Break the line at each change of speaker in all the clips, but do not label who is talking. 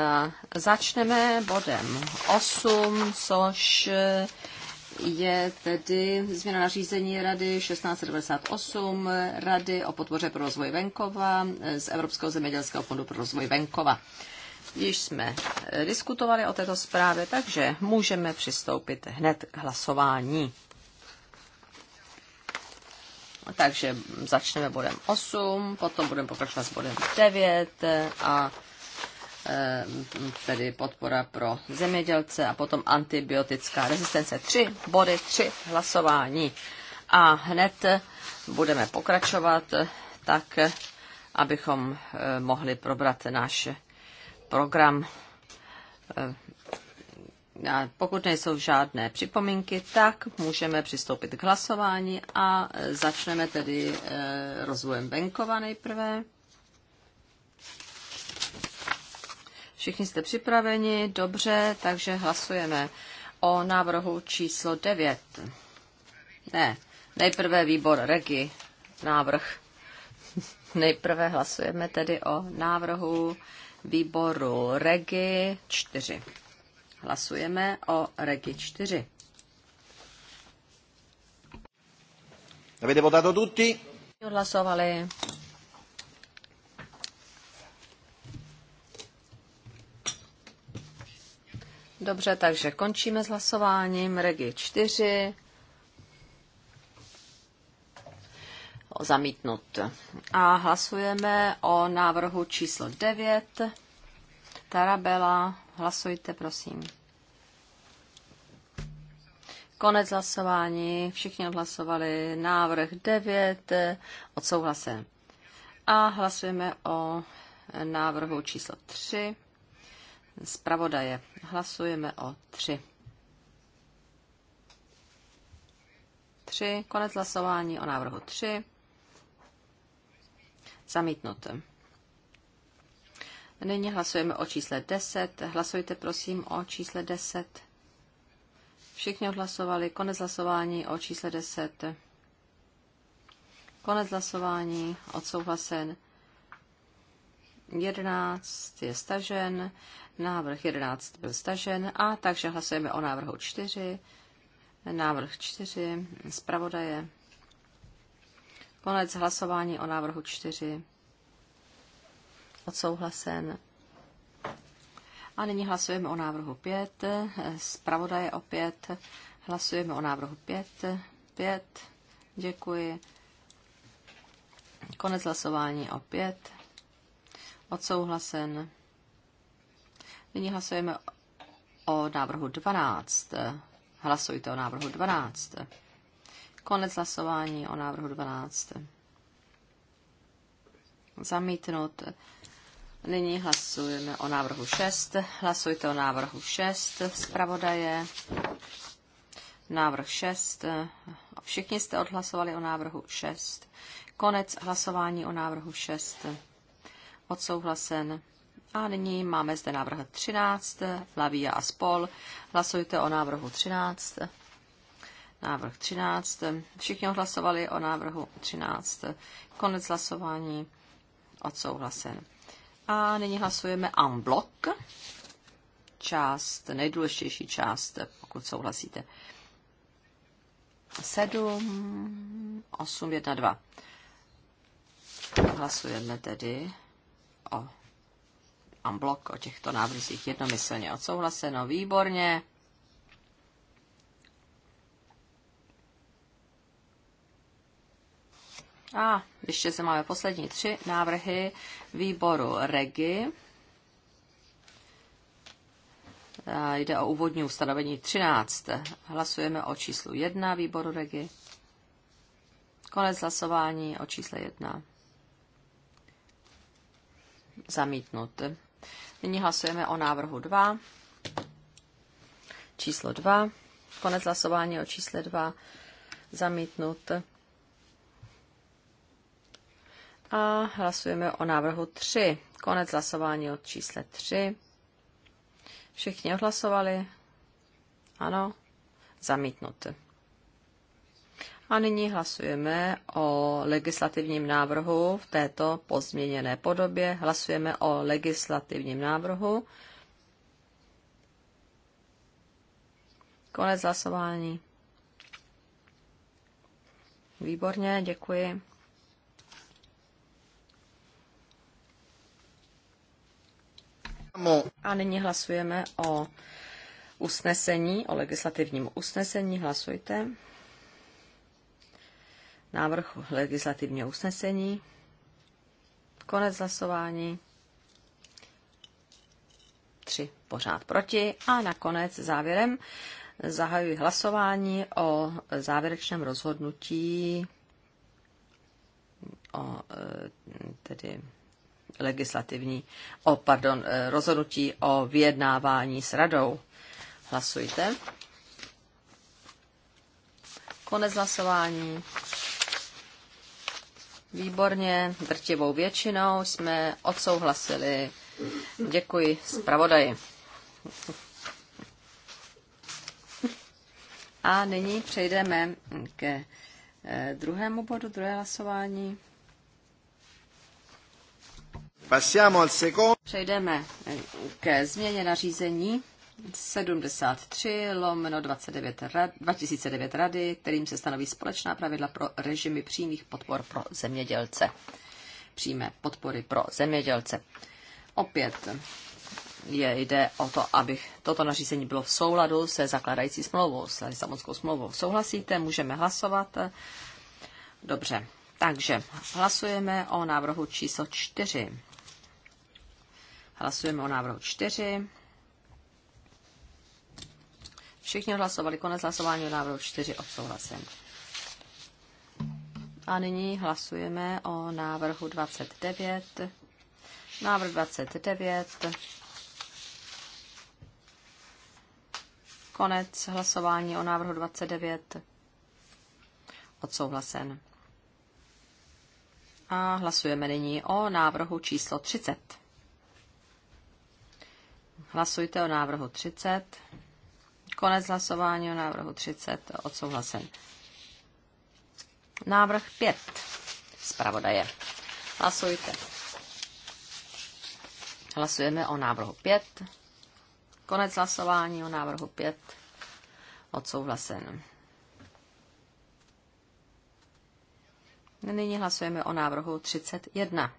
Eh, začneme bodem 8, což je tedy změna nařízení Rady 1698 Rady o podpoře pro rozvoj venkova eh, z Evropského zemědělského fondu pro rozvoj venkova. Již jsme eh, diskutovali o této zprávě, takže můžeme přistoupit hned k hlasování. Takže začneme bodem 8, potom budeme pokračovat s bodem 9 a Eh, tedy podpora pro zemědělce a potom antibiotická rezistence. Tři body, tři hlasování. A hned budeme pokračovat tak, abychom eh, mohli probrat náš program. Eh, a pokud nejsou žádné připomínky, tak můžeme přistoupit k hlasování a začneme tedy rozvojem venkova nejprve. Všichni jste připraveni? Dobře, takže hlasujeme o návrhu číslo 9. Ne, nejprve výbor Regi, návrh. nejprve hlasujeme tedy o návrhu výboru Regi 4. Hlasujeme o Regi 4. Avete votato tutti? Hlasovali. Dobře, takže končíme s hlasováním. Regi 4. Zamítnut. A hlasujeme o návrhu číslo 9. Tarabela, hlasujte, prosím. Konec hlasování, všichni odhlasovali návrh 9, odsouhlasen. A hlasujeme o návrhu číslo 3 zpravodaje. Hlasujeme o tři. Tři. Konec hlasování o návrhu tři. Zamítnut. Nyní hlasujeme o čísle 10. Hlasujte prosím o čísle 10. Všichni odhlasovali. Konec hlasování o čísle 10. Konec hlasování. Odsouhlasen. 11 je stažen. Návrh 11 byl stažen a takže hlasujeme o návrhu 4. Návrh 4 zpravodaje. Konec hlasování o návrhu 4. Odsouhlasen. A nyní hlasujeme o návrhu 5. Zpravodaje opět. Hlasujeme o návrhu 5. 5. Děkuji. Konec hlasování opět. Odsouhlasen. Nyní hlasujeme o návrhu 12. Hlasujte o návrhu 12. Konec hlasování o návrhu 12. Zamítnut. Nyní hlasujeme o návrhu 6. Hlasujte o návrhu 6 zpravodaje. Návrh 6. Všichni jste odhlasovali o návrhu 6. Konec hlasování o návrhu 6. Odsouhlasen. A nyní máme zde návrh 13, Lavia a spol. Hlasujte o návrhu 13. Návrh 13. Všichni hlasovali o návrhu 13. Konec hlasování odsouhlasen. A nyní hlasujeme unblock. Část, nejdůležitější část, pokud souhlasíte. 7, 8, 1, 2. Hlasujeme tedy o amblok o těchto návrzích jednomyslně odsouhlaseno. Výborně. A ještě se máme poslední tři návrhy výboru REGI. A jde o úvodní ustanovení 13. Hlasujeme o číslu 1 výboru REGI. Konec hlasování o čísle 1. Zamítnut. Nyní hlasujeme o návrhu 2. Číslo 2. Konec hlasování o čísle 2. Zamítnut. A hlasujeme o návrhu 3. Konec hlasování o čísle 3. Všichni odhlasovali? Ano. Zamítnut. A nyní hlasujeme o legislativním návrhu v této pozměněné podobě. Hlasujeme o legislativním návrhu. Konec hlasování. Výborně, děkuji. A nyní hlasujeme o usnesení, o legislativním usnesení. Hlasujte návrh legislativního usnesení. Konec hlasování. Tři pořád proti. A nakonec závěrem zahajuji hlasování o závěrečném rozhodnutí o e, tedy legislativní, o, pardon, e, rozhodnutí o vyjednávání s radou. Hlasujte. Konec hlasování. Výborně, drtivou většinou jsme odsouhlasili. Děkuji zpravodaji. A nyní přejdeme ke eh, druhému bodu, druhé hlasování. Přejdeme eh, ke změně nařízení 73 lomeno 29 rad, 2009 rady, kterým se stanoví společná pravidla pro režimy přímých podpor pro zemědělce. Přímé podpory pro zemědělce. Opět je, jde o to, aby toto nařízení bylo v souladu se zakládající smlouvou, s Lisabonskou smlouvou. Souhlasíte, můžeme hlasovat. Dobře, takže hlasujeme o návrhu číslo 4. Hlasujeme o návrhu 4. Všichni hlasovali konec hlasování o návrhu 4 odsouhlasen. A nyní hlasujeme o návrhu 29. Návrh 29. Konec hlasování o návrhu 29. Odsouhlasen. A hlasujeme nyní o návrhu číslo 30. Hlasujte o návrhu 30. Konec hlasování o návrhu 30 odsouhlasen. Návrh 5 zpravodaje. Hlasujte. Hlasujeme o návrhu 5. Konec hlasování o návrhu 5 odsouhlasen. Nyní hlasujeme o návrhu 31.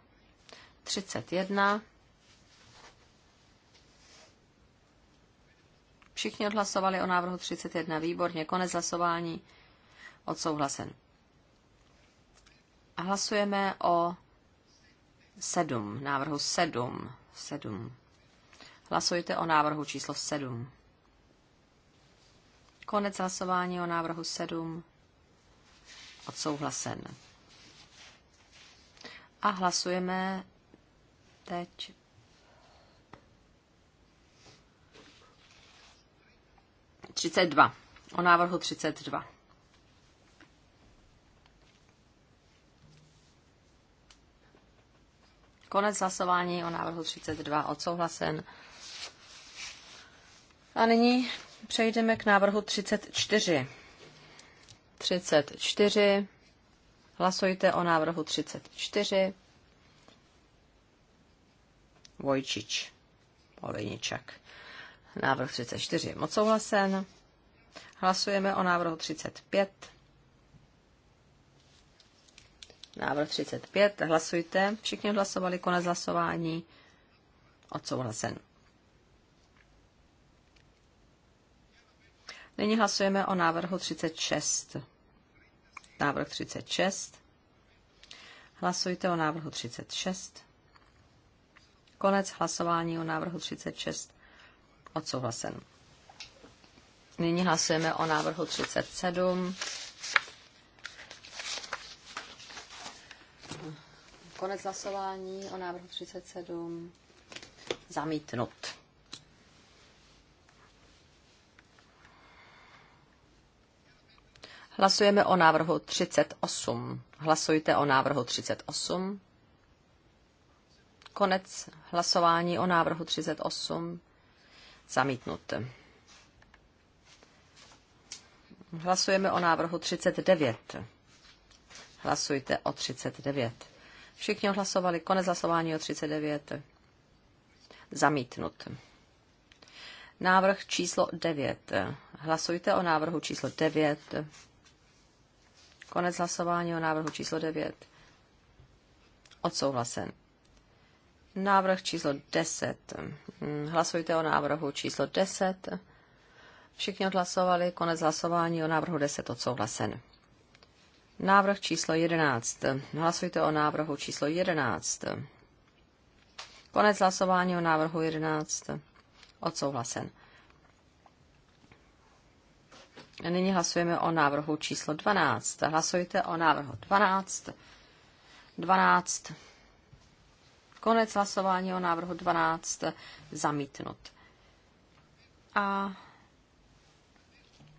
31. Všichni odhlasovali o návrhu 31. Výborně, konec hlasování. Odsouhlasen. A hlasujeme o 7, návrhu 7. 7. Hlasujte o návrhu číslo 7. Konec hlasování o návrhu 7. Odsouhlasen. A hlasujeme teď 32. O návrhu 32. Konec hlasování o návrhu 32 odsouhlasen. A nyní přejdeme k návrhu 34. 34. Hlasujte o návrhu 34. Vojčič. Olejničak. Návrh 34 je souhlasen. Hlasujeme o návrhu 35. Návrh 35. Hlasujte. Všichni hlasovali. Konec hlasování. Odsouhlasen. Nyní hlasujeme o návrhu 36. Návrh 36. Hlasujte o návrhu 36. Konec hlasování o návrhu 36. Odsouhlasen. Nyní hlasujeme o návrhu 37. Konec hlasování o návrhu 37. Zamítnut. Hlasujeme o návrhu 38. Hlasujte o návrhu 38. Konec hlasování o návrhu 38. Zamítnut. Hlasujeme o návrhu 39. Hlasujte o 39. Všichni hlasovali. Konec hlasování o 39. Zamítnut. Návrh číslo 9. Hlasujte o návrhu číslo 9. Konec hlasování o návrhu číslo 9. Odsouhlasen. Návrh číslo 10. Hlasujte o návrhu číslo 10. Všichni odhlasovali. Konec hlasování o návrhu 10 odsouhlasen. Návrh číslo 11. Hlasujte o návrhu číslo 11. Konec hlasování o návrhu 11. Odsouhlasen. Nyní hlasujeme o návrhu číslo 12. Hlasujte o návrhu 12. 12. Konec hlasování o návrhu 12 zamítnut. A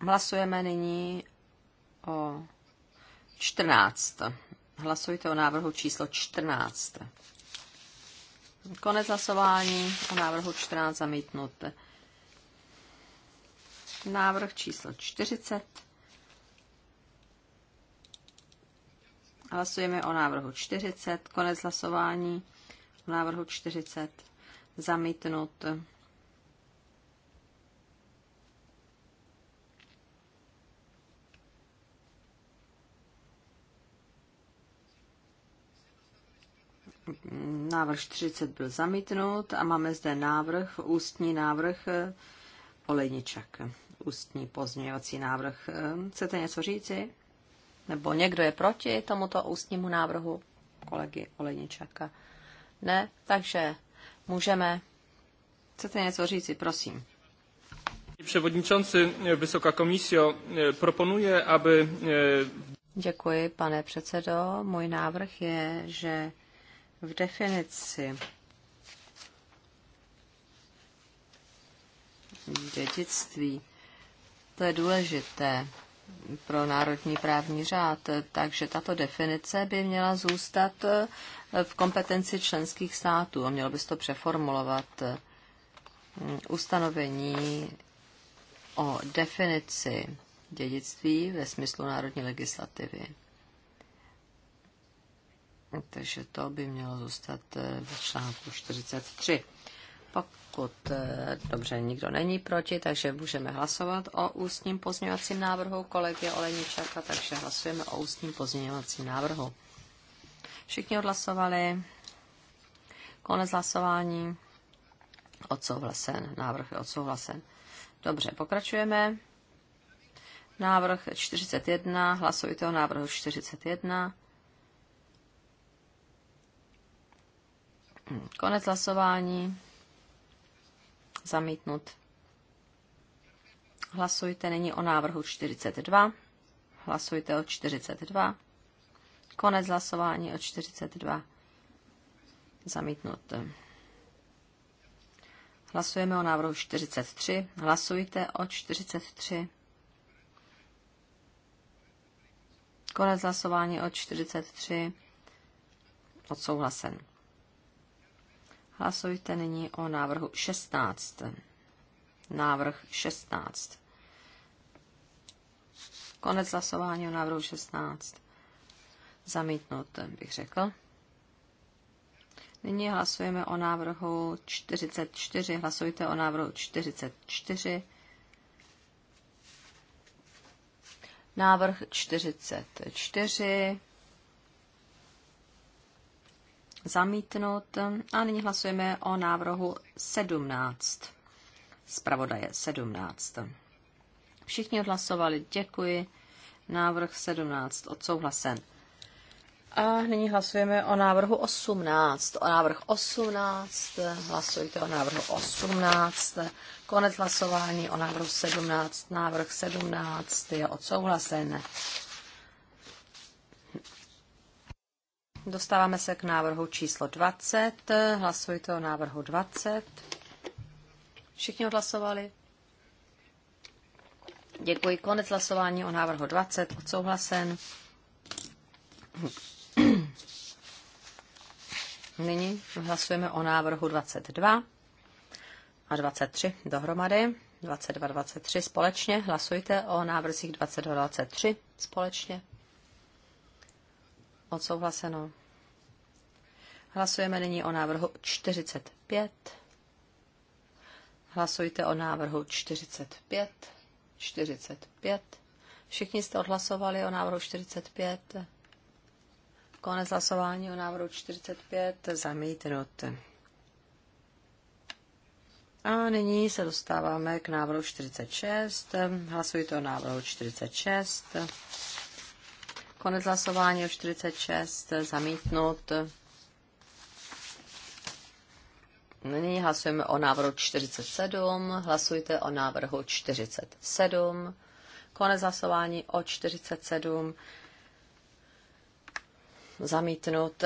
hlasujeme nyní o 14. Hlasujte o návrhu číslo 14. Konec hlasování o návrhu 14 zamítnut. Návrh číslo 40. Hlasujeme o návrhu 40. Konec hlasování v návrhu 40 zamítnut. Návrh 40 byl zamítnut a máme zde návrh, ústní návrh eh, Olejničak. Ústní pozměňovací návrh. Eh, chcete něco říci? Nebo někdo je proti tomuto ústnímu návrhu kolegy Olejničaka? Ne? Takže můžeme. Chcete něco říci, prosím.
Przewodniczący, vysoká komisio proponuje, aby... E,
Děkuji, pane předsedo. Můj návrh je, že v definici dědictví, to je důležité pro národní právní řád, takže tato definice by měla zůstat v kompetenci členských států. Mělo by se to přeformulovat eh, ustanovení o definici dědictví ve smyslu národní legislativy. Takže to by mělo zůstat eh, v článku 43. Pokud eh, dobře nikdo není proti, takže můžeme hlasovat o ústním pozměňovacím návrhu kolegy Oleničaka, takže hlasujeme o ústním pozměňovacím návrhu. Všichni odhlasovali. Konec hlasování. Odsouhlasen. Návrh je odsouhlasen. Dobře, pokračujeme. Návrh 41. Hlasujte o návrhu 41. Konec hlasování. Zamítnut. Hlasujte nyní o návrhu 42. Hlasujte o 42. Konec hlasování o 42. Zamítnut. Hlasujeme o návrhu 43. Hlasujte o 43. Konec hlasování o 43. Odsouhlasen. Hlasujte nyní o návrhu 16. Návrh 16. Konec hlasování o návrhu 16. Zamítnut, bych řekl. Nyní hlasujeme o návrhu 44. Hlasujte o návrhu 44. Návrh 44. Zamítnut. A nyní hlasujeme o návrhu 17. Zpravodaje 17. Všichni odhlasovali. Děkuji. Návrh 17 odsouhlasen. A nyní hlasujeme o návrhu 18. O návrh 18. Hlasujte o návrhu 18. Konec hlasování o návrhu 17. Návrh 17 je odsouhlasen. Dostáváme se k návrhu číslo 20. Hlasujte o návrhu 20. Všichni odhlasovali? Děkuji. Konec hlasování o návrhu 20. Odsouhlasen. Nyní hlasujeme o návrhu 22 a 23 dohromady. 22, 23 společně. Hlasujte o návrzích 22, 23 společně. Odsouhlaseno. Hlasujeme nyní o návrhu 45. Hlasujte o návrhu 45. 45. Všichni jste odhlasovali o návrhu 45. Konec hlasování o návrhu 45 zamítnut. A nyní se dostáváme k návrhu 46. Hlasuji to o návrhu 46. Konec hlasování o 46 zamítnut. Nyní hlasujeme o návrhu 47. Hlasujte o návrhu 47. Konec hlasování o 47 zamítnut.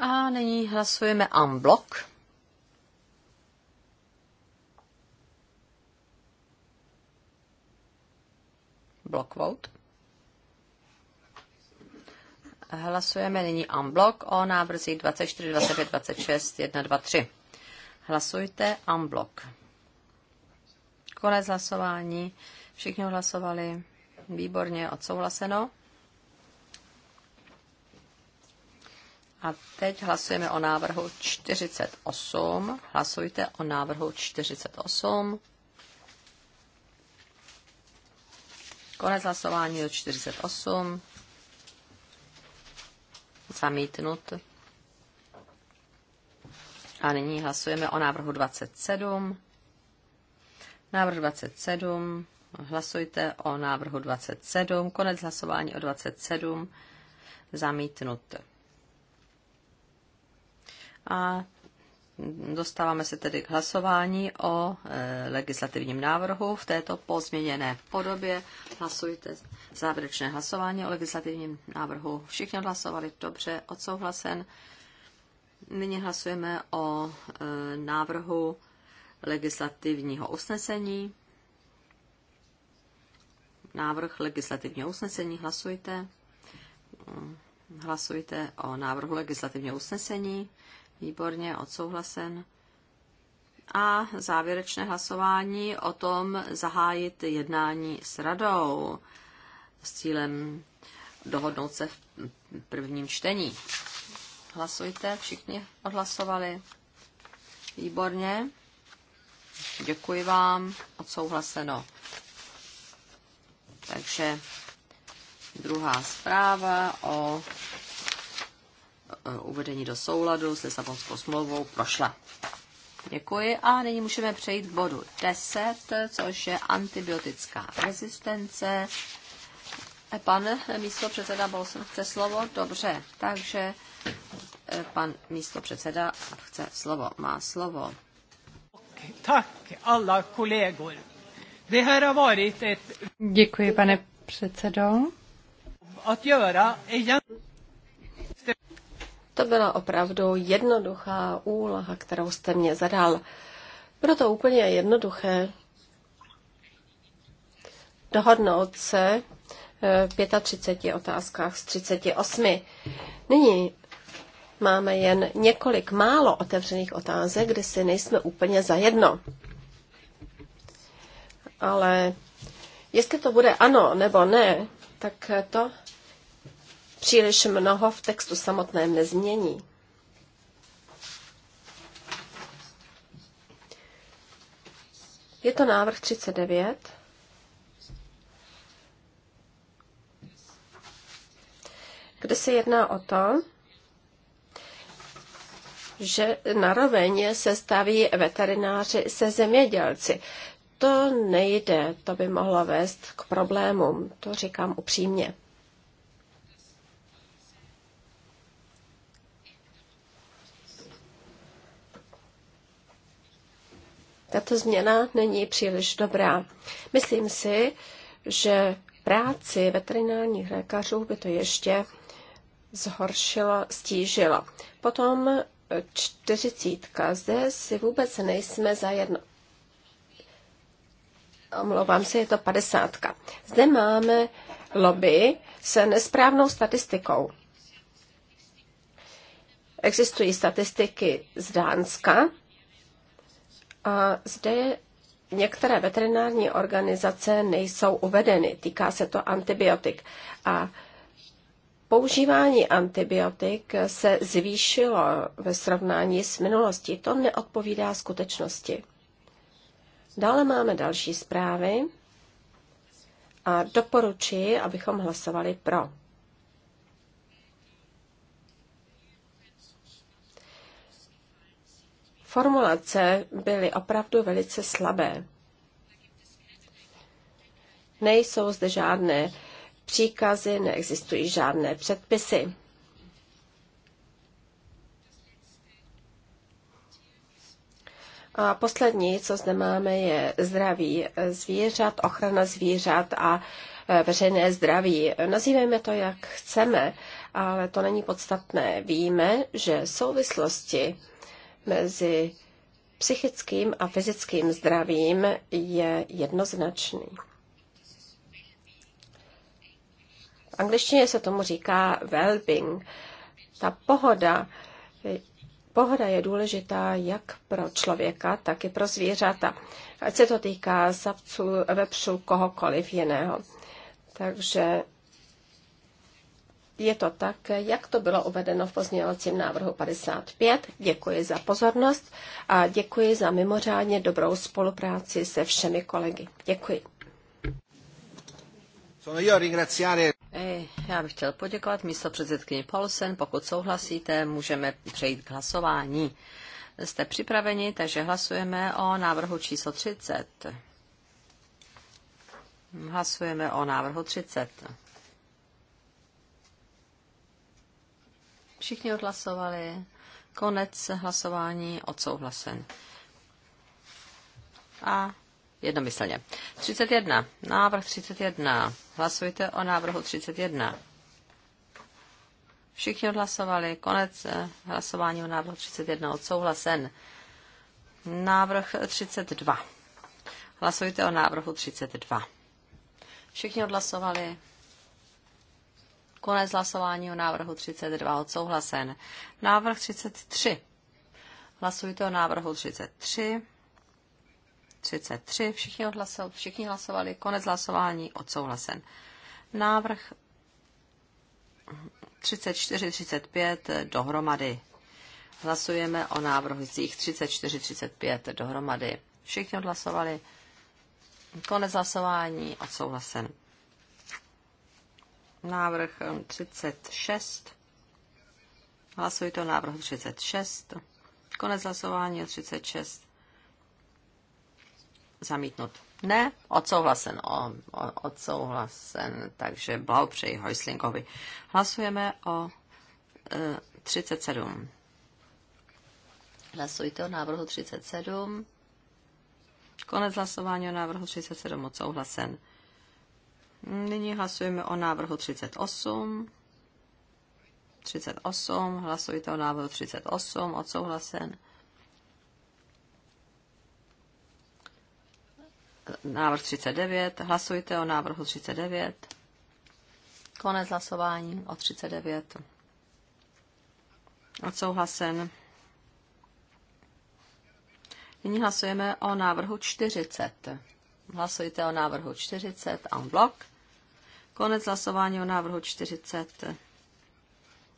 A nyní hlasujeme unblock. Block vote. Hlasujeme nyní unblock o návrzích 24, 25, 26, 1, 2, 3. Hlasujte unblock. Konec hlasování. Všichni hlasovali. Výborně odsouhlaseno. A teď hlasujeme o návrhu 48. Hlasujte o návrhu 48. Konec hlasování do 48. Zamítnut. A nyní hlasujeme o návrhu 27. Návrh 27. Hlasujte o návrhu 27. Konec hlasování o 27. Zamítnut. A dostáváme se tedy k hlasování o e, legislativním návrhu v této pozměněné podobě. Hlasujte závěrečné hlasování o legislativním návrhu. Všichni hlasovali dobře, odsouhlasen. Nyní hlasujeme o e, návrhu legislativního usnesení. Návrh legislativního usnesení hlasujte. Hlasujte o návrhu legislativního usnesení. Výborně, odsouhlasen. A závěrečné hlasování o tom zahájit jednání s radou s cílem dohodnout se v prvním čtení. Hlasujte, všichni odhlasovali. Výborně. Děkuji vám, odsouhlaseno. Takže druhá zpráva o E, uvedení do souladu s Lisabonskou smlouvou prošla. Děkuji a nyní můžeme přejít k bodu 10, což je antibiotická rezistence. E, pan místo předseda Bolson chce slovo? Dobře, takže e, pan místo předseda chce slovo, má slovo.
Tak, alla kolegor. Děkuji, pane předsedo. To byla
opravdu jednoduchá úloha, kterou jste mě zadal. Bylo to úplně jednoduché dohodnout se v eh, 35 otázkách z 38. Nyní máme jen několik málo otevřených otázek, kde si nejsme úplně zajedno. Ale jestli to bude ano nebo ne, tak to příliš mnoho v textu samotném nezmění. Je to návrh 39. kde se jedná o to, že naroveň se staví veterináři se zemědělci. To nejde, to by mohlo vést k problémům, to říkám upřímně. Tato změna není příliš dobrá. Myslím si, že práci veterinárních lékařů by to ještě zhoršilo, stížilo. Potom eh, čtyřicítka. Zde si vůbec nejsme za jedno. Omlouvám se, je to padesátka. Zde máme lobby se nesprávnou statistikou. Existují statistiky z Dánska, a zde některé veterinární organizace nejsou uvedeny. Týká se to antibiotik. A používání antibiotik se zvýšilo ve srovnání s minulostí. To neodpovídá skutečnosti. Dále máme další zprávy a doporučuji, abychom hlasovali pro. formulace byly opravdu velice slabé. Nejsou zde žádné příkazy, neexistují žádné předpisy. A poslední, co zde máme, je zdraví zvířat, ochrana zvířat a e, veřejné zdraví. Nazývejme to, jak chceme, ale to není podstatné. Víme, že souvislosti mezi psychickým a fyzickým zdravím je jednoznačný. V angličtině se tomu říká well-being. Ta pohoda, pohoda je důležitá jak pro člověka, tak i pro zvířata. Ať se to týká savců, vepřů, kohokoliv jiného. Takže je to tak, jak to bylo uvedeno v pozměňovacím návrhu 55. Děkuji za pozornost a děkuji za mimořádně dobrou spolupráci se všemi kolegy. Děkuji.
Eh, já bych chtěl poděkovat místo předsedkyni Paulsen. Pokud souhlasíte, můžeme přejít k hlasování. Jste připraveni, takže hlasujeme o návrhu číslo 30. Hlasujeme o návrhu 30. Všichni odhlasovali. Konec hlasování odsouhlasen. A jednomyslně. 31. Návrh 31. Hlasujte o návrhu 31. Všichni odhlasovali. Konec eh, hlasování o návrhu 31. Odsouhlasen. Návrh 32. Hlasujte o návrhu 32. Všichni odhlasovali. Konec hlasování o návrhu 32 odsouhlasen. Návrh 33. Hlasujte o návrhu 33. 33. Všichni, odhlasov, všichni hlasovali. Konec hlasování odsouhlasen. Návrh 34, 35 dohromady. Hlasujeme o návrhcích 34, 35 dohromady. Všichni odhlasovali. Konec hlasování odsouhlasen. Návrh 36. Hlasujte o návrhu 36. Konec hlasování 36. Zamítnut. Ne, odsouhlasen. O, o, odsouhlasen, takže blahopřeji Hojslinkovi. Hlasujeme o e, 37. Hlasujte o návrhu 37. Konec hlasování o návrhu 37 odsouhlasen. Nyní hlasujeme o návrhu 38. 38, hlasujte o návrhu 38, odsouhlasen. Návrh 39, hlasujte o návrhu 39. Konec hlasování o 39. Odsouhlasen. Nyní hlasujeme o návrhu 40. Hlasujte o návrhu 40 en bloc. Konec hlasování o návrhu 40.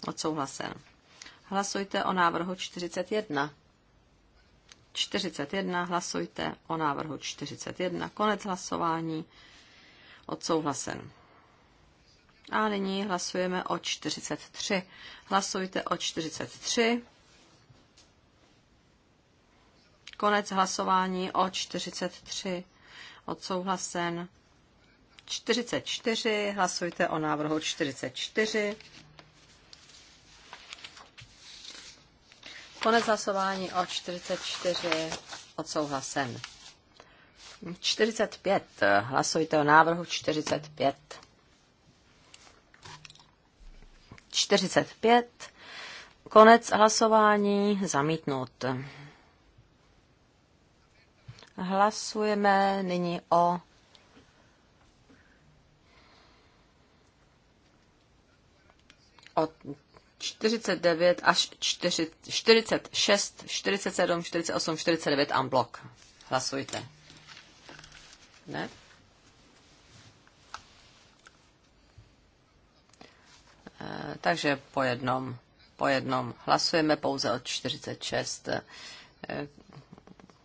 Odsouhlasen. Hlasujte o návrhu 41. 41. Hlasujte o návrhu 41. Konec hlasování. Odsouhlasen. A nyní hlasujeme o 43. Hlasujte o 43. Konec hlasování o 43. Odsouhlasen. 44, hlasujte o návrhu 44. Konec hlasování o 44 odsouhlasen. 45, hlasujte o návrhu 45. 45, konec hlasování, zamítnut. Hlasujeme nyní o od 49 až 46, 47, 48, 49 unblock. Hlasujte. Ne? Eh, takže po jednom, po jednom hlasujeme pouze od 46. Eh,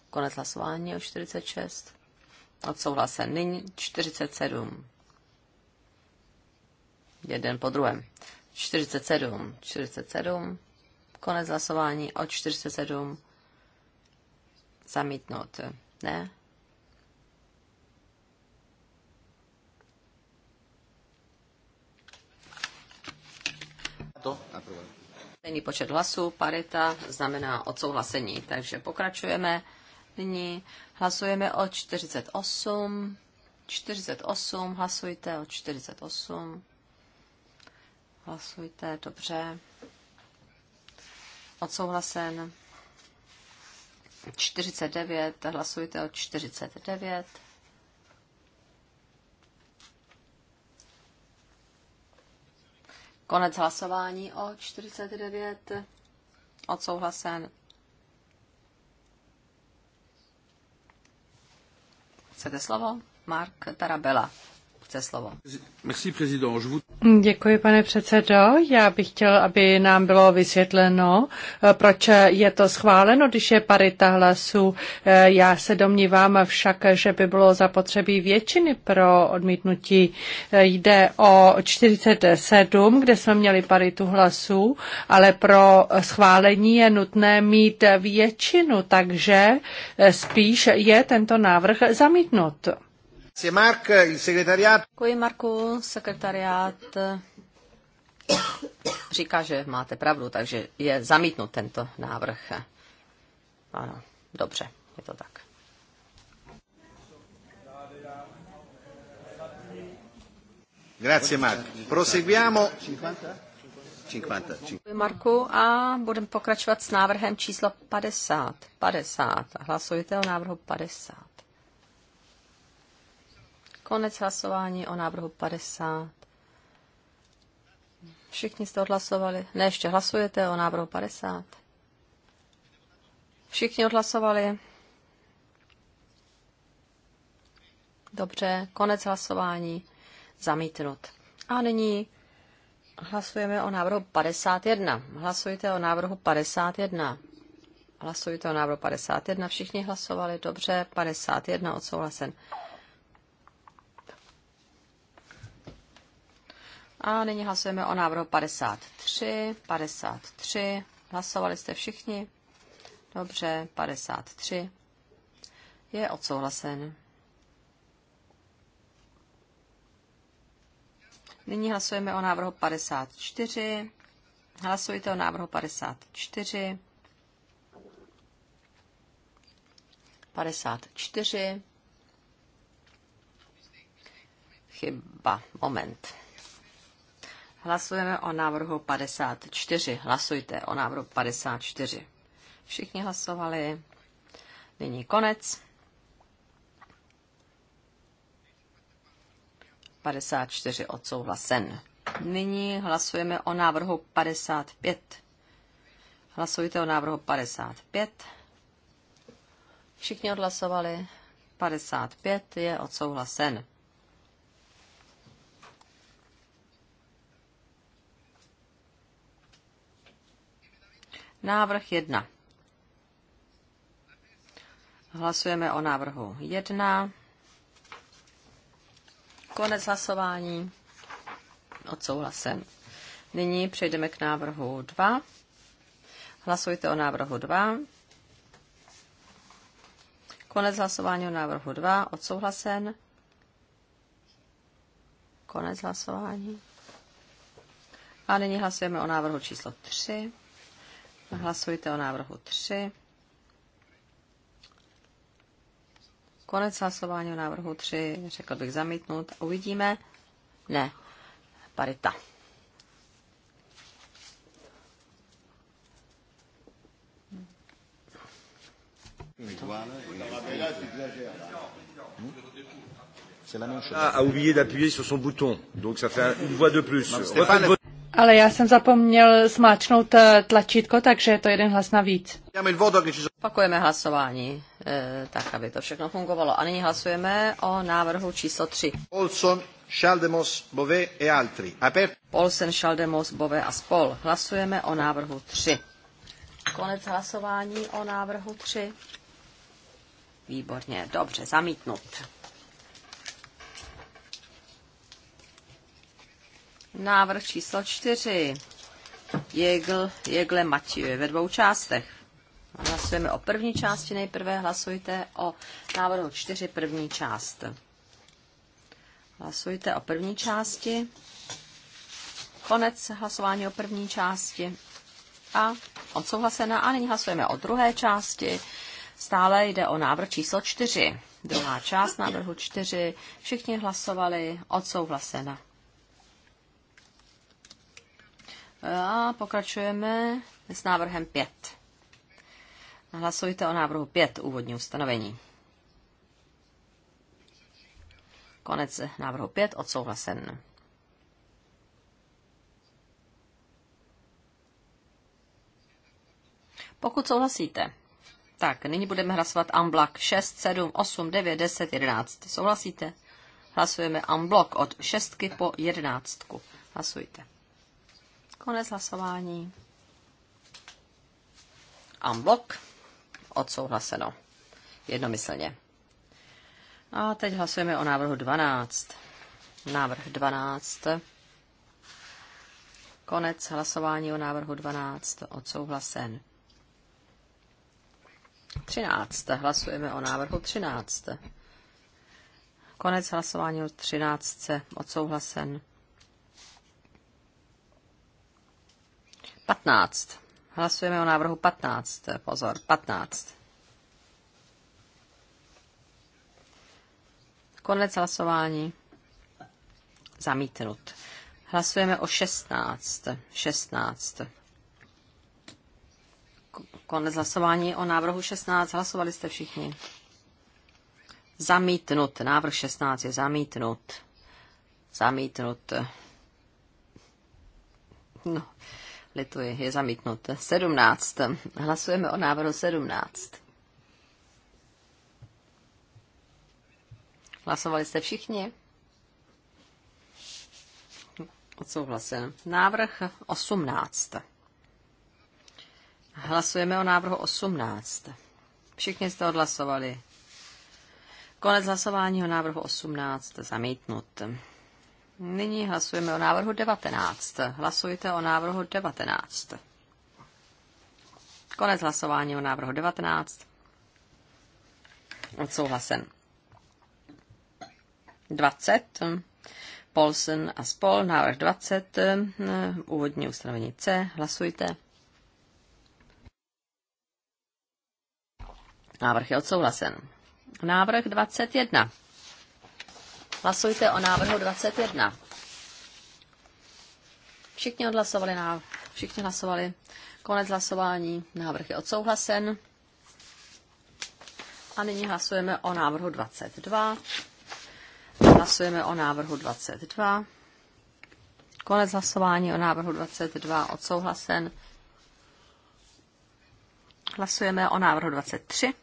konec hlasování o 46. Odsouhlasen nyní 47. Jeden po druhém. 47. 47. Konec hlasování o 47. Zamítnout. Ne? To. Není počet hlasů, parita znamená odsouhlasení. Takže pokračujeme. Nyní hlasujeme o 48. 48, hlasujte o 48. Hlasujte, dobře. Odsouhlasen. 49, hlasujte o 49. Konec hlasování o 49. Odsouhlasen. Chcete slovo? Mark Tarabela chce slovo.
Děkuji, pane předsedo. Já bych chtěl, aby nám bylo vysvětleno, eh, proč je to schváleno, když je parita hlasů. Eh, já se domnívám však, že by bylo zapotřebí většiny pro odmítnutí. Eh, jde o 47, kde jsme měli paritu hlasů, ale pro schválení je nutné mít většinu, takže spíš je tento návrh zamítnut.
Děkuji, Marku. Sekretariát eh, říká, že máte pravdu, takže je zamítnut tento návrh. Ano, dobře, je to tak. Grazie Mark. Proseguiamo. 50. Děkuji
Marku a budeme pokračovat
s návrhem číslo 50. 50. Hlasujte o návrhu 50. Konec hlasování o návrhu 50. Všichni jste odhlasovali? Ne, ještě hlasujete o návrhu 50. Všichni odhlasovali? Dobře, konec hlasování. Zamítnut. A nyní hlasujeme o návrhu 51. Hlasujte o návrhu 51. Hlasujte o návrhu 51. Všichni hlasovali. Dobře, 51 odsouhlasen. A nyní hlasujeme o návrhu 53. 53. Hlasovali jste všichni? Dobře, 53. Je odsouhlasen. Nyní hlasujeme o návrhu 54. Hlasujte o návrhu 54. 54. Chyba. Moment. Hlasujeme o návrhu 54. Hlasujte o návrhu 54. Všichni hlasovali. Nyní konec. 54 odsouhlasen. Nyní hlasujeme o návrhu 55. Hlasujte o návrhu 55. Všichni odhlasovali. 55 je odsouhlasen. Návrh 1. Hlasujeme o návrhu 1. Konec hlasování. Odsouhlasen. Nyní přejdeme k návrhu 2. Hlasujte o návrhu 2. Konec hlasování o návrhu 2. Odsouhlasen. Konec hlasování. A nyní hlasujeme o návrhu číslo 3. Hlasujte o návrhu 3. Konec hlasování o návrhu 3, řekl bych zamítnout. Uvidíme. Ne, parita.
Ah, A ah, oublié d'appuyer sur son bouton, donc ça fait une voix de plus. Non, ale já jsem zapomněl smáčknout eh, tlačítko, takže je to jeden hlas navíc.
Opakujeme hlasování, eh, tak aby to všechno fungovalo. A nyní hlasujeme o návrhu číslo 3. Olson, Schaldemos, Bové e altri. Aper... Olson, Schaldemos, Bové a spol. Hlasujeme o návrhu 3. Konec hlasování o návrhu 3. Výborně, dobře, zamítnut. Návrh číslo čtyři Jegl, Jegle Matěj ve dvou částech. Hlasujeme o první části nejprve, hlasujte o návrhu čtyři první část. Hlasujte o první části. Konec hlasování o první části. A odsouhlasená. A nyní hlasujeme o druhé části. Stále jde o návrh číslo čtyři. Druhá část návrhu čtyři. Všichni hlasovali. Odsouhlasena. A pokračujeme s návrhem 5. Hlasujte o návrhu 5 úvodní ustanovení. Konec návrhu 5 odsouhlasen. Pokud souhlasíte, tak nyní budeme hlasovat unblock 6, 7, 8, 9, 10, 11. Souhlasíte? Hlasujeme unblock od 6 po 11. Hlasujte. Konec hlasování. Amblok. Odsouhlaseno. Jednomyslně. A teď hlasujeme o návrhu 12. Návrh 12. Konec hlasování o návrhu 12. Odsouhlasen. 13. Hlasujeme o návrhu 13. Konec hlasování o 13. Odsouhlasen. 15. Hlasujeme o návrhu 15. Pozor, 15. Konec hlasování. Zamítnut. Hlasujeme o 16. 16. Konec hlasování o návrhu 16. Hlasovali jste všichni. Zamítnut. Návrh 16 je zamítnut. Zamítnut. No. Lituji, je zamítnut. 17. Hlasujeme o návrhu 17. Hlasovali jste všichni? Odsouhlasen. Návrh 18. Hlasujeme o návrhu 18. Všichni jste odhlasovali. Konec hlasování o návrhu 18 zamítnut. Nyní hlasujeme o návrhu 19. Hlasujte o návrhu 19. Konec hlasování o návrhu 19. Odsouhlasen. 20. Polsen a spol. Návrh 20. Úvodní ustanovení C. Hlasujte. Návrh je odsouhlasen. Návrh 21. Hlasujte o návrhu 21. Všichni odhlasovali na, všichni hlasovali. Konec hlasování. Návrh je odsouhlasen. A nyní hlasujeme o návrhu 22. Hlasujeme o návrhu 22. Konec hlasování o návrhu 22 odsouhlasen. Hlasujeme o návrhu 23.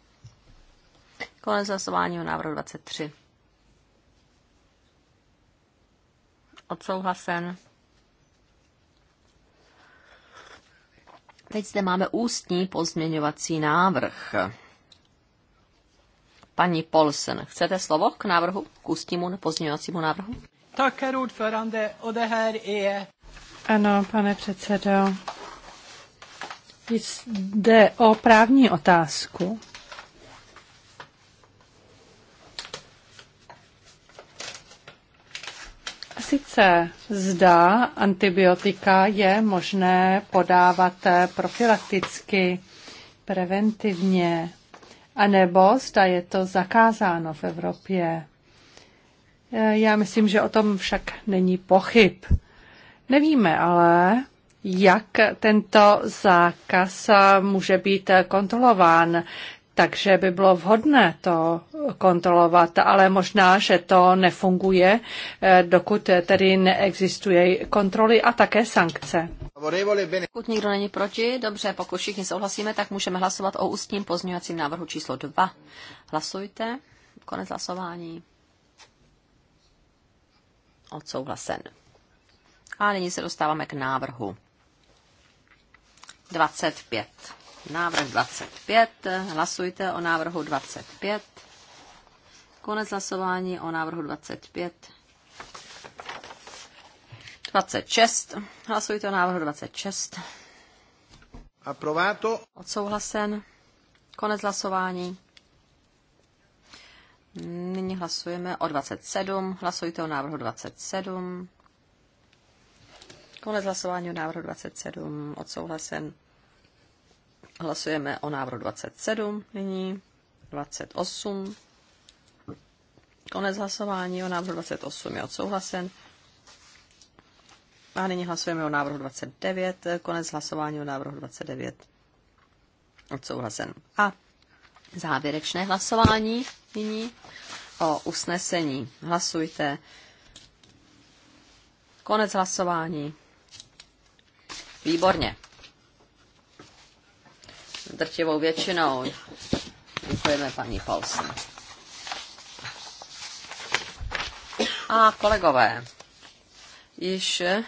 Konec hlasování o návrhu 23 Odsouhlasen. Teď zde máme ústní pozměňovací návrh. Paní Polsen, chcete slovo k návrhu, k ústnímu pozměňovacímu návrhu?
Tak, herr odeher je. Ano, pane předsedo. Jde o právní otázku, sice zda antibiotika je možné podávat profilakticky, preventivně, anebo zda je to zakázáno v Evropě. E, já myslím, že o tom však není pochyb. Nevíme ale, jak tento zákaz může být kontrolován, takže by bylo vhodné to kontrolovat, ale možná, že to nefunguje, eh, dokud tedy neexistuje kontroly a také sankce.
Pokud nikdo není proti, dobře, pokud všichni souhlasíme, tak můžeme hlasovat o ústním pozměňovacím návrhu číslo 2. Hlasujte. Konec hlasování. Odsouhlasen. A nyní se dostáváme k návrhu 25. Návrh 25. Hlasujte o návrhu 25. Konec hlasování o návrhu 25. 26. Hlasujte o návrhu 26. Aprováto. Odsouhlasen. Konec hlasování. Nyní hlasujeme o 27. Hlasujte o návrhu 27. Konec hlasování o návrhu 27. Odsouhlasen. Hlasujeme o návrhu 27 nyní. 28. Konec hlasování o návrhu 28 je odsouhlasen. A nyní hlasujeme o návrhu 29. Konec hlasování o návrhu 29. Odsouhlasen. A závěrečné hlasování nyní o usnesení. Hlasujte. Konec hlasování. Výborně. Drtivou většinou. Děkujeme paní Paulsen. A kolegové, již eh,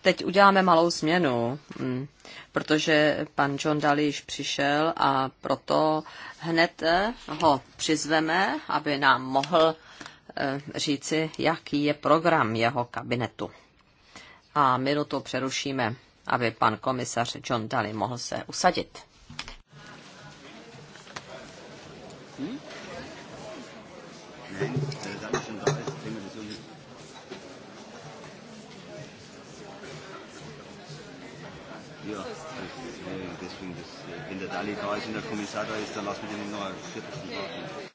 teď uděláme malou změnu, mm, protože pan John Daly již přišel a proto hned eh, ho přizveme, aby nám mohl eh, říci, jaký je program jeho kabinetu. A minutu přerušíme, aby pan komisař John Daly mohl se usadit. Hmm? Äh, äh,
wenn der Dali da ist und der Kommissar da ist, dann lassen wir den noch eine Viertelstunde
warten.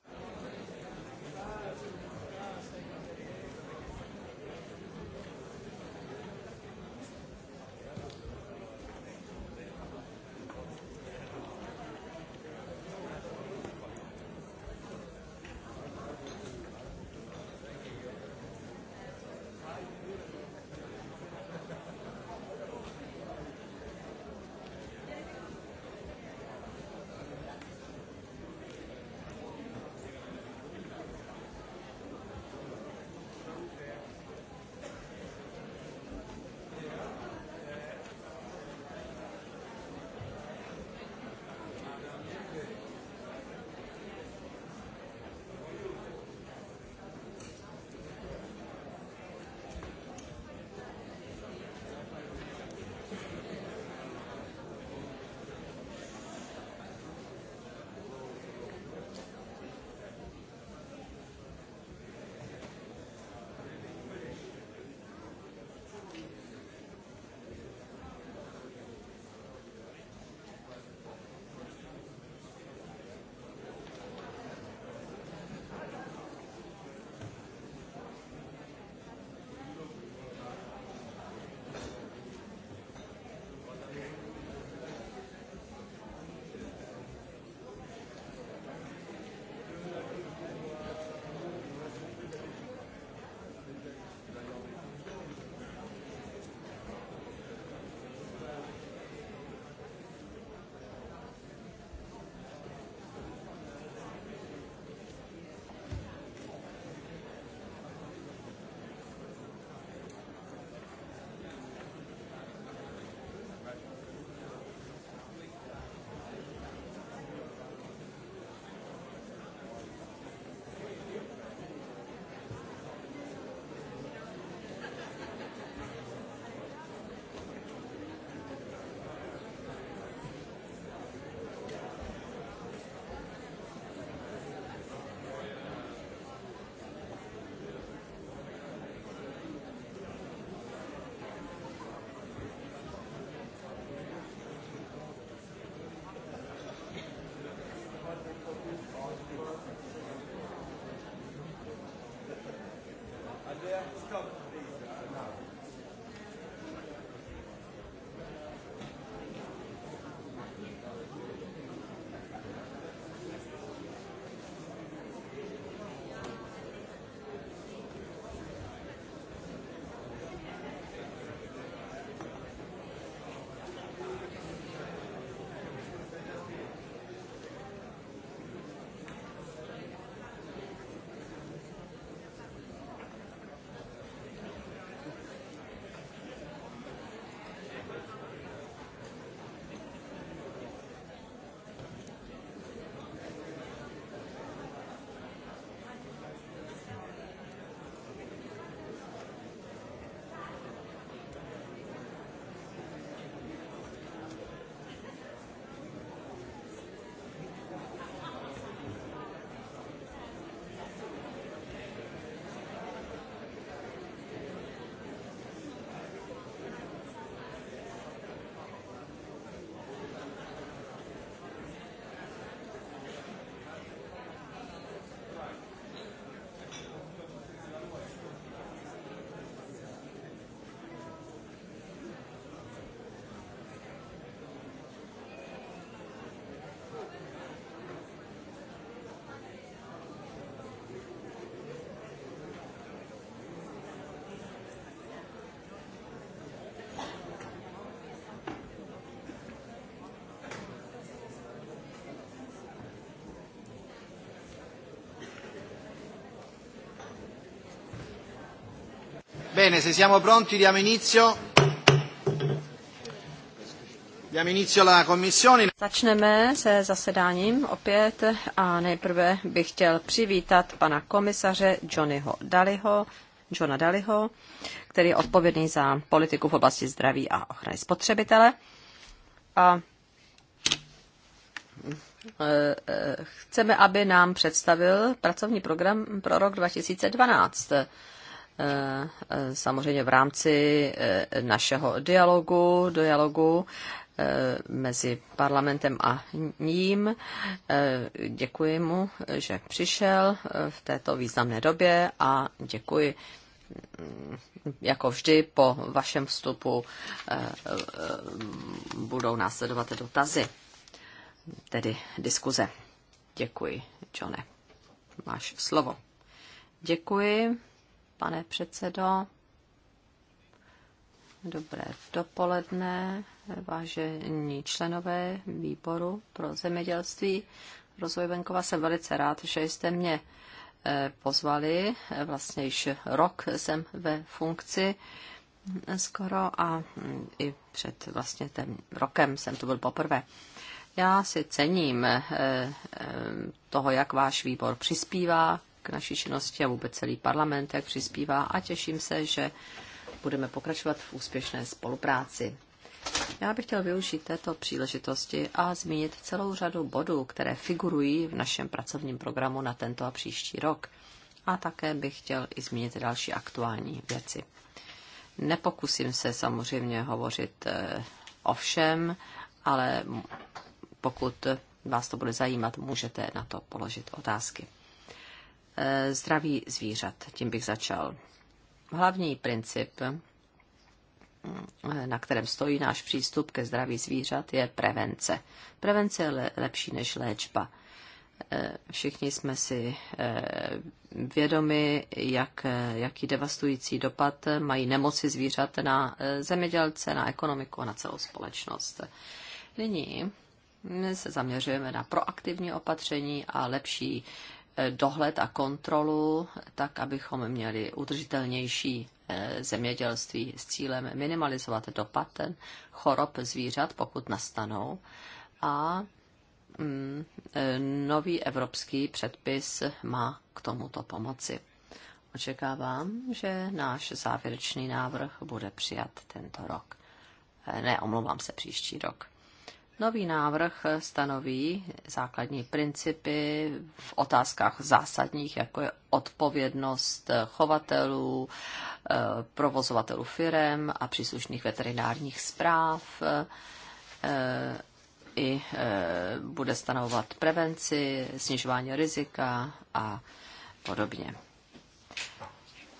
Bene, se siamo pronti diamo inizio. Diamo inizio alla commissione. Začneme se zasedáním opět a nejprve bych chtěl přivítat pana komisaře Johnnyho Daliho, Johna Daliho, který je odpovědný za politiku v oblasti zdraví a ochrany spotřebitele. A e, e, chceme, aby nám představil pracovní program pro rok 2012. Eh, samozřejmě v rámci eh, našeho dialogu, dialogu eh, mezi parlamentem a ním. Děkuji mu, že přišel v této významné době a děkuji mm, jako vždy po vašem vstupu budou následovat dotazy, tedy diskuze. Děkuji, Johne. Máš slovo. Děkuji pane předsedo. Dobré dopoledne, vážení členové výboru pro zemědělství. Rozvoj venkova jsem velice rád, že jste mě eh, pozvali. Eh, vlastně již rok jsem ve funkci eh, skoro a mm, i před vlastně ten rokem jsem to byl poprvé. Já si cením toho, jak váš výbor přispívá naší činnosti a vůbec celý parlament, jak přispívá a těším se, že budeme pokračovat v úspěšné spolupráci. Já bych chtěl využít této příležitosti a zmínit celou řadu bodů, které figurují v našem pracovním programu na tento a příští rok. A také bych chtěl i zmínit další aktuální věci. Nepokusím se samozřejmě hovořit eh, o všem, ale pokud vás to bude zajímat, můžete na to položit otázky. Eh, zdraví zvířat. Tím bych začal. Hlavní princip, eh, na kterém stojí náš přístup ke zdraví zvířat, je prevence. Prevence je lepší než léčba. Eh, všichni jsme si vědomi, jak, jaký devastující dopad mají nemoci zvířat na zemědělce, na ekonomiku a na celou společnost. Nyní se zaměřujeme na proaktivní opatření a lepší dohled a kontrolu, tak abychom měli udržitelnější eh, zemědělství s cílem minimalizovat dopad chorob zvířat, pokud nastanou. A mm, eh, nový evropský předpis má k tomuto pomoci. Očekávám, že náš závěrečný návrh bude přijat tento rok. Eh, ne, omlouvám se, příští rok. Nový návrh stanoví základní principy v otázkách zásadních, jako je odpovědnost chovatelů, eh, provozovatelů firem a příslušných veterinárních zpráv. Eh, I eh, bude stanovovat prevenci, snižování rizika a podobně.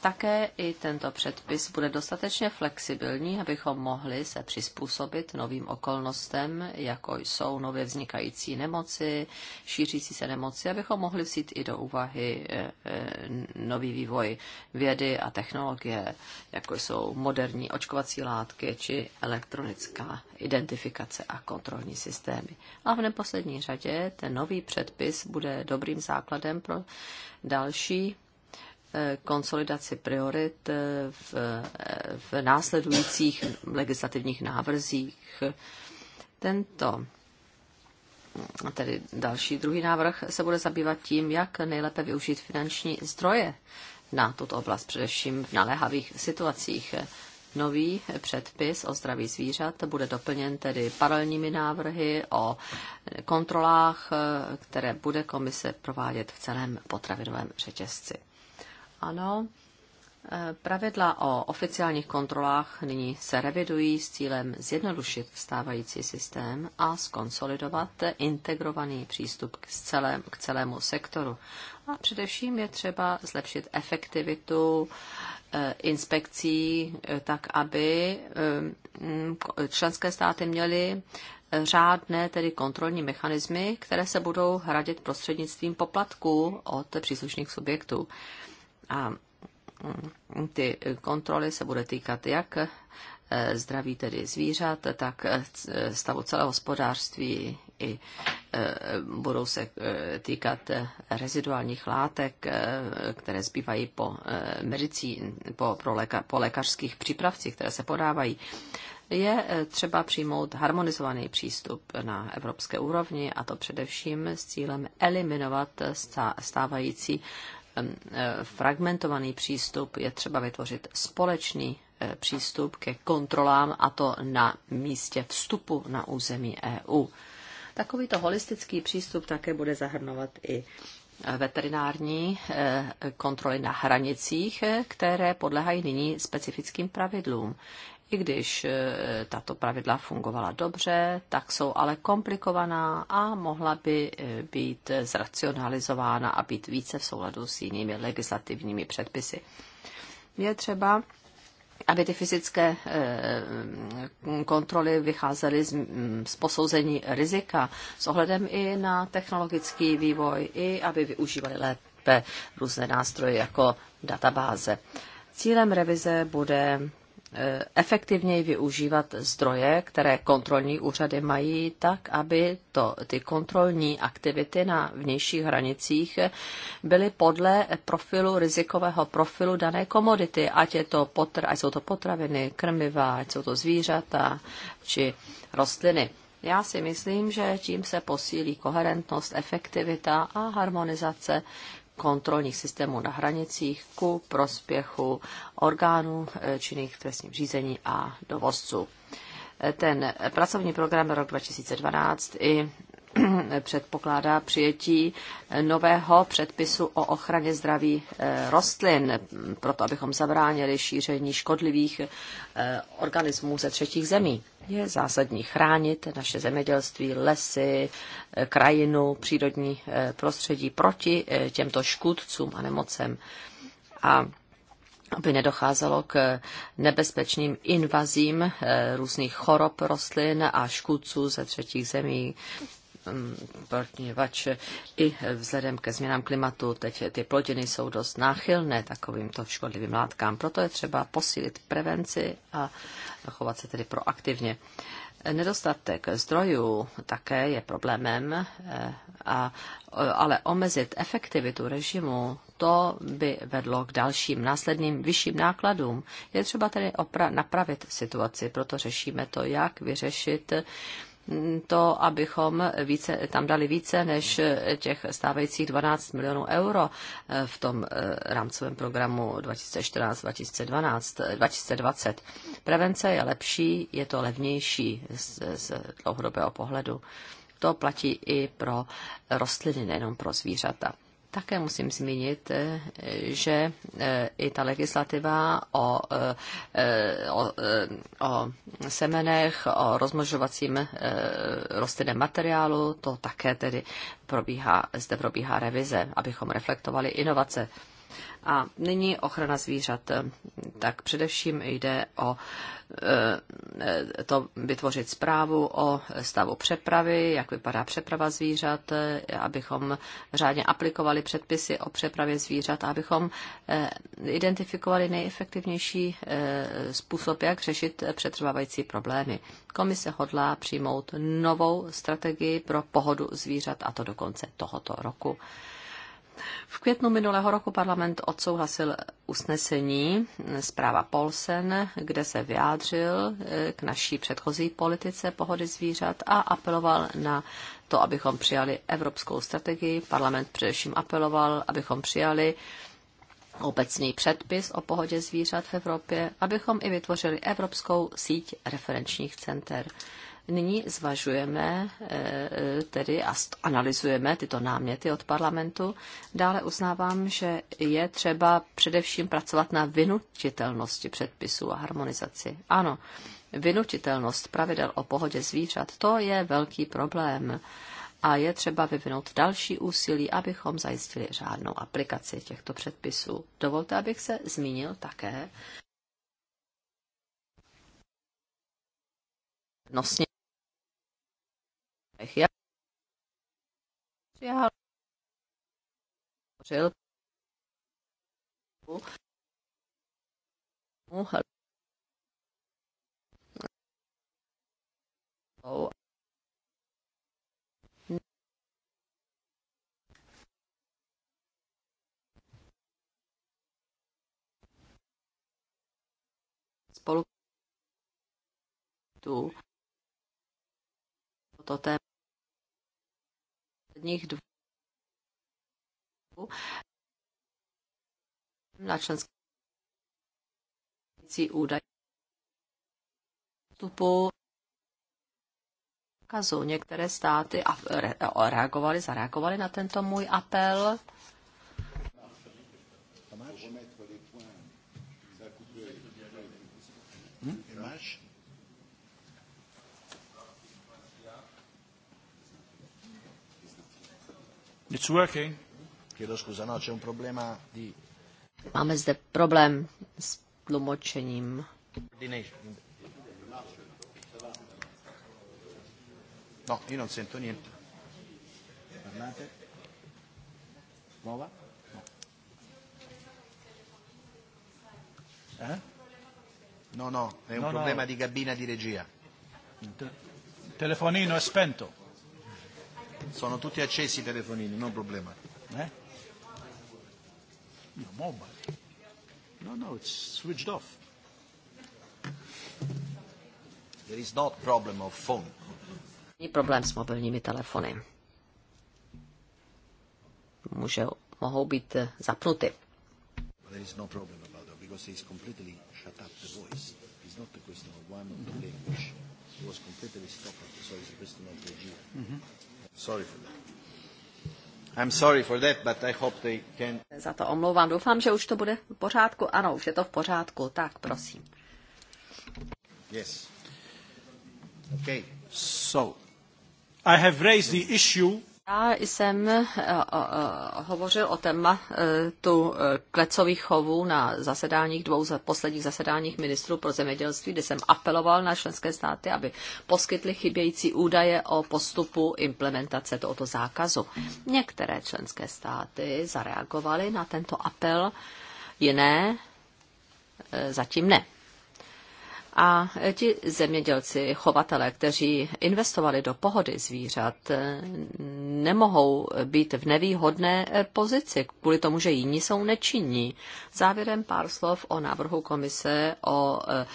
Také i tento předpis bude dostatečně flexibilní, abychom mohli se přizpůsobit novým okolnostem, jako jsou nově vznikající nemoci, šířící se nemoci, abychom mohli vzít i do úvahy e, e, nový vývoj vědy a technologie, jako jsou moderní očkovací látky či elektronická identifikace a kontrolní systémy. A v neposlední řadě ten nový předpis bude dobrým základem pro další konsolidaci priorit eh, v, eh, v následujících legislativních návrzích. Tento tedy další druhý návrh se bude zabývat tím, jak nejlépe využít finanční zdroje na tuto oblast, především v naléhavých situacích. Nový předpis o zdraví zvířat bude doplněn tedy paralelními návrhy o kontrolách, eh, které bude komise provádět v celém potravinovém řetězci. Ano, eh, pravidla o oficiálních kontrolách nyní se revidují s cílem zjednodušit stávající systém a skonsolidovat integrovaný přístup k, celému, k celému sektoru. A především je třeba zlepšit efektivitu eh, inspekcí eh, tak, aby členské státy měly řádné, tedy kontrolní mechanismy, které se budou hradit prostřednictvím poplatků od příslušných subjektů. A mm, ty kontroly se bude týkat jak eh, zdraví tedy zvířat, tak eh, stavu celého hospodářství i eh, budou se týkat reziduálních látek, které zbývají po, medicí, po, pro léka, po lékařských přípravcích, které se podávají. Je třeba přijmout harmonizovaný přístup na evropské úrovni, a to především s cílem eliminovat stávající E, fragmentovaný přístup, je třeba vytvořit společný e, přístup ke kontrolám, a to na místě vstupu na území EU. Takovýto holistický přístup také bude zahrnovat i e, veterinární kontroly na hranicích, které podlehají nyní specifickým pravidlům. I když e, tato pravidla fungovala dobře, tak jsou ale komplikovaná a mohla by e, být zracionalizována a být více v souladu s jinými legislativními předpisy. Je třeba aby ty fyzické e, kontroly vycházely z, z posouzení rizika s ohledem i na technologický vývoj, i aby využívali lépe různé nástroje jako databáze. Cílem revize bude Eh, efektivněji využívat zdroje, které kontrolní úřady mají, tak, aby to, ty kontrolní aktivity na vnějších hranicích byly podle profilu, rizikového profilu dané komodity, ať, je to potr, ať jsou to potraviny, krmiva, ať jsou to zvířata či rostliny. Já si myslím, že tím se posílí koherentnost, efektivita a harmonizace kontrolních systémů na hranicích ku prospěchu orgánů eh, činných v trestním řízení a dovozců. Eh, ten pracovní program rok 2012 i předpokládá přijetí nového předpisu o ochraně zdraví eh, rostlin, proto abychom zabránili šíření škodlivých eh, organismů ze třetích zemí. Je zásadní chránit naše zemědělství, lesy, eh, krajinu, přírodní prostředí proti těmto škůdcům a nemocem. A aby nedocházelo k nebezpečným invazím různých chorob rostlin a škůdců ze třetích zemí. Mm, poněvadž i vzhledem ke změnám klimatu teď ty plodiny jsou dost náchylné takovýmto škodlivým látkám. Proto je třeba posílit prevenci a chovat se tedy proaktivně. Nedostatek zdrojů také je problémem, eh, a, ale omezit efektivitu režimu, to by vedlo k dalším následným vyšším nákladům. Je třeba tedy opra- napravit situaci, proto řešíme to, jak vyřešit to, abychom více, tam dali více než těch stávajících 12 milionů euro eh, v tom eh, rámcovém programu 2014-2020. Eh, Prevence je lepší, je to levnější z, z dlouhodobého pohledu. To platí i pro rostliny, nejenom pro zvířata. Také musím zmínit, eh, že eh, i ta legislativa o, eh, o, o semenech, o rozmnožovacím rostlinném materiálu, to také tedy probíhá, zde probíhá revize, abychom reflektovali inovace a nyní ochrana zvířat. Tak především jde o e, e, to vytvořit zprávu o stavu přepravy, jak vypadá přeprava zvířat, e, abychom řádně aplikovali předpisy o přepravě zvířat, abychom identifikovali nejefektivnější způsob, jak řešit přetrvávající problémy. Komise hodlá přijmout novou strategii pro pohodu zvířat, a to do konce tohoto roku. V květnu minulého roku parlament odsouhlasil usnesení zpráva Polsen, kde se vyjádřil eh, k naší předchozí politice pohody zvířat a apeloval na to, abychom přijali evropskou strategii. Parlament především apeloval, abychom přijali obecný předpis o pohodě zvířat v Evropě, abychom i vytvořili evropskou síť referenčních center nyní zvažujeme, eh, eh, tedy a analyzujeme tyto náměty od parlamentu. Dále uznávám, že je třeba především pracovat na vynutitelnosti předpisů a harmonizaci. Ano, vynutitelnost pravidel o pohodě zvířat, to je velký problém a je třeba vyvinout další úsilí, abychom zajistili řádnou aplikaci těchto předpisů. Dovolte, abych se zmínil také nosně já, já hovořil Oh. spolu tu toto téma posledních dvou na členské údaje vstupu kazu. Některé státy reagovaly, zareagovaly na tento můj apel. It's working. Chiedo scusa, no, c'è un problema di... Máme zde problém s tlumočením. No, io non sento niente. Parlate? Nuova? No. Eh? No, no, è un no, problema no. di cabina di regia.
Il telefonino
è spento. Sono tutti accesi i telefonini, non problema.
Eh? No, mobile. No, no, it's switched off.
There is not problem of phone. Není problém s mobilními telefony. Může, mohou být eh, zapnuty. There is no problem about that because completely shut up the voice. It's not the question of one of the language. It was completely stopped, so it's a question of the Mm-hmm. Sorry for that. I'm sorry for that, but I hope they can... Za to omlouvám. Doufám, že už to bude v pořádku. Ano, už je to v pořádku. Tak, prosím. Yes. Okay. So,
I have raised the issue
já jsem eh, hovořil o tématu eh, eh, klecových chovů na zasedáních dvou posledních zasedáních ministrů pro zemědělství, kde jsem apeloval na členské státy, aby poskytly chybějící údaje o postupu implementace tohoto zákazu. Některé členské státy zareagovaly na tento apel, jiné zatím ne. A ti zemědělci, chovatele, kteří investovali do pohody zvířat, nemohou být v nevýhodné eh, pozici kvůli tomu, že jiní jsou nečinní. Závěrem pár slov o návrhu komise o eh,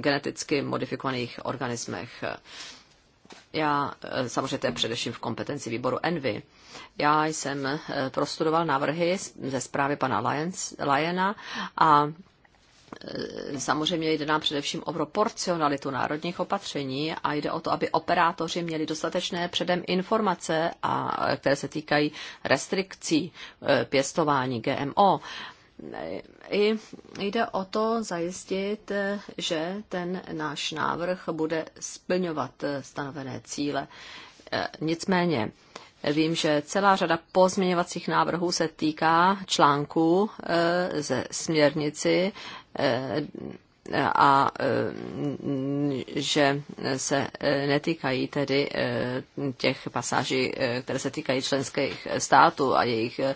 geneticky modifikovaných organismech. Já eh, samozřejmě to je především v kompetenci výboru Envy. Já jsem prostudoval návrhy ze zprávy pana Lyona a Eh, samozřejmě jde nám především o proporcionalitu národních opatření a jde o to, aby operátoři měli dostatečné předem informace, a, eh, které se týkají restrikcí eh, pěstování GMO. I jde o to zajistit, že ten náš návrh bude splňovat stanovené cíle. Nicméně, Vím, že celá řada pozměňovacích návrhů se týká článků ze směrnici a že se netýkají tedy eh, těch pasáží, eh, které se týkají členských států a jejich eh,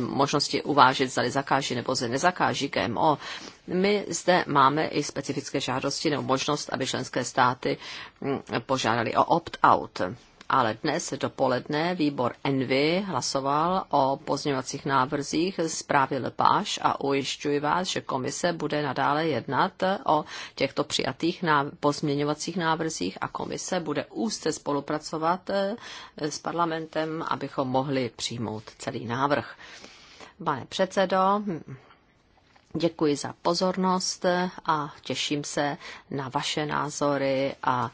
možnosti uvážit, zda zakáží nebo zda nezakáží GMO. My zde máme i specifické žádosti nebo možnost, aby členské státy hm, požádali o opt-out ale dnes dopoledne výbor Envy hlasoval o pozměňovacích návrzích zprávy Lepáš a ujišťuji vás, že komise bude nadále jednat o těchto přijatých pozměňovacích návrzích a komise bude úzce spolupracovat eh, s parlamentem, abychom mohli přijmout celý návrh. Pane předsedo, děkuji za pozornost a těším se na vaše názory a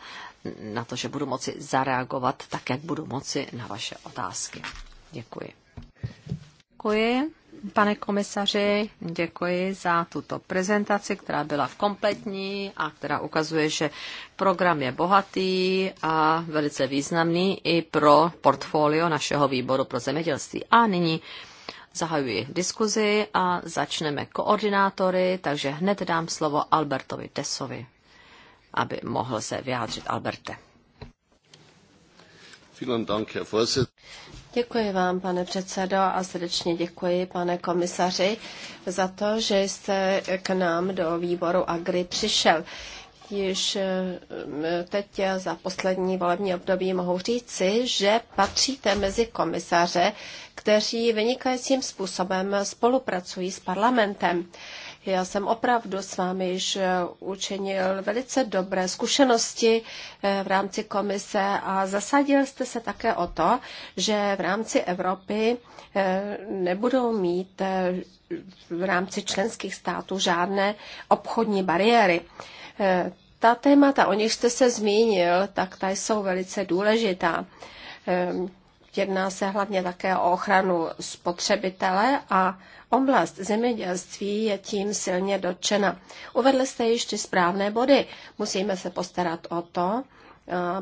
na to, že budu moci zareagovat tak, jak budu moci na vaše otázky. Děkuji. Děkuji, pane komisaři, děkuji za tuto prezentaci, která byla kompletní a která ukazuje, že program je bohatý a velice významný i pro portfolio našeho výboru pro zemědělství. A nyní zahajuji diskuzi a začneme koordinátory, takže hned dám slovo Albertovi Tesovi aby mohl se vyjádřit Alberte.
Děkuji vám, pane předsedo, a srdečně děkuji, pane komisaři, za to, že jste k nám do výboru Agri přišel již eh, teď za poslední volební období mohu říci, že patříte mezi komisaře, kteří vynikajícím způsobem spolupracují s parlamentem. Já jsem opravdu s vámi již eh, učinil velice dobré zkušenosti eh, v rámci komise a zasadil jste se také o to, že v rámci Evropy eh, nebudou mít v rámci členských států žádné obchodní bariéry. Ta témata, o nich jste se zmínil, tak ta jsou velice důležitá ehm, Jedná se hlavně také o ochranu spotřebitele a oblast zemědělství je tím silně dotčena. Uvedli jste již ty správné body. Musíme se postarat o to,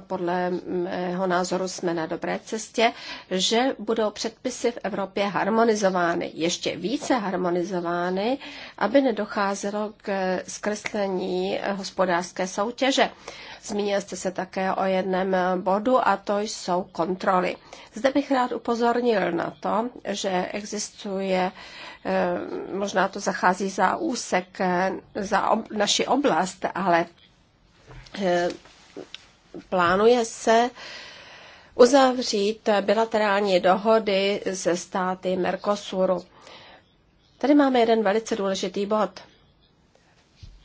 podle mého názoru jsme na dobré cestě, že budou předpisy v Evropě harmonizovány, ještě více harmonizovány, aby nedocházelo k zkreslení hospodářské soutěže. Zmínil jste se také o jednom bodu a to jsou kontroly. Zde bych rád upozornil na to, že existuje, eh, možná to zachází za úsek, eh, za naši oblast, ale eh, plánuje se uzavřít bilaterální dohody se státy Mercosuru. Tady máme jeden velice důležitý bod.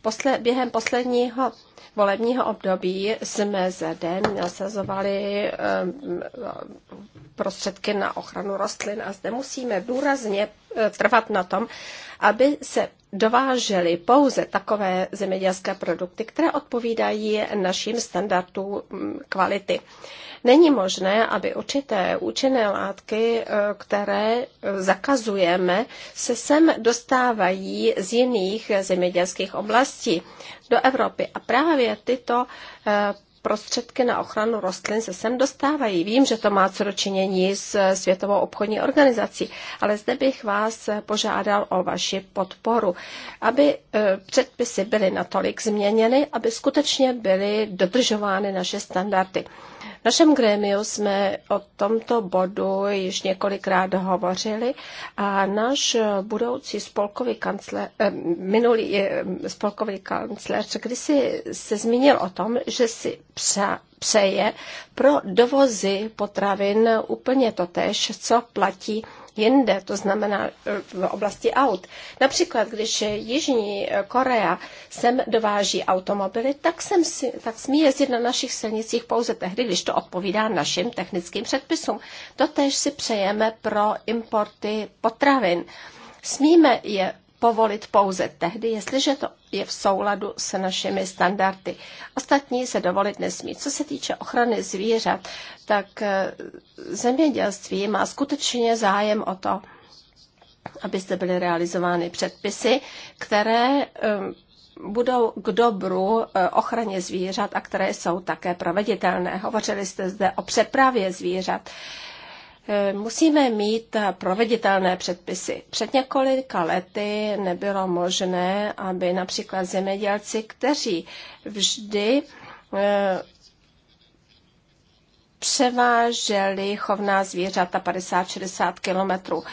Posle, během posledního volebního období jsme den nasazovali ehm, prostředky na ochranu rostlin a zde musíme důrazně eh, trvat na tom, aby se dováželi pouze takové zemědělské produkty, které odpovídají našim standardům kvality. Není možné, aby určité účinné látky, eh, které zakazujeme, se sem dostávají z jiných zemědělských oblastí do Evropy. A právě tyto eh, prostředky na ochranu rostlin se sem dostávají. Vím, že to má co dočinění s Světovou obchodní organizací, ale zde bych vás požádal o vaši podporu, aby e, předpisy byly natolik změněny, aby skutečně byly dodržovány naše standardy našem grémiu jsme o tomto bodu již několikrát hovořili a náš budoucí spolkový kancler, eh, minulý eh, spolkový když si se zmínil o tom, že si pře, přeje pro dovozy potravin úplně totéž, co platí jinde, to znamená e, v oblasti aut. Například, když Jižní Korea sem dováží automobily, tak, sem si, tak smí jezdit na našich silnicích pouze tehdy, když to odpovídá našim technickým předpisům. Totež si přejeme pro importy potravin. Smíme je povolit pouze tehdy, jestliže to je v souladu s našimi standardy. Ostatní se dovolit nesmí. Co se týče ochrany zvířat, tak eh, zemědělství má skutečně zájem o to, aby zde byly realizovány předpisy, které eh, budou k dobru eh, ochraně zvířat a které jsou také proveditelné. Hovořili jste zde o přepravě zvířat. Eh, musíme mít eh, proveditelné předpisy. Před několika lety nebylo možné, aby například zemědělci, kteří vždy eh, převáželi chovná zvířata 50-60 kilometrů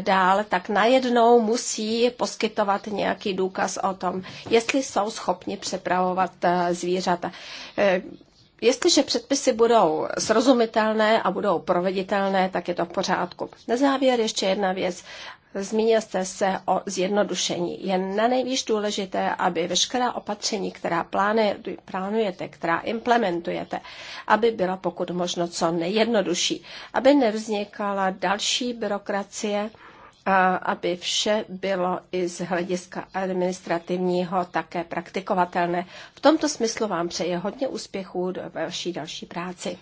dál, tak najednou musí poskytovat nějaký důkaz o tom, jestli jsou schopni přepravovat zvířata. Jestliže předpisy budou srozumitelné a budou proveditelné, tak je to v pořádku. Na závěr ještě jedna věc. Zmínil jste se o zjednodušení. Je na nejvíc důležité, aby veškerá opatření, která plánujete, která implementujete, aby byla pokud možno co nejjednodušší, aby nevznikala další byrokracie, aby vše bylo i z hlediska administrativního také praktikovatelné. V tomto smyslu vám přeji hodně úspěchů do vaší další práci.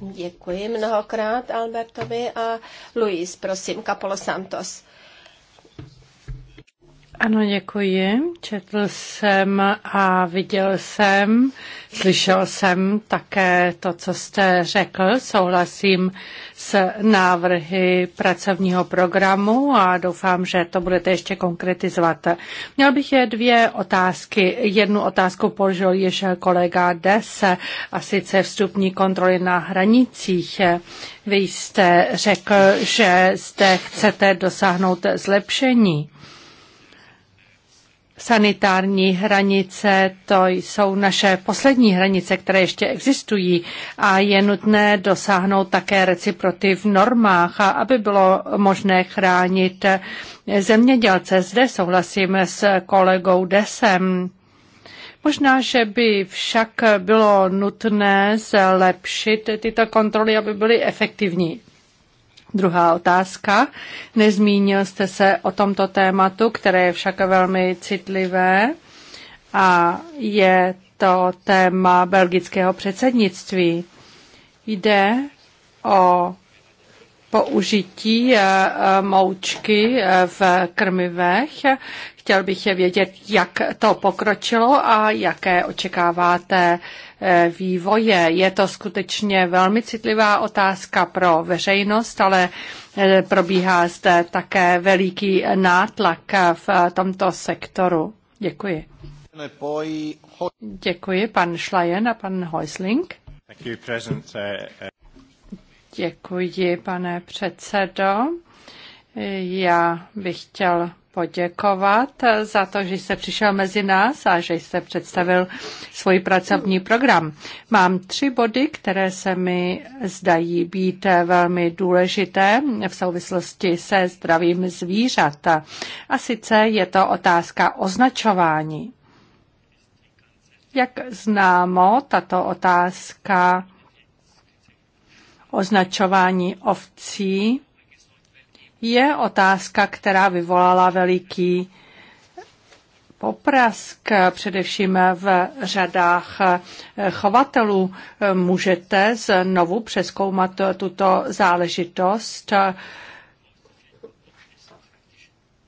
Děkuji mnohokrát Albertovi a Luis, prosím, Capolo Santos.
Ano, děkuji. Četl jsem a viděl jsem, slyšel jsem také to, co jste řekl. Souhlasím s návrhy pracovního programu a doufám, že to budete ještě konkretizovat. Měl bych je dvě otázky. Jednu otázku položil již kolega Des a sice vstupní kontroly na hranicích. Vy jste řekl, že zde chcete dosáhnout zlepšení sanitární hranice, to jsou naše poslední hranice, které ještě existují a je nutné dosáhnout také reciproty v normách, aby bylo možné chránit zemědělce. Zde souhlasím s kolegou Desem. Možná, že by však bylo nutné zlepšit tyto kontroly, aby byly efektivní. Druhá otázka. Nezmínil jste se o tomto tématu, které je však velmi citlivé a je to téma belgického předsednictví. Jde o použití eh, eh, moučky eh, v krmivech. Chtěl bych je vědět, jak to pokročilo a jaké očekáváte Eh, vývoje. Je to skutečně velmi citlivá otázka pro veřejnost, ale eh, probíhá zde také veliký nátlak eh, v tomto sektoru. Děkuji. Děkuji, pan Schleyen a pan Heusling. Uh, uh. Děkuji, pane předsedo. Já bych chtěl poděkovat za to, že jste přišel mezi nás a že jste představil svůj pracovní program. Mám tři body, které se mi zdají být velmi důležité v souvislosti se zdravím zvířat. A sice je to otázka označování. Jak známo, tato otázka označování ovcí je otázka, která vyvolala veliký poprask, především v řadách chovatelů. Můžete znovu přeskoumat tuto záležitost,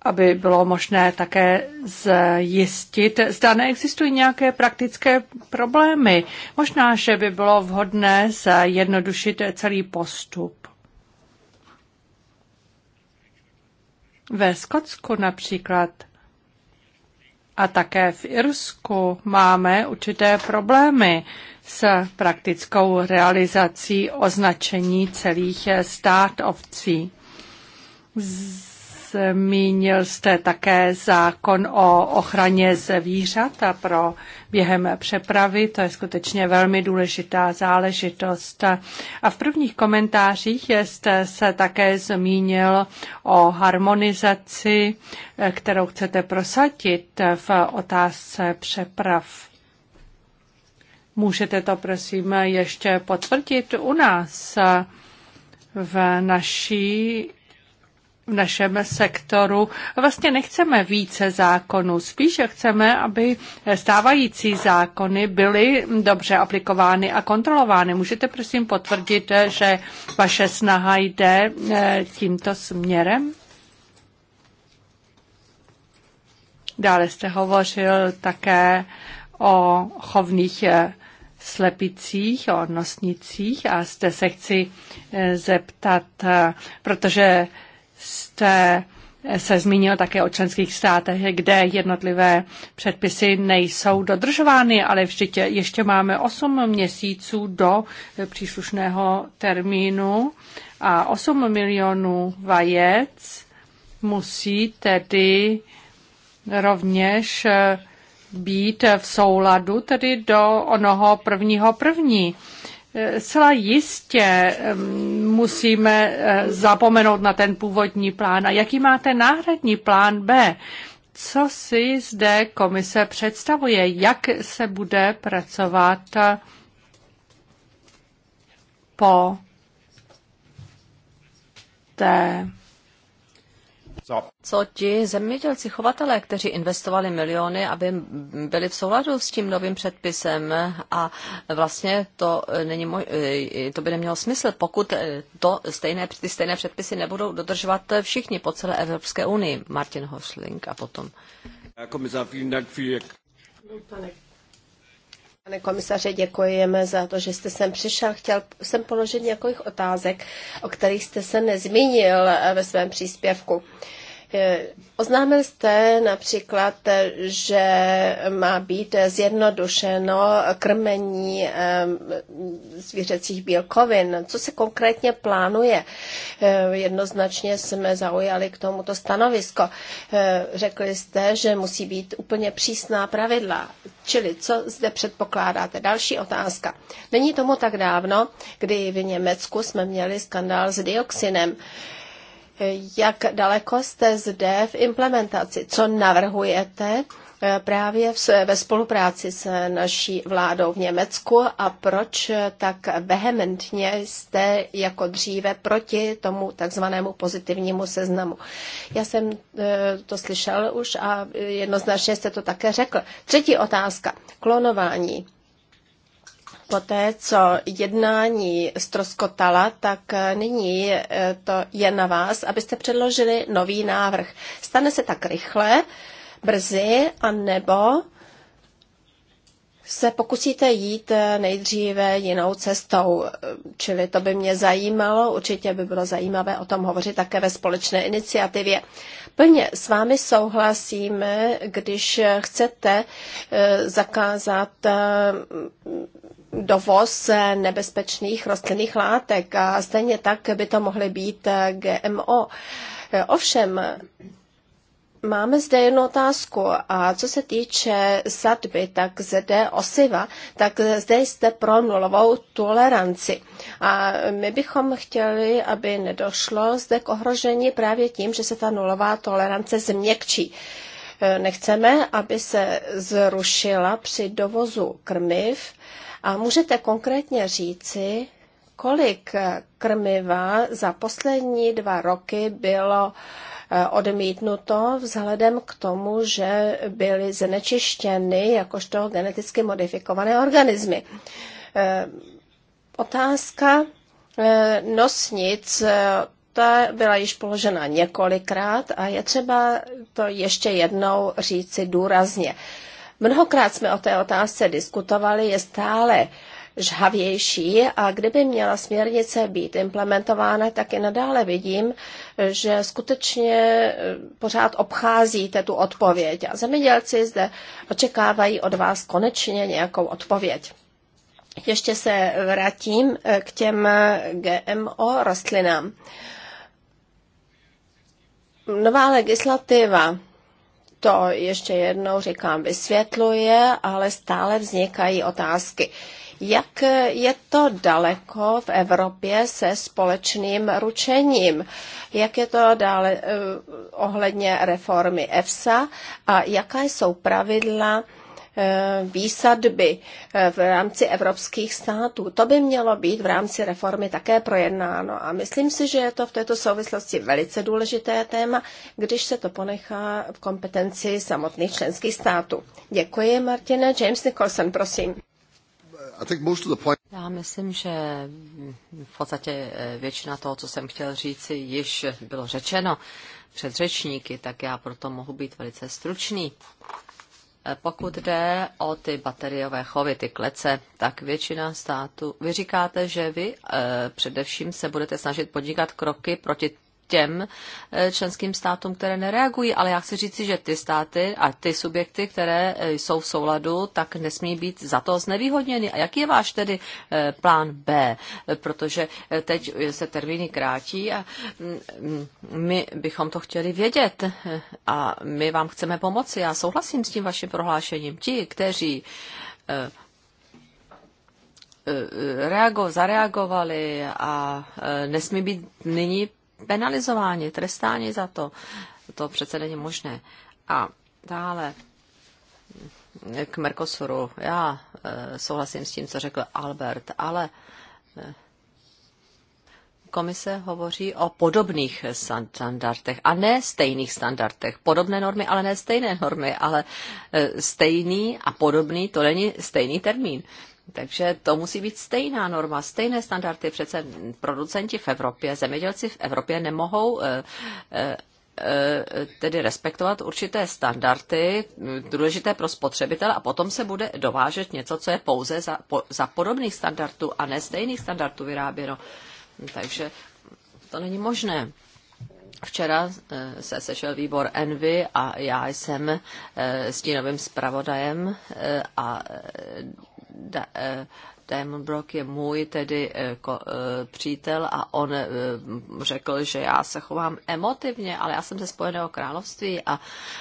aby bylo možné také zjistit, zda neexistují nějaké praktické problémy. Možná, že by bylo vhodné zjednodušit celý postup. Ve Skotsku například a také v Irsku máme určité problémy s praktickou realizací označení celých stát ovcí. Z Zmínil jste také zákon o ochraně zvířat a pro během přepravy. To je skutečně velmi důležitá záležitost. A v prvních komentářích jste se také zmínil o harmonizaci, kterou chcete prosadit v otázce přeprav. Můžete to prosím ještě potvrdit u nás v naší v našem sektoru vlastně nechceme více zákonů, spíše chceme, aby stávající zákony byly dobře aplikovány a kontrolovány. Můžete prosím potvrdit, že vaše snaha jde eh, tímto směrem? Dále jste hovořil také o chovných eh, slepicích, o nosnicích a zde se chci eh, zeptat, protože jste se zmínil také o členských státech, kde jednotlivé předpisy nejsou dodržovány, ale vždyť ještě máme 8 měsíců do příslušného termínu a 8 milionů vajec musí tedy rovněž být v souladu tedy do onoho prvního první. Celá jistě musíme eh, zapomenout na ten původní plán. A jaký máte náhradní plán B? Co si zde komise představuje? Jak se bude pracovat eh, po té
co ti zemědělci, chovatelé, kteří investovali miliony, aby byli v souladu s tím novým předpisem a vlastně to, není moj, eh, to by nemělo smysl, pokud eh, to stejné, ty stejné předpisy nebudou dodržovat všichni po celé
Evropské unii. Martin Hosling a potom. Pane Pane komisaře, děkujeme za to, že jste sem přišel. Chtěl jsem položit několik otázek, o kterých jste se nezmínil eh, ve svém příspěvku. Uh, Eh, oznámil jste například, že má být zjednodušeno krmení eh, zvířecích bílkovin. Co se konkrétně plánuje? Eh, jednoznačně jsme zaujali k tomuto stanovisko. Řekli jste, že musí být úplně přísná pravidla. Čili co zde předpokládáte? Další otázka. Není tomu tak dávno, kdy v Německu jsme měli skandál s dioxinem jak daleko jste zde v implementaci, co navrhujete eh, právě ve spolupráci s naší vládou v Německu a proč eh, tak vehementně jste jako dříve proti tomu takzvanému pozitivnímu seznamu. Já jsem eh, to slyšel už a jednoznačně jste to také řekl. Třetí otázka. Klonování. Poté, co jednání ztroskotala, tak nyní eh, to je na vás, abyste předložili nový návrh. Stane se tak rychle, brzy, anebo se pokusíte jít eh, nejdříve jinou cestou, eh, čili to by mě zajímalo, určitě by bylo zajímavé o tom hovořit také ve společné iniciativě. Plně s vámi souhlasíme, když chcete zakázat dovoz eh, nebezpečných rostlinných látek a stejně tak by to mohly být eh, GMO. Eh, ovšem, Máme zde jednu otázku a co se týče sadby, tak zde osiva, tak zde jste pro nulovou toleranci. A my bychom chtěli, aby nedošlo zde k ohrožení právě tím, že se ta nulová tolerance změkčí. Nechceme, aby se zrušila při dovozu krmiv, a můžete konkrétně říci, kolik krmiva za poslední dva roky bylo eh, odmítnuto vzhledem k tomu, že byly znečištěny jakožto geneticky modifikované organismy. Eh, otázka eh, nosnic ta byla již položena několikrát a je třeba to ještě jednou říci důrazně. Mnohokrát jsme o té otázce diskutovali, je stále žhavější a kdyby měla směrnice být implementována, tak i nadále vidím, že skutečně eh, pořád obcházíte tu odpověď a zemědělci zde očekávají od vás konečně nějakou odpověď. Ještě se vrátím eh, k těm eh, GMO rostlinám. Nová legislativa to ještě jednou říkám, vysvětluje, ale stále vznikají otázky. Jak je to daleko v Evropě se společným ručením? Jak je to dále eh, ohledně reformy EFSA a jaká jsou pravidla Eh, výsadby eh, v rámci evropských států. To by mělo být v rámci reformy také projednáno a myslím si, že je to v této souvislosti velice důležité téma, když se to ponechá v kompetenci samotných členských států. Děkuji, Martina. James Nicholson, prosím.
Já myslím, že v podstatě eh, většina toho, co jsem chtěl říci, již bylo řečeno před řečníky, tak já proto mohu být velice stručný. Eh, pokud jde o ty bateriové chovy, ty klece, tak většina států, vy říkáte, že vy e, především se budete snažit podnikat kroky proti těm eh, členským státům, které nereagují, ale já chci říci, že ty státy a ty subjekty, které eh, jsou v souladu, tak nesmí být za to znevýhodněny. A jaký je váš tedy eh, plán B? Protože teď se termíny krátí a mm, mm, my bychom to chtěli vědět a my vám chceme pomoci. Já souhlasím s tím vaším prohlášením. Ti, kteří reago, zareagovali a nesmí být nyní penalizováni, trestáni za to. To přece není možné. A dále k Mercosuru. Já eh, souhlasím s tím, co řekl Albert, ale eh, komise hovoří o podobných standardech a ne stejných standardech. Podobné normy, ale ne stejné normy, ale eh, stejný a podobný, to není stejný termín. Takže to musí být stejná norma, stejné standardy. Přece producenti v Evropě, zemědělci v Evropě nemohou eh, eh, eh, tedy respektovat určité standardy mm, důležité pro spotřebitele a potom se bude dovážet něco, co je pouze za, po, za podobných standardů a ne stejných standardů vyráběno. Takže to není možné. Včera se sešel výbor Envy a já jsem stínovým zpravodajem a Damon eh, Brock je můj tedy eh, ko, eh, přítel a on řekl, že já se chovám emotivně, ale já jsem ze Spojeného království a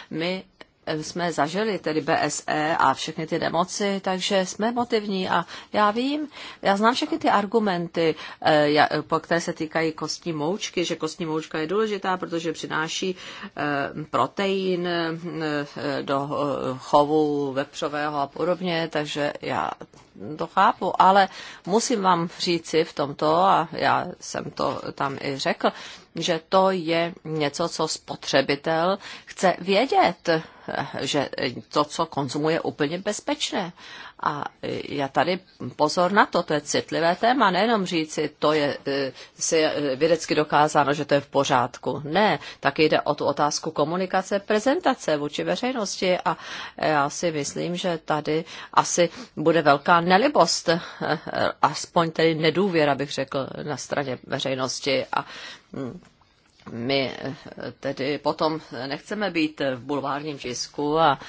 my Eh, jsme zažili, tedy BSE a všechny ty nemoci, takže jsme motivní a já vím, já znám všechny ty argumenty, eh, eh, po které se týkají kostní moučky, že kostní moučka je důležitá, protože přináší protein do chovu vepřového a podobně, takže já to chápu, ale musím vám říci v tomto, a já jsem to tam i řekl, že to je něco, co spotřebitel chce vědět že to, co konzumuje, je úplně bezpečné. A já tady pozor na to, to je citlivé téma, nejenom říci, to je si vědecky dokázáno, že to je v pořádku. Ne, tak jde o tu otázku komunikace, prezentace vůči veřejnosti a já si myslím, že tady asi bude velká nelibost, aspoň tedy nedůvěra, bych řekl, na straně veřejnosti a hm, my eh, tedy potom nechceme být v bulvárním tisku a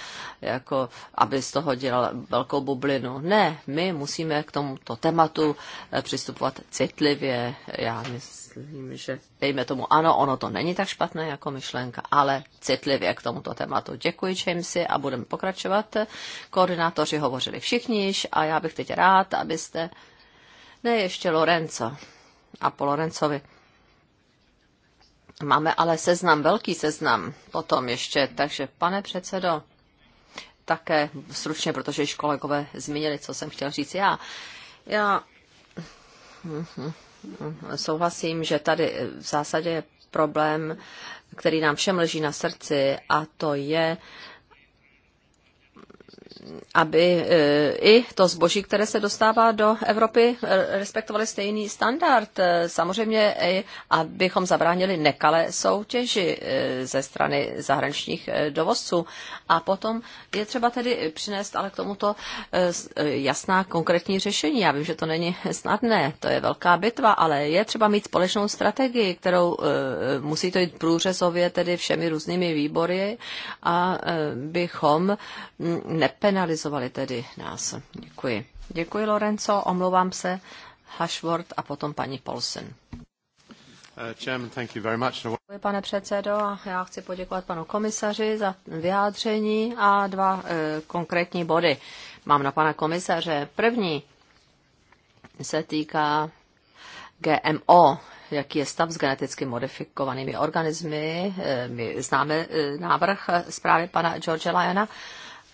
jako, aby z toho dělal velkou bublinu. Ne, my musíme k tomuto tématu eh, přistupovat citlivě. Já myslím, že dejme tomu ano, ono to není tak špatné jako myšlenka, ale citlivě k tomuto tématu. Děkuji, Jamesi a budeme pokračovat. Koordinátoři hovořili všichni již a já bych teď rád, abyste... Ne, ještě Lorenzo. A po Lorencovi. Máme ale seznam, velký seznam potom ještě, takže pane předsedo, také stručně, protože již kolegové zmínili, co jsem chtěl říct já. Já souhlasím, že tady v zásadě je problém, který nám všem leží na srdci a to je aby e, i to zboží, které se dostává do Evropy, e, respektovali stejný standard. E, samozřejmě, abychom zabránili nekalé soutěži ze strany zahraničních dovozců. A potom je třeba tedy přinést ale k tomuto jasná konkrétní řešení. Já vím, že to není snadné, to je velká bitva, ale je třeba mít společnou strategii, kterou musí to jít průřezově tedy všemi různými výbory, a bychom nepen penalizovali tedy nás. Děkuji. Děkuji, Lorenzo. Omlouvám se. Hashworth a potom paní Polsen. Uh, Děkuji, pane předsedo. A já chci poděkovat panu komisaři za vyjádření a dva e, konkrétní body. Mám na pana komisaře. První se týká GMO, jaký je stav s geneticky modifikovanými organismy. E, my známe e, návrh eh, zprávy pana George Lyona. E,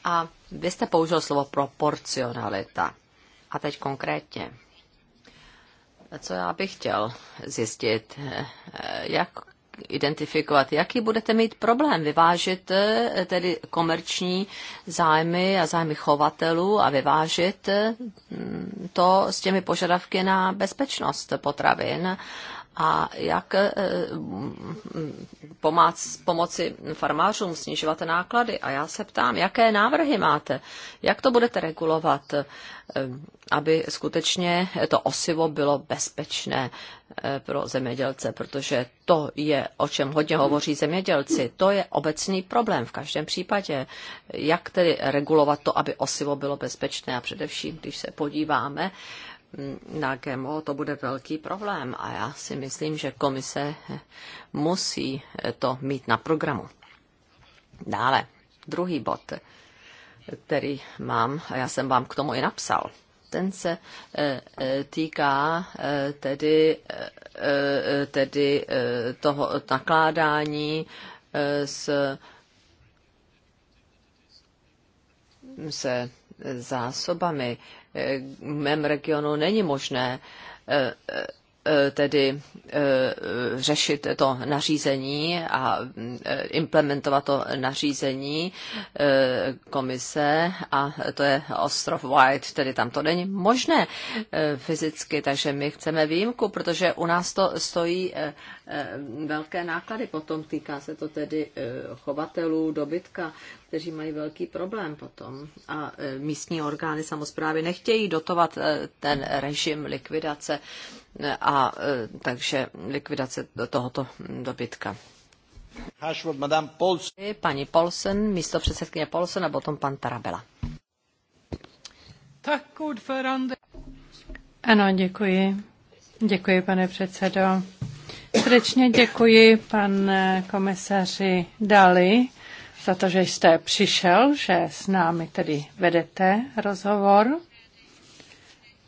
a vy jste použil slovo proporcionalita. A teď konkrétně. Co já bych chtěl zjistit, jak identifikovat, jaký budete mít problém vyvážit eh, tedy komerční zájmy a zájmy chovatelů a vyvážit mm, to s těmi požadavky na bezpečnost potravin a jak e, mm, pomoc, pomoci farmářům snižovat náklady. A já se ptám, jaké návrhy máte, jak to budete regulovat, e, aby skutečně to osivo bylo bezpečné e, pro zemědělce, protože to je, o čem hodně hovoří zemědělci, to je obecný problém v každém případě. Jak tedy regulovat to, aby osivo bylo bezpečné a především, když se podíváme, na GMO to bude velký problém a já si myslím, že komise musí to mít na programu. Dále, druhý bod, který mám, a já jsem vám k tomu i napsal, ten se e, e, týká e, tedy, tedy toho nakládání s se zásobami v mém regionu není možné eh, eh, eh, tedy řešit to nařízení a implementovat to nařízení komise a to je ostrov White, tedy tam to není možné fyzicky, takže my chceme výjimku, protože u nás to stojí Eh, velké náklady potom. Týká se to tedy eh, chovatelů, dobytka, kteří mají velký problém potom. A eh, místní orgány samozprávy nechtějí dotovat ten režim likvidace a takže likvidace tohoto dobytka. Paní Polsen, místo předsedkyně Polsen a potom pan Tarabela.
Tak, Ano, děkuji. Děkuji, pane předsedo. Srdečně děkuji, pane komisaři Dali, za to, že jste přišel, že s námi tedy vedete rozhovor.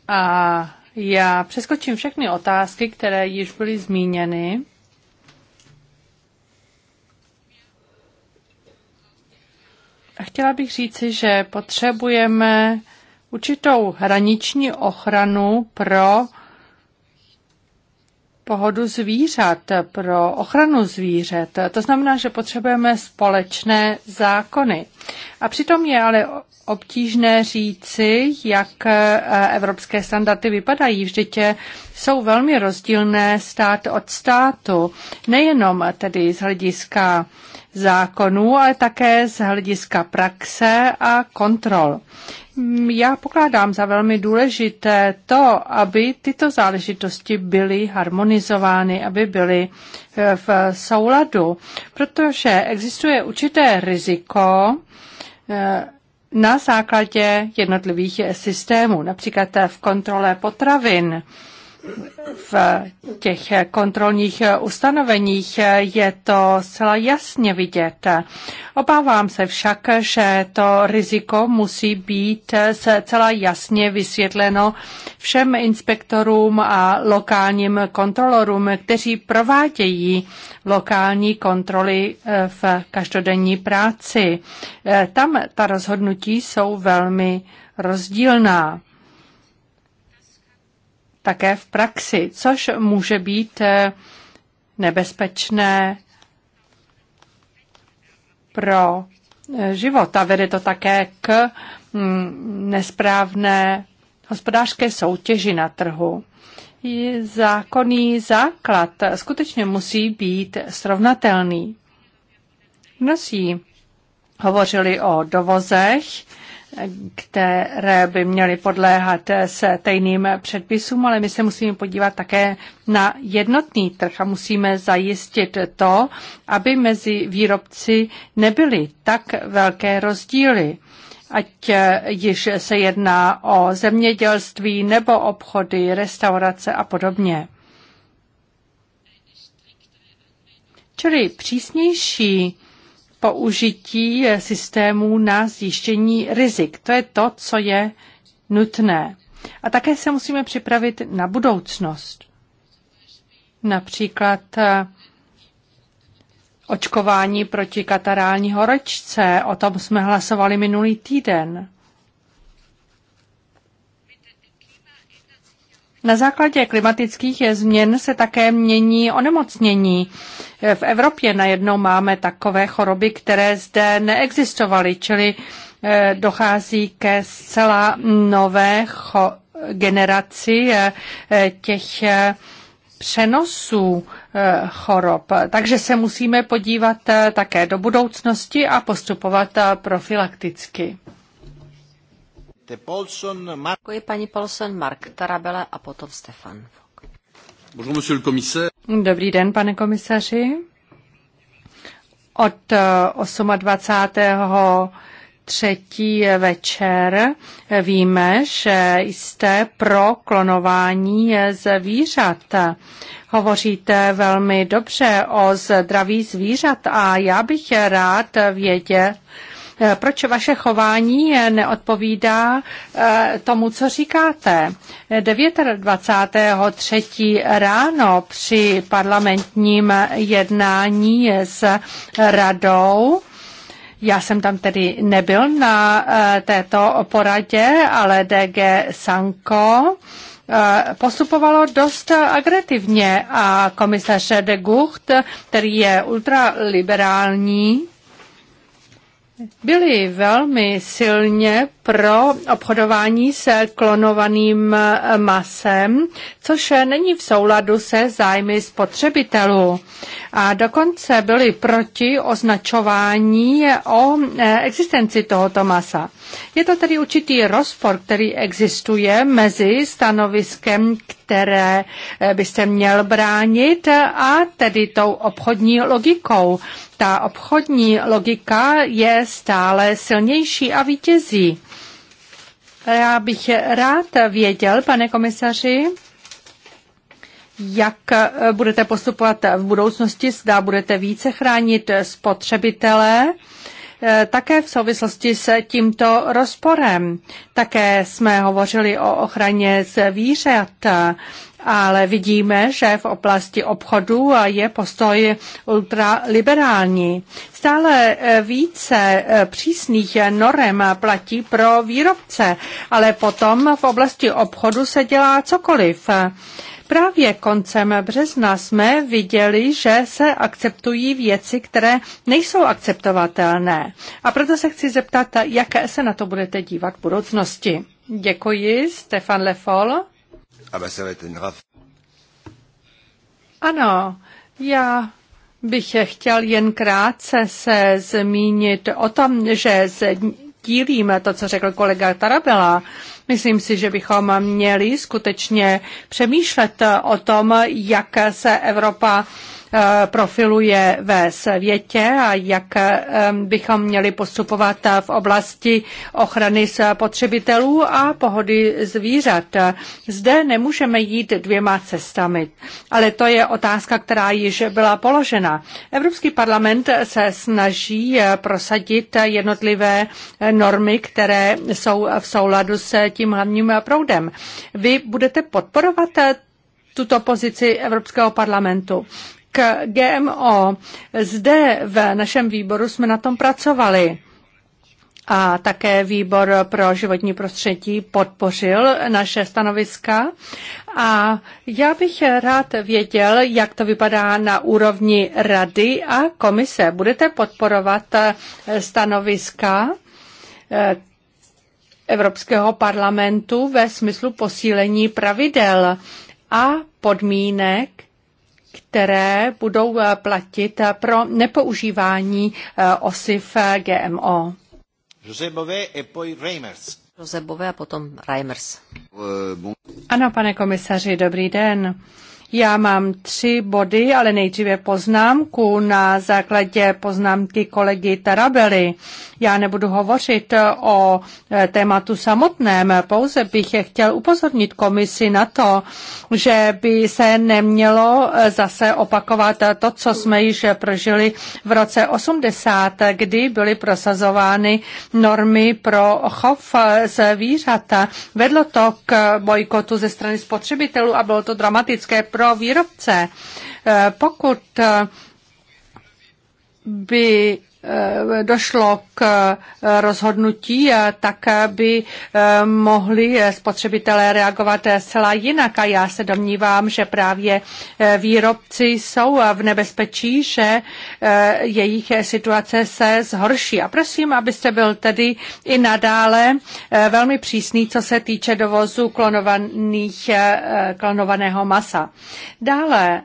A já přeskočím všechny otázky, které již byly zmíněny. A chtěla bych říci, že potřebujeme určitou hraniční ochranu pro pohodu zvířat, pro ochranu zvířat. To znamená, že potřebujeme společné zákony. A přitom je ale obtížné říci, jak eh, evropské standardy vypadají. Vždyť eh, jsou velmi rozdílné stát od státu. Nejenom tedy z hlediska zákonů, ale také z hlediska praxe a kontrol. Já pokládám za velmi důležité to, aby tyto záležitosti byly harmonizovány, aby byly eh, v souladu, protože existuje určité riziko, na základě jednotlivých systémů, například v kontrole potravin v těch kontrolních ustanoveních je to zcela jasně vidět. Obávám se však, že to riziko musí být zcela jasně vysvětleno všem inspektorům a lokálním kontrolorům, kteří provádějí lokální kontroly eh, v každodenní práci. Eh, tam ta rozhodnutí jsou velmi rozdílná také v praxi, což může být eh, nebezpečné pro eh, život a vede to také k mm, nesprávné hospodářské soutěži na trhu. Zákonný základ skutečně musí být srovnatelný. Mnozí hovořili o dovozech které by měly podléhat stejným předpisům, ale my se musíme podívat také na jednotný trh a musíme zajistit to, aby mezi výrobci nebyly tak velké rozdíly ať již se jedná o zemědělství nebo obchody, restaurace a podobně. Čili přísnější použití eh, systémů na zjištění rizik. To je to, co je nutné. A také se musíme připravit na budoucnost. Například eh, očkování proti katarální horečce, o tom jsme hlasovali minulý týden. Na základě klimatických změn se také mění onemocnění. V Evropě najednou máme takové choroby, které zde neexistovaly, čili eh, dochází ke zcela nové generaci eh, těch eh, přenosů chorob. Takže se musíme podívat také do budoucnosti a postupovat profilakticky.
Paulson, Mark... Děkuji paní Paulson, Mark Tarabela a potom Stefan.
Bonjour, monsieur le commissaire. Dobrý den, pane komisaři. Od 28 eh, třetí večer víme, že jste pro klonování zvířat. Hovoříte velmi dobře o zdraví zvířat a já bych rád věděl, proč vaše chování neodpovídá eh, tomu, co říkáte? 29.3. ráno při parlamentním jednání s radou já jsem tam tedy nebyl na eh, této poradě, ale DG Sanko eh, postupovalo dost agresivně a komisař de Gucht, který je ultraliberální, byli velmi silně pro obchodování se klonovaným eh, masem, což není v souladu se zájmy spotřebitelů. A dokonce byli proti označování o eh, existenci tohoto masa. Je to tedy určitý rozpor, který existuje mezi stanoviskem, které eh, byste měl bránit, a tedy tou obchodní logikou ta obchodní logika je stále silnější a vítězí. Já bych rád věděl, pane komisaři, jak budete postupovat v budoucnosti, zda budete více chránit spotřebitele, také v souvislosti s tímto rozporem. Také jsme hovořili o ochraně zvířat ale vidíme, že v oblasti obchodu je postoj ultraliberální. Stále více přísných norem platí pro výrobce, ale potom v oblasti obchodu se dělá cokoliv. Právě koncem března jsme viděli, že se akceptují věci, které nejsou akceptovatelné. A proto se chci zeptat, jak se na to budete dívat v budoucnosti. Děkuji, Stefan Lefol.
Ah
ano, já bych chtěl jen krátce se zmínit o tom, že sdílíme to, co řekl kolega Tarabela. Myslím si, že bychom měli skutečně přemýšlet o tom, jak se Evropa Eh, profiluje ve světě a jak eh, bychom měli postupovat eh, v oblasti ochrany spotřebitelů a pohody zvířat. Zde nemůžeme jít dvěma cestami, ale to je otázka, která již byla položena. Evropský parlament se snaží prosadit jednotlivé normy, které jsou v souladu s tím hlavním proudem. Vy budete podporovat tuto pozici Evropského parlamentu k GMO. Zde v našem výboru jsme na tom pracovali. A také výbor pro životní prostředí podpořil naše stanoviska. A já bych rád věděl, jak to vypadá na úrovni rady a komise. Budete podporovat eh, stanoviska eh, Evropského parlamentu ve smyslu posílení pravidel a podmínek které budou eh, platit eh, pro nepoužívání eh, osiv GMO.
José Bové a a potom Reimers.
Ano, pane komisaři, dobrý den. Já mám tři body, ale nejdříve poznámku na základě poznámky kolegy Tarabely. Já nebudu hovořit o e, tématu samotném, pouze bych je chtěl upozornit komisi na to, že by se nemělo e, zase opakovat to, co jsme již prožili v roce 80, kdy byly prosazovány normy pro chov e, zvířata. Vedlo to k bojkotu ze strany spotřebitelů a bylo to dramatické pro pro výrobce. Eh, pokud eh, by Eh, došlo k eh, rozhodnutí, eh, tak by mohli spotřebitelé reagovat zcela jinak. A já se domnívám, že právě výrobci jsou v nebezpečí, že jejich situace se zhorší. A prosím, abyste byl tedy i nadále velmi přísný, co se týče dovozu klonovaných, klonovaného masa. Dále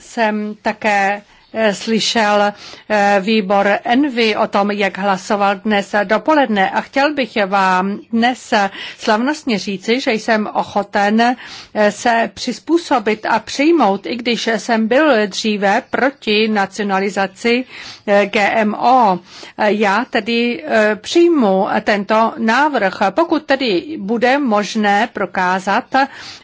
jsem také Eh, slyšel eh, výbor Envy o tom, jak hlasoval dnes dopoledne a chtěl bych vám dnes slavnostně říci, že jsem ochoten eh, se přizpůsobit a přijmout, i když jsem byl dříve proti nacionalizaci GMO. Já tedy přijmu tento návrh, pokud tedy bude možné prokázat,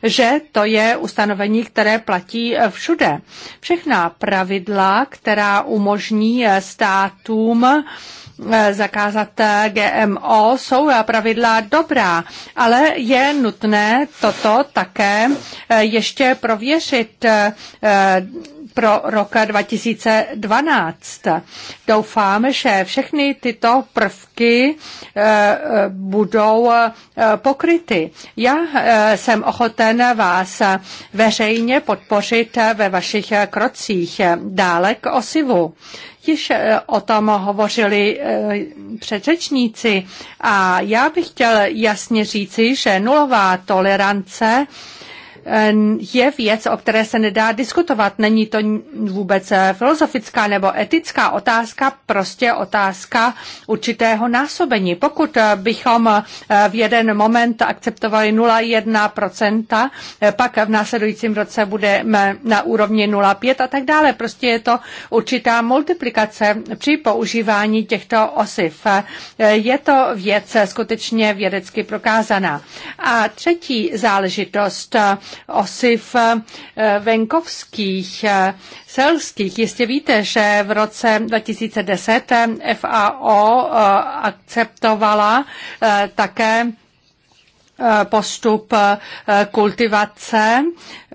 že to je ustanovení, které platí všude. Všechna pravidla která umožní eh, státům eh, zakázat eh, GMO, jsou pravidla dobrá, ale je nutné toto také ještě prověřit pro rok 2012. Doufám, že všechny tyto prvky eh, eh, budou eh, pokryty. Já jsem ochoten vás veřejně podpořit ve vašich krocích dále k osivu. Již o tom hovořili předřečníci a já bych chtěl jasně říci, že nulová tolerance Ehm, je věc, o které se nedá diskutovat. Není to vůbec eh, filozofická nebo etická otázka, prostě otázka určitého násobení. Pokud eh, bychom eh, v jeden moment akceptovali 0,1%, pak v následujícím roce budeme na úrovni 0,5 a tak dále. Prostě je to určitá multiplikace při používání těchto osiv. Je to věc skutečně vědecky prokázaná. A třetí záležitost, osiv eh, venkovských, eh, selských. Jistě víte, že v roce 2010 eh, FAO akceptovala také postup kultivace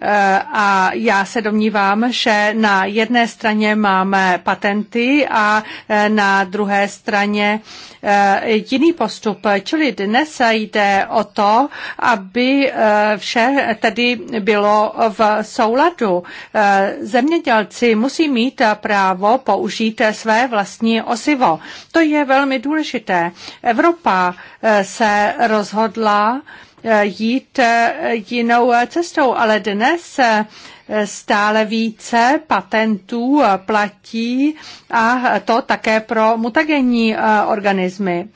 Eh, a já se domnívám, že na jedné straně máme patenty a eh, na druhé straně eh, jiný postup. Čili dnes jde o to, aby vše tedy bylo v souladu. Zemědělci musí mít právo použít své vlastní osivo. To je velmi důležité. Evropa se rozhodla, jít eh, jinou eh, cestou, ale dnes eh, stále více patentů platí a to také pro mutagenní organismy.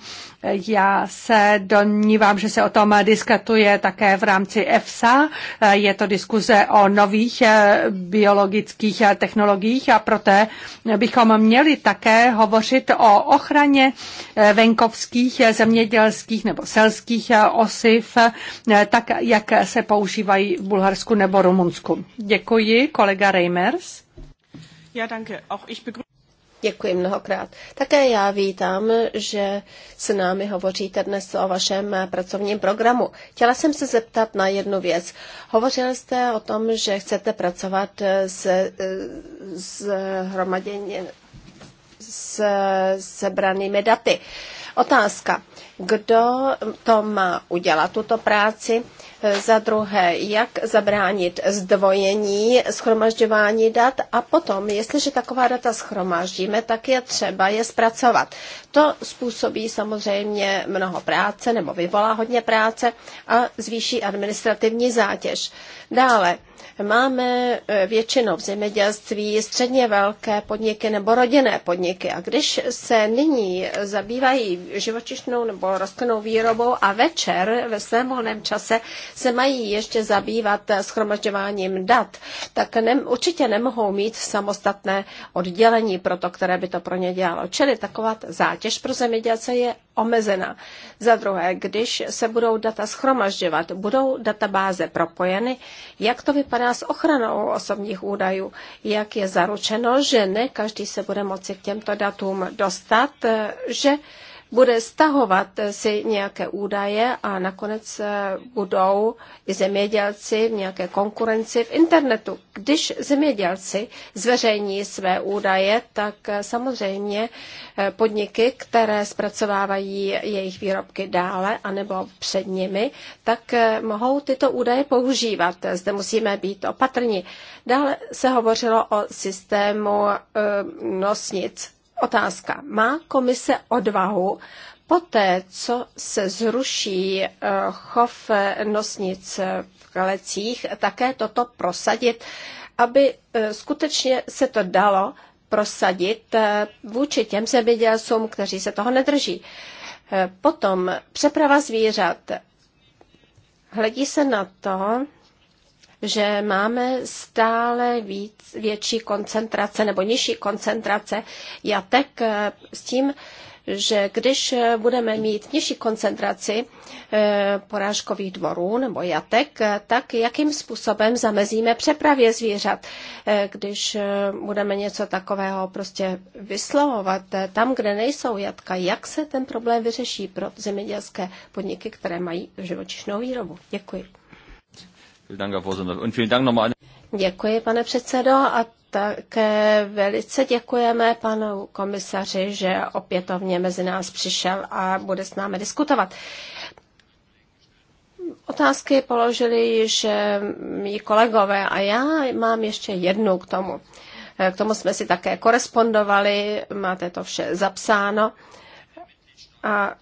Já se domnívám, že se o tom diskutuje také v rámci EFSA. Je to diskuze o nových eh, biologických eh, technologiích a proto bychom měli také hovořit o ochraně eh, venkovských, zemědělských nebo selských osiv, tak jak se používají v Bulharsku nebo Rumunsku. Děkuji, kolega Reimers. Ja, danke. Auch ich
Děkuji mnohokrát. Také já vítám, že s námi hovoříte dnes o vašem pracovním programu. Chtěla jsem se zeptat na jednu věc. Hovořil jste o tom, že chcete pracovat s, s hromaděním s sebranými daty. Otázka kdo to má udělat, tuto práci. Za druhé, jak zabránit zdvojení, schromažďování dat a potom, jestliže taková data schromaždíme, tak je třeba je zpracovat. To způsobí samozřejmě mnoho práce nebo vyvolá hodně práce a zvýší administrativní zátěž. Dále, máme e, většinou v zemědělství středně velké podniky nebo rodinné podniky a když se nyní zabývají živočišnou nebo tou rostlinnou výrobou a večer ve svém volném čase se mají ještě zabývat schromažďováním dat, tak ne, určitě nemohou mít samostatné oddělení pro to, které by to pro ně dělalo. Čili taková zátěž pro zemědělce je omezena. Za druhé, když se budou data schromažďovat, budou databáze propojeny, jak to vypadá s ochranou osobních údajů, jak je zaručeno, že ne každý se bude moci k těmto datům dostat, že bude stahovat eh, si nějaké údaje a nakonec eh, budou i zemědělci v nějaké konkurenci v internetu. Když zemědělci zveřejní své údaje, tak eh, samozřejmě podniky, které zpracovávají jejich výrobky dále anebo před nimi, tak mohou tyto údaje používat. Zde musíme být opatrní. Dále se hovořilo o systému nosnic Otázka. Má komise odvahu poté, co se zruší eh, chov nosnic v klecích, také toto prosadit, aby eh, skutečně se to dalo prosadit eh, vůči těm zemědělcům, kteří se toho nedrží. Potom přeprava zvířat. Hledí se na to, že máme stále víc, větší koncentrace nebo nižší koncentrace jatek eh, s tím, že když budeme mít nižší koncentraci eh, porážkových dvorů nebo jatek, eh, tak jakým způsobem zamezíme přepravě zvířat, když budeme něco takového prostě vyslovovat tam, kde nejsou jatka, jak se ten problém vyřeší pro zemědělské podniky, které mají živočišnou výrobu. Děkuji. Děkuji, pane předsedo, a také velice děkujeme panu komisaři, že opětovně mezi nás přišel a bude s námi diskutovat. Otázky položili již eh, mý kolegové a já mám ještě jednu k tomu. Eh, k tomu jsme si také korespondovali, máte to vše zapsáno. A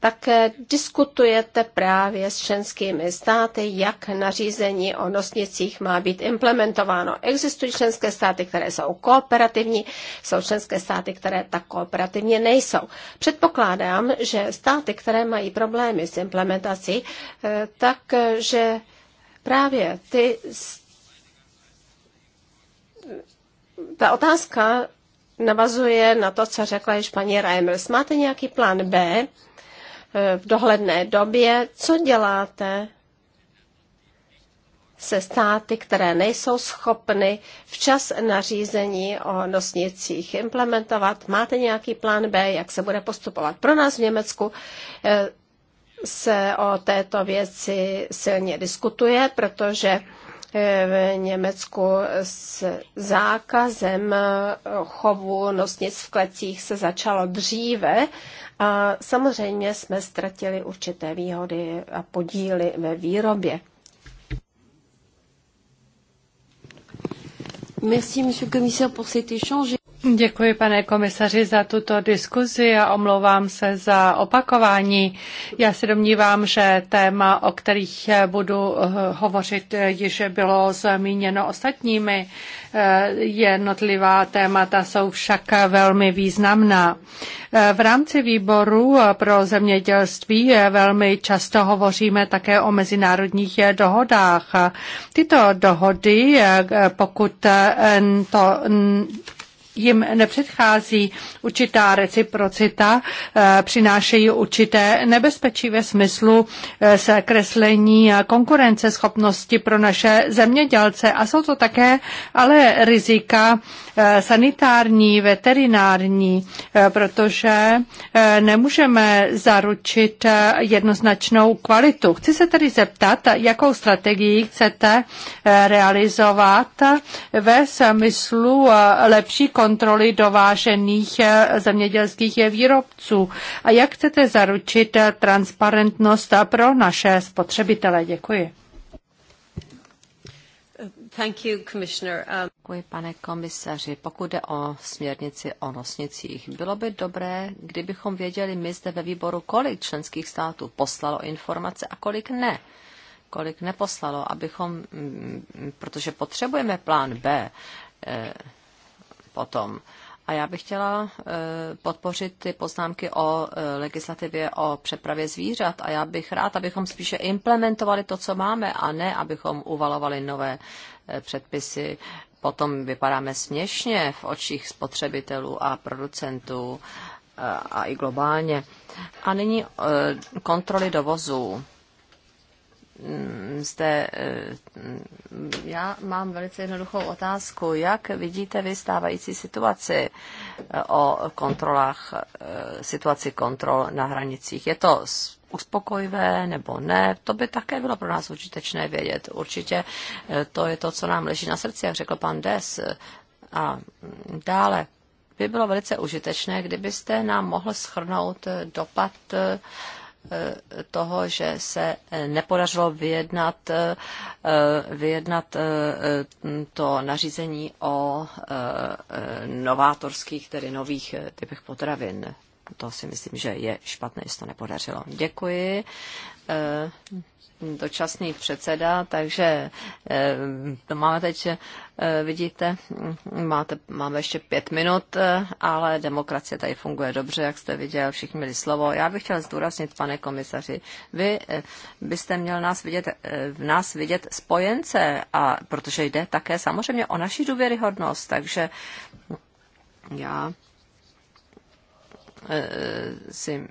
také diskutujete právě s členskými státy, jak nařízení o nosnicích má být implementováno. Existují členské státy, které jsou kooperativní, jsou členské státy, které tak kooperativně nejsou. Předpokládám, že státy, které mají problémy s implementací, eh, takže právě ty ta otázka navazuje na to, co řekla již paní Reimers. Máte nějaký plán B? Eh, v dohledné době, co děláte se státy, které nejsou schopny včas nařízení o nosnicích implementovat. Máte nějaký plán B, jak se bude postupovat? Pro nás v Německu eh, se o této věci silně diskutuje, protože E, v Německu s zákazem e, chovu nosnic v klecích se začalo dříve a samozřejmě jsme ztratili určité výhody a podíly ve výrobě.
Merci, monsieur le commissaire, pour cet échange. Děkuji, pane komisaři, za tuto diskuzi a omlouvám se za opakování. Já se domnívám, že téma, o kterých budu eh, hovořit, eh, již bylo zmíněno ostatními. Eh, jednotlivá témata jsou však velmi významná. V rámci výboru pro zemědělství velmi často hovoříme také o mezinárodních dohodách. Tyto dohody, pokud to jim nepředchází určitá reciprocita, eh, přinášejí určité nebezpečí ve smyslu eh, konkurence konkurenceschopnosti pro naše zemědělce a jsou to také ale rizika eh, sanitární, veterinární, protože nemůžeme zaručit jednoznačnou kvalitu. Chci se tedy zeptat, jakou strategii chcete realizovat ve smyslu lepší kontroly dovážených eh, zemědělských výrobců? A jak chcete zaručit eh, transparentnost pro naše spotřebitele? Děkuji.
Thank you, Commissioner. Um... Děkuji, pane komisaři. Pokud jde o směrnici o nosnicích, bylo by dobré, kdybychom věděli my zde ve výboru, kolik členských států poslalo informace a kolik ne kolik neposlalo, abychom, mm, mm, protože potřebujeme plán B, eh, tom. A já bych chtěla eh, podpořit ty poznámky o eh, legislativě o přepravě zvířat a já bych rád, abychom spíše implementovali to, co máme a ne, abychom uvalovali nové eh, předpisy. Potom vypadáme směšně v očích spotřebitelů a producentů a i globálně. A nyní kontroly dovozu jste, mm, eh, já mám velice jednoduchou otázku. Jak vidíte vy stávající situaci eh, o kontrolách, eh, situaci kontrol na hranicích? Je to uspokojivé nebo ne, to by také bylo pro nás užitečné vědět. Určitě to je to, co nám leží na srdci, jak řekl pan Des. A dále by bylo velice užitečné, kdybyste nám mohl schrnout dopad toho, že se nepodařilo vyjednat, vyjednat eh, to nařízení o eh, novátorských, tedy nových eh, typech potravin. To si myslím, že je špatné, že se to nepodařilo. Děkuji dočasný předseda, takže eh, to máme teď, eh, vidíte, máte, máme ještě pět minut, eh, ale demokracie tady funguje dobře, jak jste viděl, všichni měli slovo. Já bych chtěl zdůraznit, pane komisaři, vy byste měl nás vidět, v nás vidět spojence, a protože jde také samozřejmě o naši důvěryhodnost, takže já si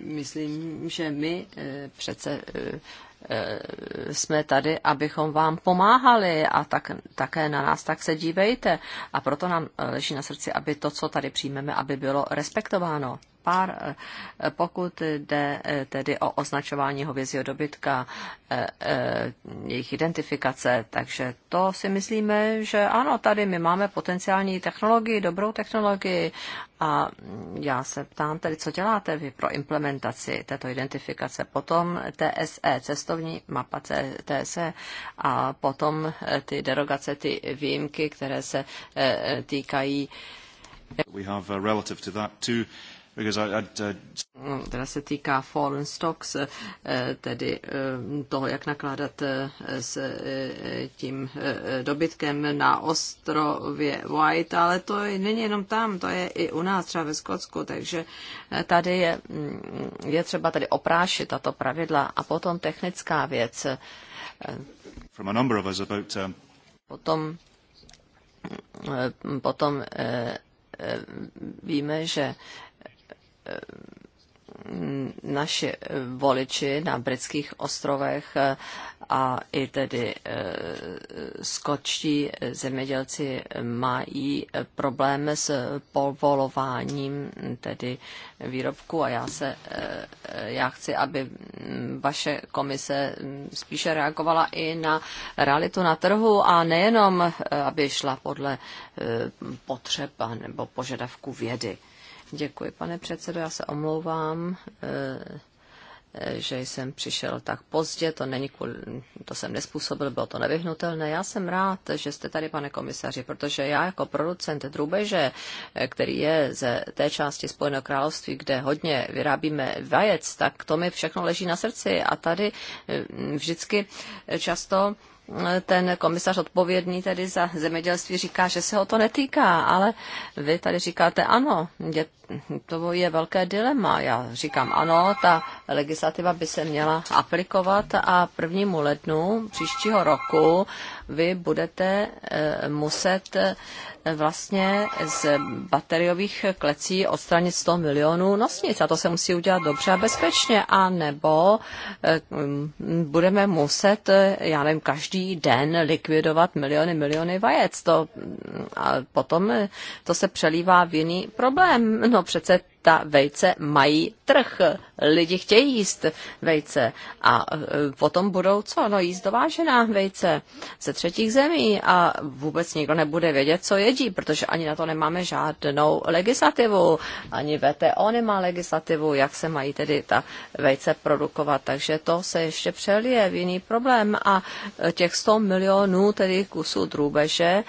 myslím, že my přece Eh, jsme tady, abychom vám pomáhali a tak, také na nás tak se dívejte. A proto nám eh, leží na srdci, aby to, co tady přijmeme, aby bylo respektováno. Pár, eh, pokud jde tedy o označování hovězího dobytka, jejich identifikace, takže to si myslíme, že ano, tady my máme potenciální technologii, dobrou technologii a já se ptám tedy, co děláte vy pro implementaci této identifikace. Potom TSE, cestou cestovní mapa CTS a potom eh, ty derogace, ty výjimky, které se eh, eh, týkají. We have
relative to that too. Která uh,
no, se týká fallen stocks, eh, tedy eh, toho, jak nakládat eh, s tím dobytkem na ostrově White, ale to není jenom tam, to je i u nás, třeba ve Skotsku, takže tady je, mm, je třeba tady oprášit tato pravidla a potom technická věc.
From a number of us about, um...
Potom, potom víme, že Eh, naši voliči na britských ostrovech eh, a i tedy eh, skočtí zemědělci mají problém s povolováním tedy výrobku a já, se, já chci, aby vaše komise spíše reagovala i na realitu na trhu a nejenom, aby šla podle potřeba nebo požadavku vědy. Děkuji, pane předsedo, já se omlouvám eh, eh, že jsem přišel tak pozdě, to není kvůli, to jsem nespůsobil, bylo to nevyhnutelné. Já jsem rád, že jste tady, pane komisaři, protože já jako producent drůbeže, eh, který je ze té části Spojeného království, kde hodně vyrábíme vajec, tak to mi všechno leží na srdci a tady vždycky často ten komisař odpovědný tedy za zemědělství říká, že se ho to netýká, ale vy tady říkáte ano, je, to je velké dilema. Já říkám ano, ta legislativa by se měla aplikovat a prvnímu lednu příštího roku vy budete eh, muset eh, vlastně z bateriových klecí odstranit 100 milionů nosnic a to se musí udělat dobře a bezpečně, a nebo eh, budeme muset, já nevím, každý den likvidovat miliony, miliony vajec. To, mm, a potom to se přelívá v jiný problém. No přece ta vejce mají trh. Lidi chtějí jíst vejce a e, potom budou co? No jíst dovážená vejce ze třetích zemí a vůbec nikdo nebude vědět, co jedí, protože ani na to nemáme žádnou legislativu. Ani VTO nemá legislativu, jak se mají tedy ta vejce produkovat. Takže to se ještě přelije v jiný problém a e, těch 100 milionů tedy kusů drůbeže,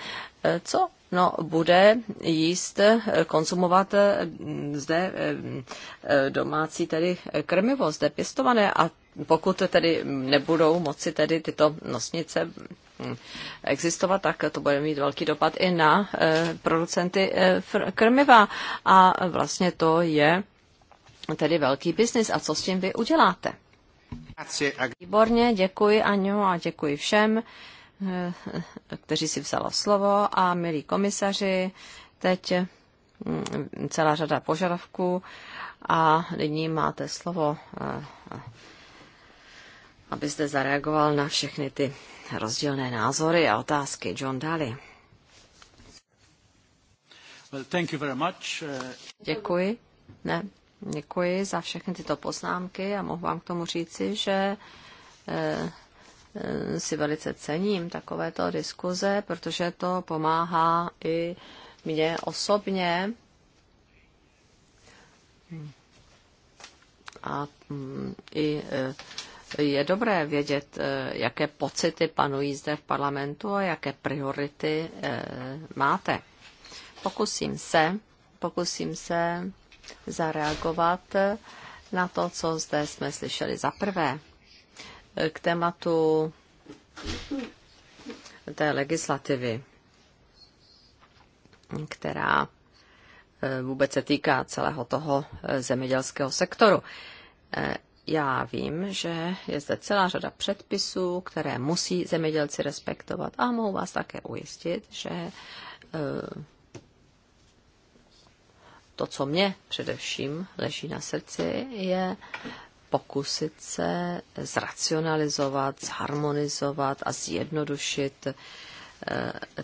e, co no, bude jíst, eh, konzumovat eh, zde eh, domácí tedy krmivo, zde pěstované a pokud tedy nebudou moci tedy tyto nosnice hm, existovat, tak to bude mít velký dopad i na producenty krmiva. A vlastně to je tedy velký biznis. A co s tím vy uděláte? Výborně, děkuji Aňo a děkuji všem. Eh, kteří si vzalo slovo a milí komisaři, teď mm, celá řada požadavků a nyní máte slovo, eh, abyste zareagoval na všechny ty rozdílné názory a otázky. John Daly. Well, thank you very much. Eh. Děkuji. Ne, děkuji za všechny tyto poznámky a mohu vám k tomu říci, že Eh, si velice cením takovéto diskuze, protože to pomáhá i mně osobně. A mm, i eh, je dobré vědět, eh, jaké pocity panují zde v parlamentu a jaké priority máte. Pokusím se, pokusím se zareagovat na to, co zde jsme slyšeli za prvé k tématu té legislativy, která eh, vůbec se týká celého toho eh, zemědělského sektoru. Eh, já vím, že je zde celá řada předpisů, které musí zemědělci respektovat a mohu vás také ujistit, že to, co mě především leží na srdci, je pokusit se zracionalizovat, zharmonizovat a zjednodušit eh,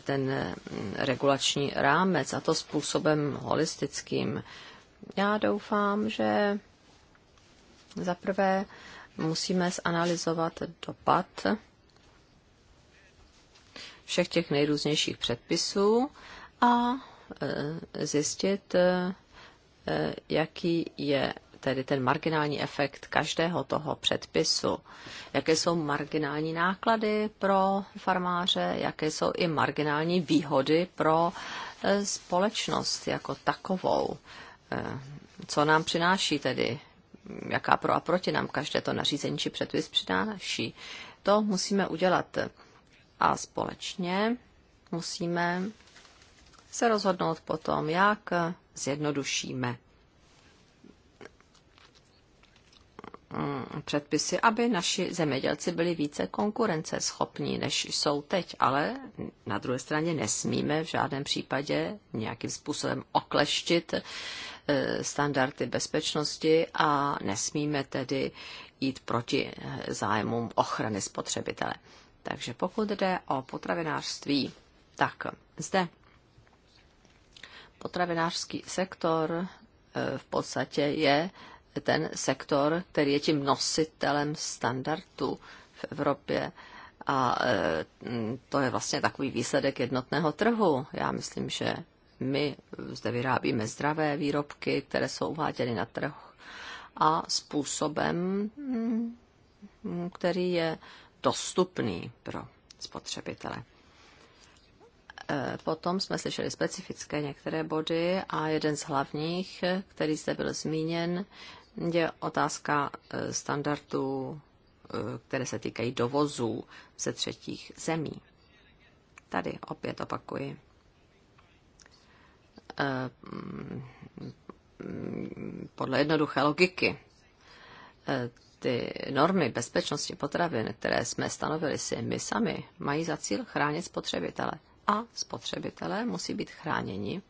ten mm, regulační rámec a to způsobem holistickým. Já doufám, že zaprvé musíme zanalizovat dopad všech těch nejrůznějších předpisů a eh, zjistit, eh, jaký je tedy ten marginální efekt každého toho předpisu, jaké jsou marginální náklady pro farmáře, jaké jsou i marginální výhody pro eh, společnost jako takovou. Eh, co nám přináší tedy, jaká pro a proti nám každé to nařízení či předpis přináší. To musíme udělat a společně musíme se rozhodnout potom, jak zjednodušíme Mm, předpisy, aby naši zemědělci byli více konkurenceschopní, než jsou teď. Ale na druhé straně nesmíme v žádném případě nějakým způsobem okleštit eh, standardy bezpečnosti a nesmíme tedy jít proti eh, zájmům ochrany spotřebitele. Takže pokud jde o potravinářství, tak zde potravinářský sektor eh, v podstatě je ten sektor, který je tím nositelem standardů v Evropě. A e, to je vlastně takový výsledek jednotného trhu. Já myslím, že my zde vyrábíme zdravé výrobky, které jsou uváděny na trh a způsobem, který je dostupný pro spotřebitele. E, potom jsme slyšeli specifické některé body a jeden z hlavních, který zde byl zmíněn, je otázka eh, standardů, eh, které se týkají dovozů ze třetích zemí. Tady opět opakuji. Eh, podle jednoduché logiky ty normy bezpečnosti potravin, které jsme stanovili si my sami, mají za cíl chránit spotřebitele. A spotřebitelé musí být chráněni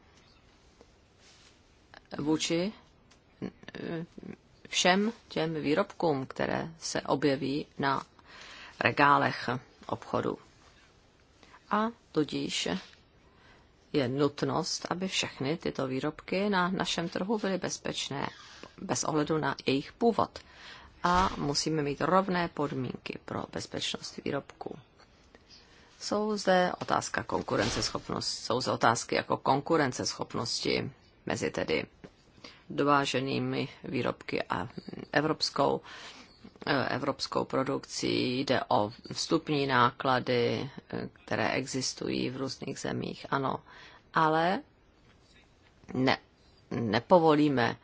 vůči všem těm výrobkům, které se objeví na regálech obchodu. A tudíž je nutnost, aby všechny tyto výrobky na našem trhu byly bezpečné bez ohledu na jejich původ. A musíme mít rovné podmínky pro bezpečnost výrobků. Jsou zde otázka konkurenceschopnosti, jsou zde otázky jako konkurenceschopnosti mezi tedy dováženými výrobky a evropskou eh, evropskou produkcí, jde o vstupní náklady, eh, které existují v různých zemích, ano. Ale ne, nepovolíme,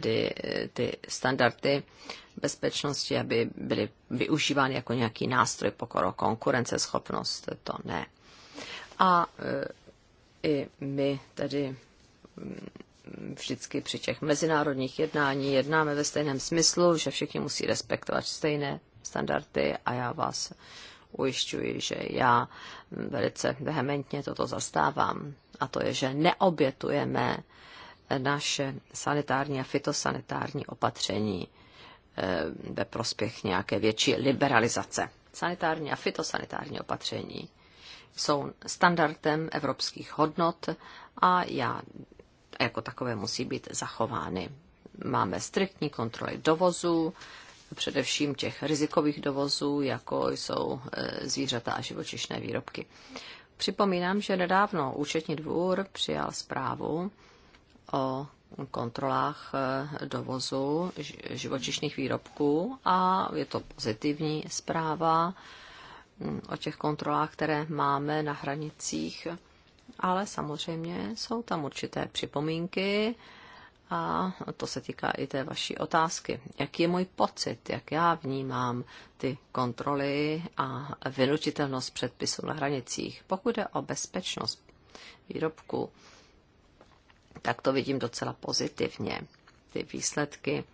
ty, eh, ty standardy bezpečnosti, aby byly využívány jako nějaký nástroj pokoro konkurenceschopnost, to ne. A i my tedy mm, vždycky při těch mezinárodních jednání jednáme ve stejném smyslu, že všichni musí respektovat stejné standardy a já vás ujišťuji, že já mm, velice vehementně toto zastávám. A to je, že neobětujeme naše sanitární a fitosanitární opatření e, ve prospěch nějaké větší liberalizace. Sanitární a fitosanitární opatření jsou standardem evropských hodnot a já jako takové musí být zachovány. Máme striktní kontroly dovozu, především těch rizikových dovozů, jako jsou e, zvířata a živočišné výrobky. Připomínám, že nedávno účetní dvůr přijal zprávu o kontrolách e, dovozu živočišných výrobků a je to pozitivní zpráva o těch kontrolách, které máme na hranicích, ale samozřejmě jsou tam určité připomínky a to se týká i té vaší otázky. Jaký je můj pocit, jak já vnímám ty kontroly a vynutitelnost předpisů na hranicích? Pokud jde o bezpečnost výrobku, tak to vidím docela pozitivně. Ty výsledky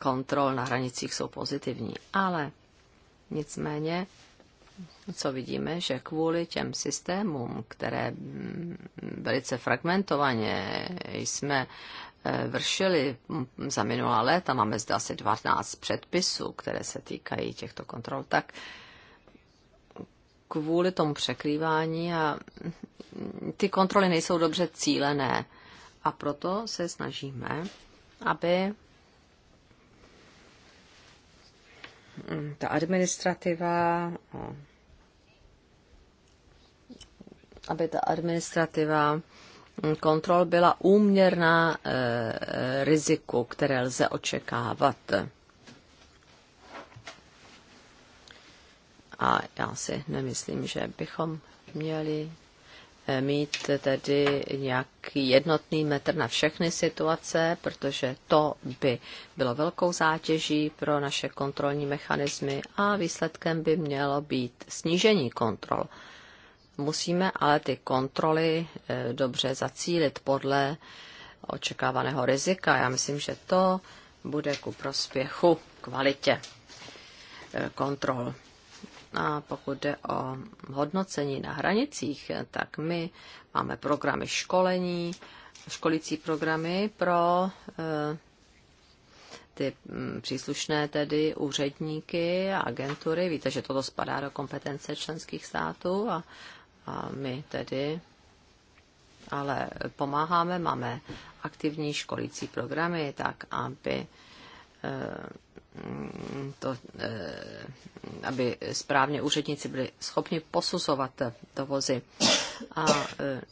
kontrol na hranicích jsou pozitivní, ale Nicméně, co vidíme, že kvůli těm systémům, které mm, velice fragmentovaně jsme eh, vršili mm, za minulá léta, máme zde asi 12 předpisů, které se týkají těchto kontrol, tak kvůli tomu překrývání a mm, ty kontroly nejsou dobře cílené. A proto se snažíme, aby Mm, ta administrativa, aby ta administrativa mm, kontrol byla úměrná eh, eh, riziku, které lze očekávat. A já si nemyslím, že bychom měli mít tedy nějaký jednotný metr na všechny situace, protože to by bylo velkou zátěží pro naše kontrolní mechanismy a výsledkem by mělo být snížení kontrol. Musíme ale ty kontroly eh, dobře zacílit podle očekávaného rizika. Já myslím, že to bude ku prospěchu kvalitě eh, kontrol. A pokud jde o hodnocení na hranicích, tak my máme programy školení, školicí programy pro eh, ty mm, příslušné tedy úředníky a agentury. Víte, že toto spadá do kompetence členských států a, a my tedy ale pomáháme, máme aktivní školící programy, tak aby eh, Mm, to, eh, aby správně úředníci byli schopni posuzovat dovozy. A eh,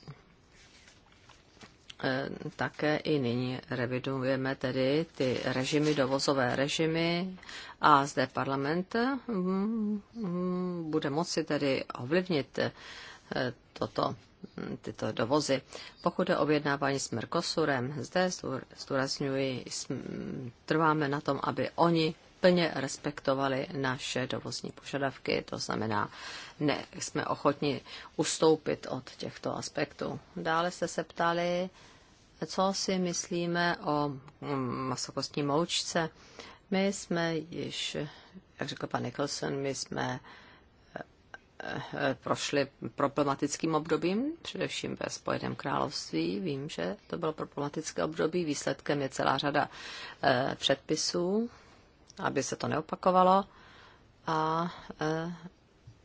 eh, také i nyní revidujeme tedy ty režimy, dovozové režimy a zde parlament mm, mm, bude moci tedy ovlivnit toto tyto dovozy. Pokud je objednávání s Mercosurem, zde zdůrazňuji, trváme na tom, aby oni plně respektovali naše dovozní požadavky, to znamená, ne, jsme ochotni ustoupit od těchto aspektů. Dále jste se ptali, co si myslíme o mm, masokostní moučce. My jsme již, jak řekl pan Nicholson, my jsme prošli problematickým obdobím, především ve Spojeném království. Vím, že to bylo problematické období. Výsledkem je celá řada eh, předpisů, aby se to neopakovalo. A eh,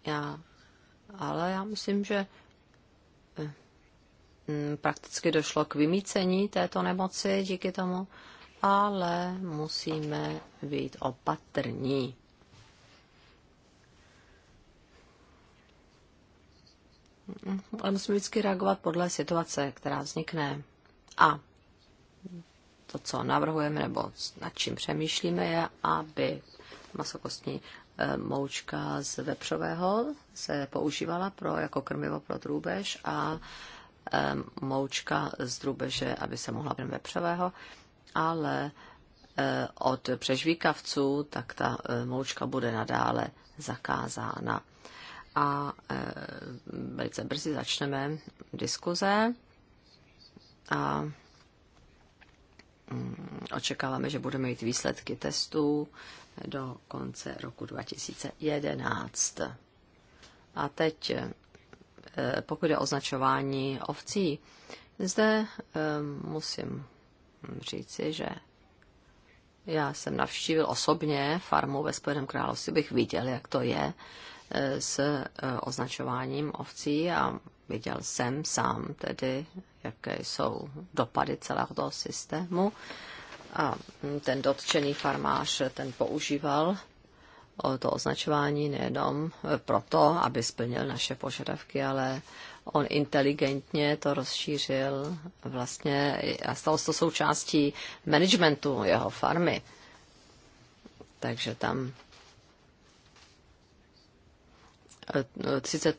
já, ale já myslím, že eh, prakticky došlo k vymícení této nemoci díky tomu, ale musíme být opatrní ale musíme vždycky reagovat podle situace, která vznikne. A to, co navrhujeme nebo nad čím přemýšlíme, je, aby masokostní eh, moučka z vepřového se používala pro, jako krmivo pro drůbež a eh, moučka z drůbeže, aby se mohla krmit vepřového, ale eh, od přežvíkavců, tak ta moučka bude nadále zakázána a e, velice brzy začneme diskuze a mm, očekáváme, že budeme mít výsledky testů do konce roku 2011. A teď, e, pokud je označování ovcí, zde e, musím říci, že já jsem navštívil osobně farmu ve Spojeném království, bych viděl, jak to je. Eh, s eh, označováním ovcí a viděl jsem sám tedy, jaké jsou dopady celého toho systému. A ten dotčený farmář ten používal eh, to označování nejenom proto, aby splnil naše požadavky, ale on inteligentně to rozšířil vlastně a stalo se to součástí managementu jeho farmy. Takže tam sice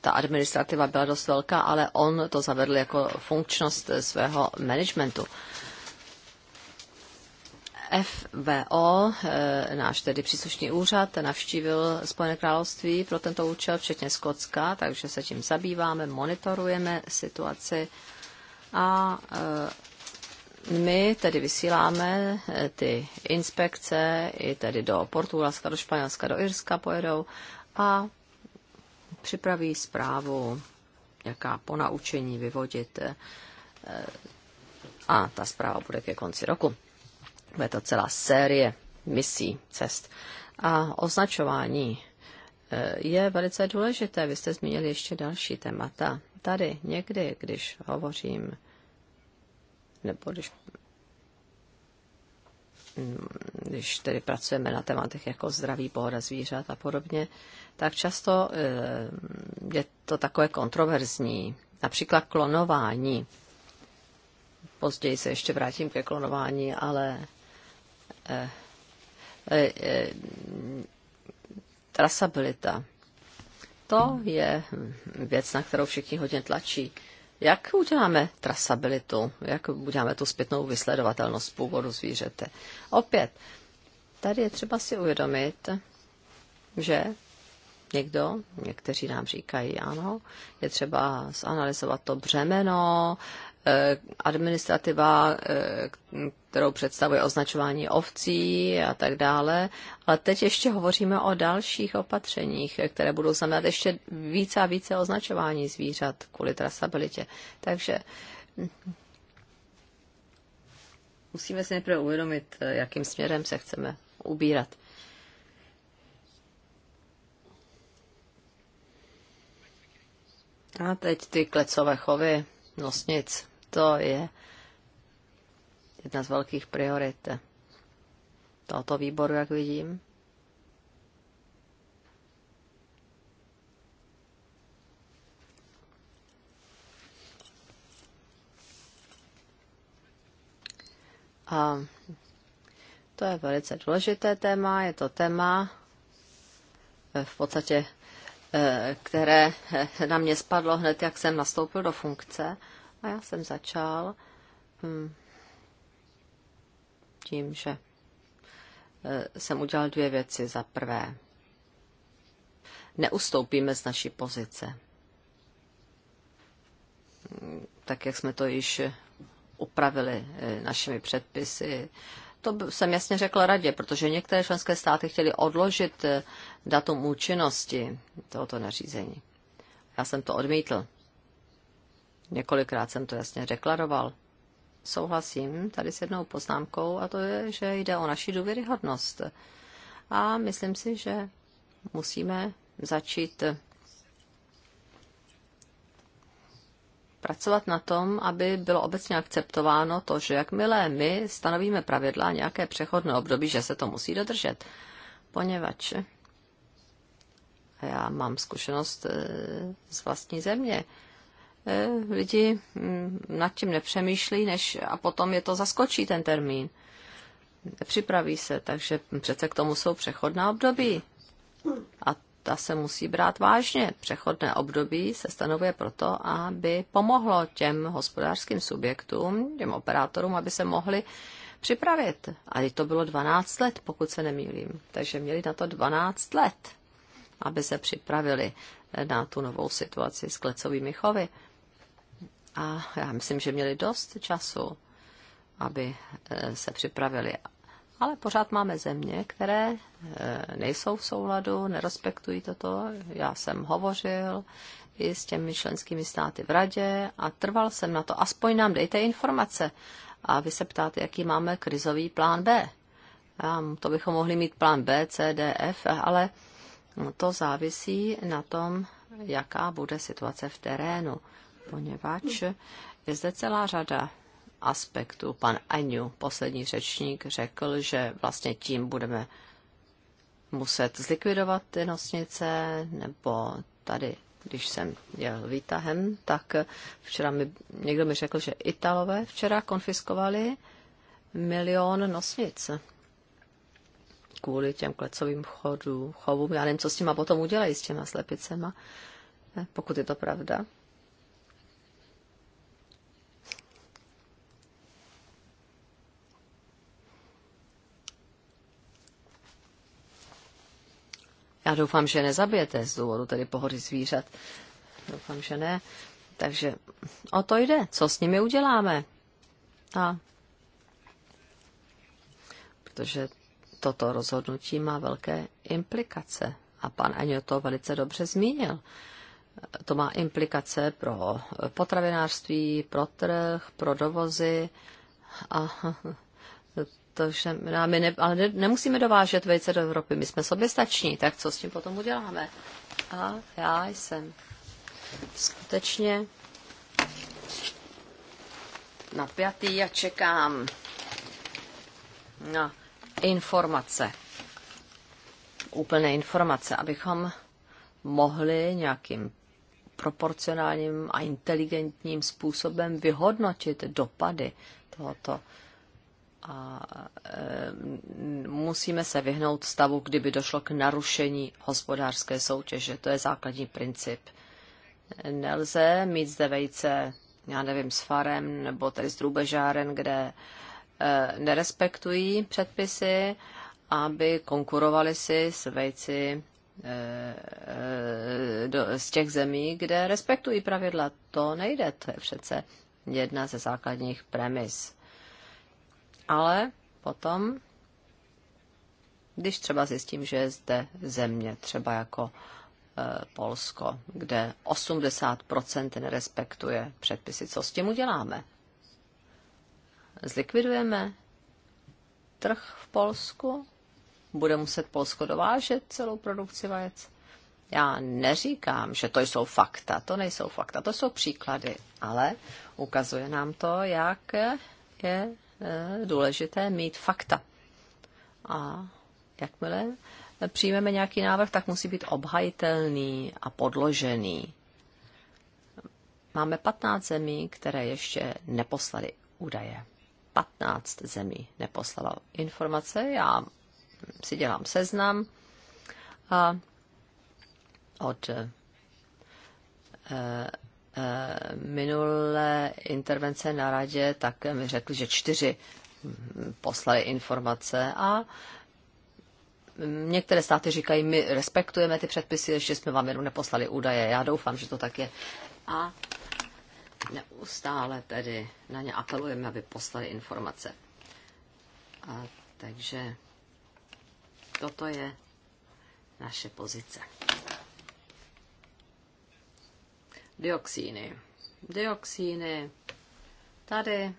ta administrativa byla dost velká, ale on to zavedl jako funkčnost svého managementu. FVO, eh, náš tedy příslušný úřad, navštívil Spojené království pro tento účel, včetně Skotska, takže se tím zabýváme, monitorujeme situaci a eh, my tedy vysíláme eh, ty inspekce i tedy do Portugalska, do Španělska, do Irska pojedou a připraví zprávu, jaká ponaučení vyvodit eh, a ta zpráva bude ke konci roku. Bude to celá série misí, cest. A označování eh, je velice důležité. Vy jste zmínili ještě další témata. Tady někdy, když hovořím, nebo když, mm, když tedy pracujeme na tématech jako zdraví, pohoda zvířat a podobně, tak často eh, je to takové kontroverzní. Například klonování. Později se ještě vrátím ke klonování, ale eh, eh, trasabilita. To je věc, na kterou všichni hodně tlačí. Jak uděláme trasabilitu? Jak uděláme tu zpětnou vysledovatelnost původu zvířete? Opět, tady je třeba si uvědomit, že někdo, někteří nám říkají, ano, je třeba zanalizovat to břemeno, eh, administrativa, eh, kterou představuje označování ovcí a tak dále. Ale teď ještě hovoříme o dalších opatřeních, které budou znamenat ještě více a více označování zvířat kvůli trasabilitě. Takže hm, musíme si nejprve uvědomit, jakým směrem se chceme ubírat. A teď ty klecové chovy nosnic, to je jedna z velkých priorit tohoto výboru, jak vidím. A to je velice důležité téma, je to téma eh, v podstatě Eh, které eh, na mě spadlo hned, jak jsem nastoupil do funkce. A já jsem začal hmm, tím, že eh, jsem udělal dvě věci. Za prvé, neustoupíme z naší pozice. Hm, tak, jak jsme to již upravili našimi předpisy, to jsem jasně řekl radě, protože některé členské státy chtěly odložit eh, datum účinnosti tohoto nařízení. Já jsem to odmítl. Několikrát jsem to jasně deklaroval. Souhlasím tady s jednou poznámkou a to je, že jde o naši důvěryhodnost. A myslím si, že musíme začít pracovat na tom, aby bylo obecně akceptováno to, že jakmile my stanovíme pravidla nějaké přechodné období, že se to musí dodržet. Poněvadž já mám zkušenost eh, z vlastní země, eh, lidi mm, nad tím nepřemýšlí, než a potom je to zaskočí ten termín. Nepřipraví se, takže přece k tomu jsou přechodná období. A ta se musí brát vážně. Přechodné období se stanovuje proto, aby pomohlo těm hospodářským subjektům, těm operátorům, aby se mohli připravit. A to bylo 12 let, pokud se nemýlím. Takže měli na to 12 let, aby se připravili na tu novou situaci s klecovými chovy. A já myslím, že měli dost času, aby eh, se připravili ale pořád máme země, které eh, nejsou v souladu, nerespektují toto. Já jsem hovořil i s těmi členskými státy v radě a trval jsem na to. Aspoň nám dejte informace. A vy se ptáte, jaký máme krizový plán B. A to bychom mohli mít plán B, C, D, F, e, ale to závisí na tom, jaká bude situace v terénu, poněvadž je zde celá řada Aspektu Pan Aňu, poslední řečník, řekl, že vlastně tím budeme muset zlikvidovat ty nosnice, nebo tady, když jsem jel výtahem, tak včera mi, někdo mi řekl, že Italové včera konfiskovali milion nosnic kvůli těm klecovým chodům, chovům. Já nevím, co s těma potom udělají, s těma slepicema, pokud je to pravda. Já doufám, že nezabijete z důvodu tedy pohody zvířat. Doufám, že ne. Takže o to jde. Co s nimi uděláme? A protože toto rozhodnutí má velké implikace. A pan Aňo to velice dobře zmínil. To má implikace pro potravinářství, pro trh, pro dovozy a to už my ne, ale ne, nemusíme dovážet vejce do Evropy, my jsme soběstační, tak co s tím potom uděláme? A já jsem skutečně napjatý a čekám na informace, úplné informace, abychom mohli nějakým proporcionálním a inteligentním způsobem vyhodnotit dopady tohoto a eh, musíme se vyhnout stavu, kdyby došlo k narušení hospodářské soutěže. To je základní princip. Nelze mít zde vejce, já nevím, s farem nebo tedy s drůbežáren, kde eh, nerespektují předpisy, aby konkurovali si s vejci eh, z těch zemí, kde respektují pravidla. To nejde, to je přece jedna ze základních premis ale potom, když třeba zjistím, že je zde země, třeba jako e, Polsko, kde 80% nerespektuje předpisy. Co s tím uděláme? Zlikvidujeme trh v Polsku? Bude muset Polsko dovážet celou produkci vajec? Já neříkám, že to jsou fakta, to nejsou fakta, to jsou příklady, ale ukazuje nám to, jak je Eh, důležité mít fakta. A jakmile přijmeme nějaký návrh, tak musí být obhajitelný a podložený. Máme 15 zemí, které ještě neposlali údaje. 15 zemí neposlalo informace. Já si dělám seznam a od eh, Eh, minulé intervence na radě, tak mi řekli, že čtyři poslali informace a některé státy říkají, my respektujeme ty předpisy, ještě jsme vám jenom neposlali údaje. Já doufám, že to tak je. A neustále tedy na ně apelujeme, aby poslali informace. A takže toto je naše pozice dioxíny. Dioxíny. Tady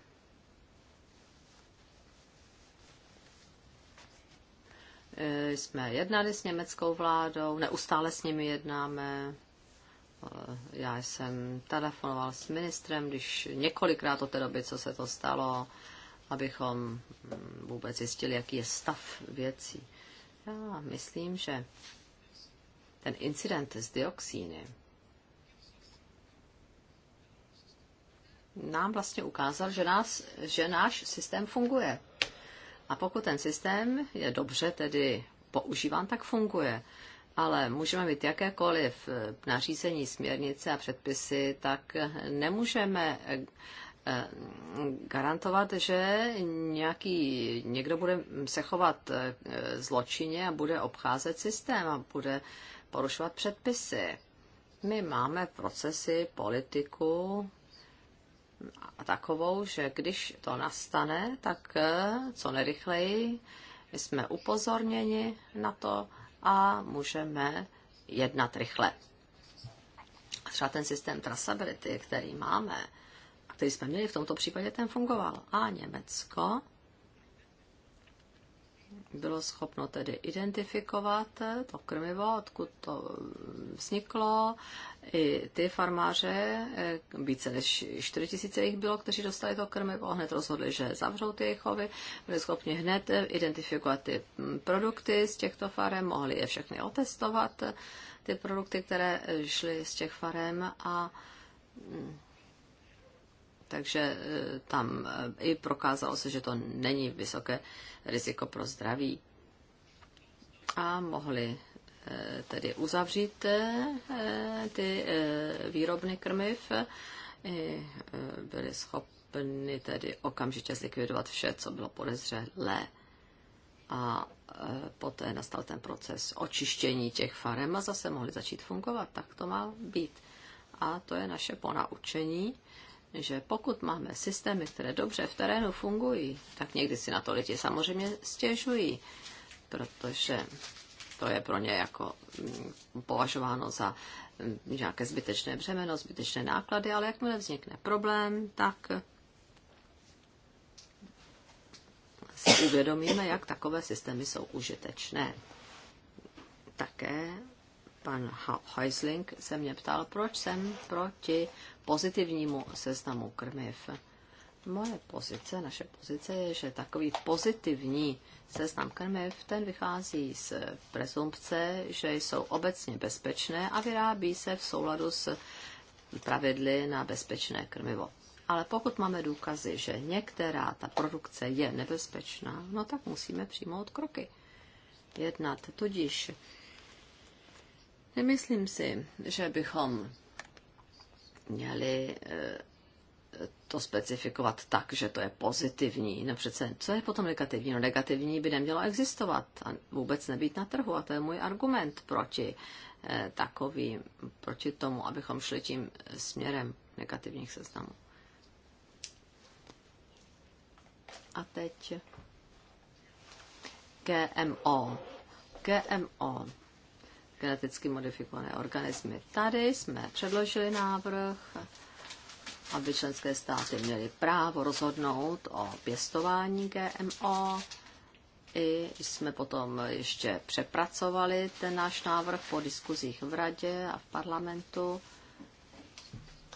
e, jsme jednali s německou vládou, neustále s nimi jednáme. E, já jsem telefonoval s ministrem, když několikrát od té doby, co se to stalo, abychom mm, vůbec zjistili, jaký je stav věcí. Já myslím, že ten incident s dioxíny nám vlastně ukázal, že, nás, že náš systém funguje. A pokud ten systém je dobře tedy používán, tak funguje. Ale můžeme mít jakékoliv eh, nařízení, směrnice a předpisy, tak nemůžeme eh, eh, garantovat, že nějaký, někdo bude se chovat zločině a bude obcházet systém a bude porušovat předpisy. My máme procesy, politiku, takovou, že když to nastane, tak eh, co nejrychleji jsme upozorněni na to a můžeme jednat rychle. A třeba ten systém trasability, který máme, který jsme měli v tomto případě, ten fungoval. A Německo bylo schopno tedy identifikovat to krmivo, odkud to mm, vzniklo. I ty farmáře, eh, více než 4 000 jich bylo, kteří dostali to krmivo, hned rozhodli, že zavřou ty chovy, byli schopni hned eh, identifikovat ty mm, produkty z těchto farem, mohli je všechny otestovat, eh, ty produkty, které šly z těch farem a mm, takže e, tam e, i prokázalo se, že to není vysoké riziko pro zdraví. A mohli e, tedy uzavřít ty výrobny krmiv, i byli schopni tedy okamžitě zlikvidovat vše, co bylo podezřelé. A poté nastal ten proces očištění těch farem a zase mohli začít fungovat. Tak to má být. A to je naše ponaučení že pokud máme systémy, které dobře v terénu fungují, tak někdy si na to lidi samozřejmě stěžují, protože to je pro ně jako mm, považováno za mm, nějaké zbytečné břemeno, zbytečné náklady, ale jakmile vznikne problém, tak si uvědomíme, jak takové systémy jsou užitečné. Také Pan Heusling se mě ptal, proč jsem proti pozitivnímu seznamu krmiv. Moje pozice, naše pozice je, že takový pozitivní seznam krmiv, ten vychází z presumpce, že jsou obecně bezpečné a vyrábí se v souladu s pravidly na bezpečné krmivo. Ale pokud máme důkazy, že některá ta produkce je nebezpečná, no tak musíme přijmout kroky. Jednat. Tudíž Nemyslím si, že bychom měli eh, to specifikovat tak, že to je pozitivní. No přece, co je potom negativní? No negativní by nemělo existovat a vůbec nebýt na trhu. A to je můj argument proti eh, takovým, proti tomu, abychom šli tím směrem negativních seznamů. A teď GMO. GMO geneticky modifikované organismy. Tady jsme předložili návrh, aby členské státy měly právo rozhodnout o pěstování GMO. I jsme potom ještě přepracovali ten náš návrh po diskuzích v Radě a v parlamentu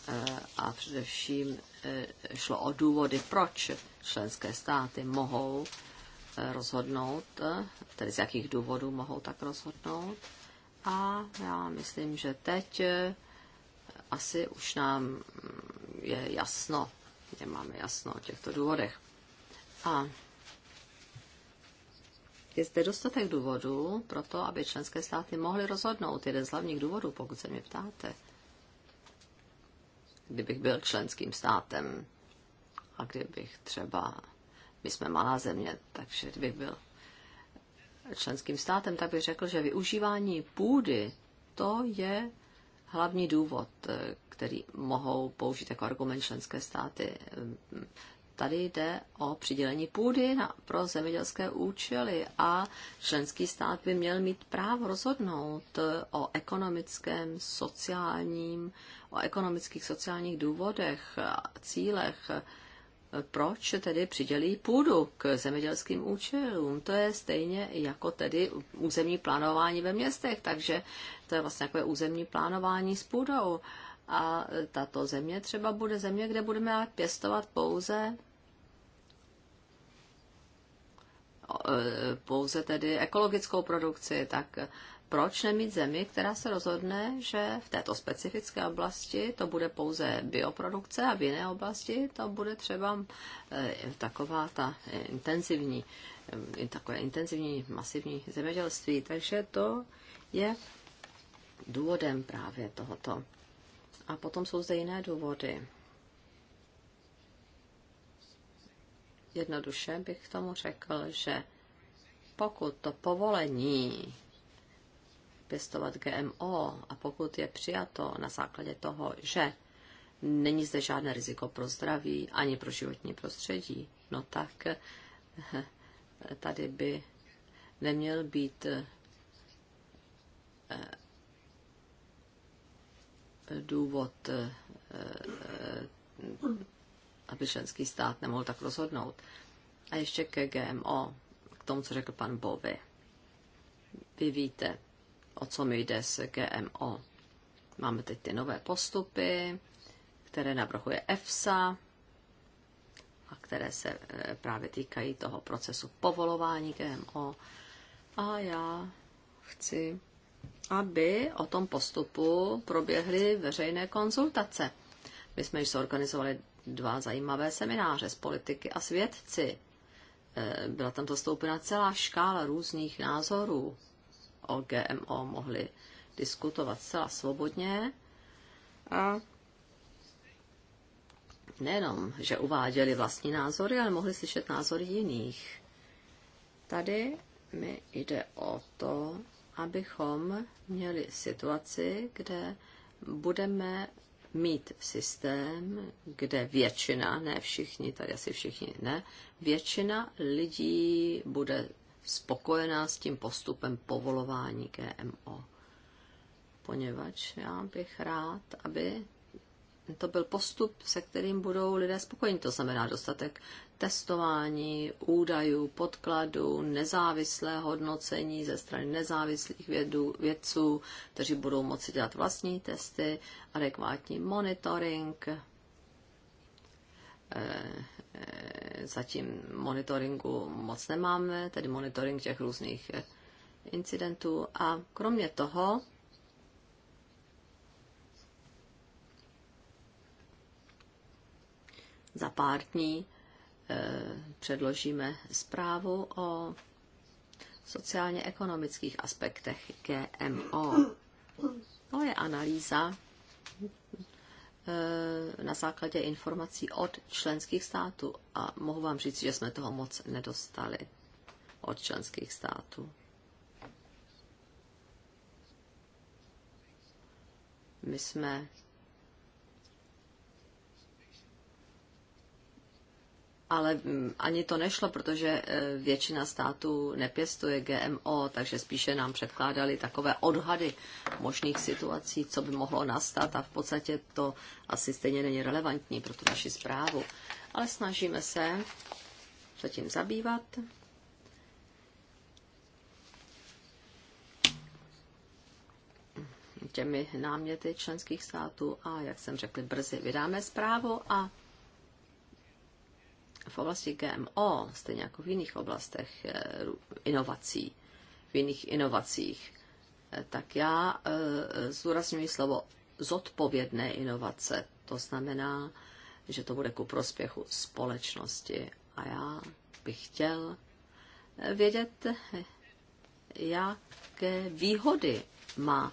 e, a především e, šlo o důvody, proč členské státy mohou e, rozhodnout, tedy z jakých důvodů mohou tak rozhodnout. A já myslím, že teď eh, asi už nám mm, je jasno, že máme jasno o těchto důvodech. A je zde dostatek důvodů pro to, aby členské státy mohly rozhodnout. Jeden z hlavních důvodů, pokud se mě ptáte, kdybych byl členským státem a kdybych třeba, my jsme malá země, takže kdybych byl členským státem, tak bych řekl, že využívání půdy to je hlavní důvod, eh, který mohou použít jako argument členské státy. Mm, tady jde o přidělení půdy na, pro zemědělské účely a členský stát by měl mít právo rozhodnout eh, o ekonomickém, sociálním, o ekonomických, sociálních důvodech, cílech eh, proč tedy přidělí půdu k zemědělským účelům. To je stejně jako tedy územní plánování ve městech, takže to je vlastně takové územní plánování s půdou. A tato země třeba bude země, kde budeme pěstovat pouze e, pouze tedy ekologickou produkci, tak proč nemít zemi, která se rozhodne, že v této specifické oblasti to bude pouze bioprodukce a v jiné oblasti to bude třeba eh, taková ta intenzivní, eh, takové intenzivní masivní zemědělství. Takže to je důvodem právě tohoto. A potom jsou zde jiné důvody. Jednoduše bych k tomu řekl, že pokud to povolení pěstovat GMO a pokud je přijato na základě toho, že není zde žádné riziko pro zdraví ani pro životní prostředí, no tak eh, tady by neměl být eh, důvod, eh, aby členský stát nemohl tak rozhodnout. A ještě ke GMO, k tomu, co řekl pan Bovy. Vy víte, o co mi jde s GMO. Máme teď ty nové postupy, které navrhuje EFSA a které se e, právě týkají toho procesu povolování GMO. A já chci, aby o tom postupu proběhly veřejné konzultace. My jsme již zorganizovali dva zajímavé semináře s politiky a svědci. E, byla tam zastoupena celá škála různých názorů o GMO mohli diskutovat zcela svobodně a nejenom, že uváděli vlastní názory, ale mohli slyšet názory jiných. Tady mi jde o to, abychom měli situaci, kde budeme mít systém, kde většina, ne všichni, tady asi všichni ne, většina lidí bude spokojená s tím postupem povolování GMO. Poněvadž já bych rád, aby to byl postup, se kterým budou lidé spokojeni. To znamená dostatek testování, údajů, podkladů, nezávislé hodnocení ze strany nezávislých vědů, vědců, kteří budou moci dělat vlastní testy, adekvátní monitoring Eh, zatím monitoringu moc nemáme, tedy monitoring těch různých eh, incidentů. A kromě toho za pár dní eh, předložíme zprávu o sociálně-ekonomických aspektech GMO. To je analýza Eh, na základě informací od členských států. A mohu vám říct, že jsme toho moc nedostali od členských států. My jsme ale mm, ani to nešlo, protože e, většina států nepěstuje GMO, takže spíše nám předkládali takové odhady možných situací, co by mohlo nastat a v podstatě to asi stejně není relevantní pro tu naši zprávu. Ale snažíme se se tím zabývat. těmi náměty členských států a, jak jsem řekl, brzy vydáme zprávu a v oblasti GMO, stejně jako v jiných oblastech eh, inovací, v jiných inovacích, eh, tak já eh, zúraznuju slovo zodpovědné inovace. To znamená, že to bude ku prospěchu společnosti. A já bych chtěl vědět, jaké výhody má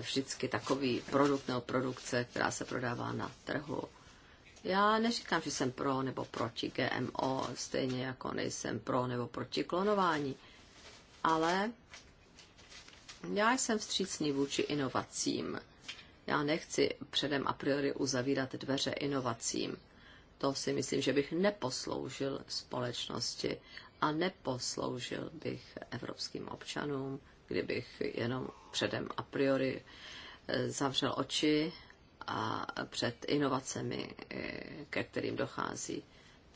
vždycky takový produkt nebo produkce, která se prodává na trhu. Já neříkám, že jsem pro nebo proti GMO, stejně jako nejsem pro nebo proti klonování, ale já jsem vstřícný vůči inovacím. Já nechci předem a priori uzavírat dveře inovacím. To si myslím, že bych neposloužil společnosti a neposloužil bych evropským občanům, kdybych jenom předem a priori eh, zavřel oči a před inovacemi, e, ke kterým dochází.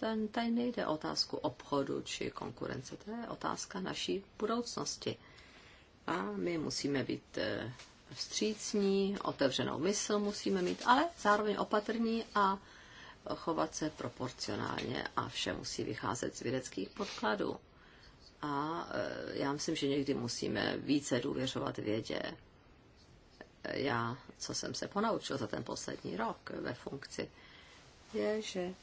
Ten, tady nejde o otázku obchodu či konkurence, to je otázka naší budoucnosti. A my musíme být e, vstřícní, otevřenou mysl musíme mít, ale zároveň opatrní a chovat se proporcionálně a vše musí vycházet z vědeckých podkladů. A e, já myslím, že někdy musíme více důvěřovat vědě, já, co jsem se ponaučil za ten poslední rok ve funkci, je, že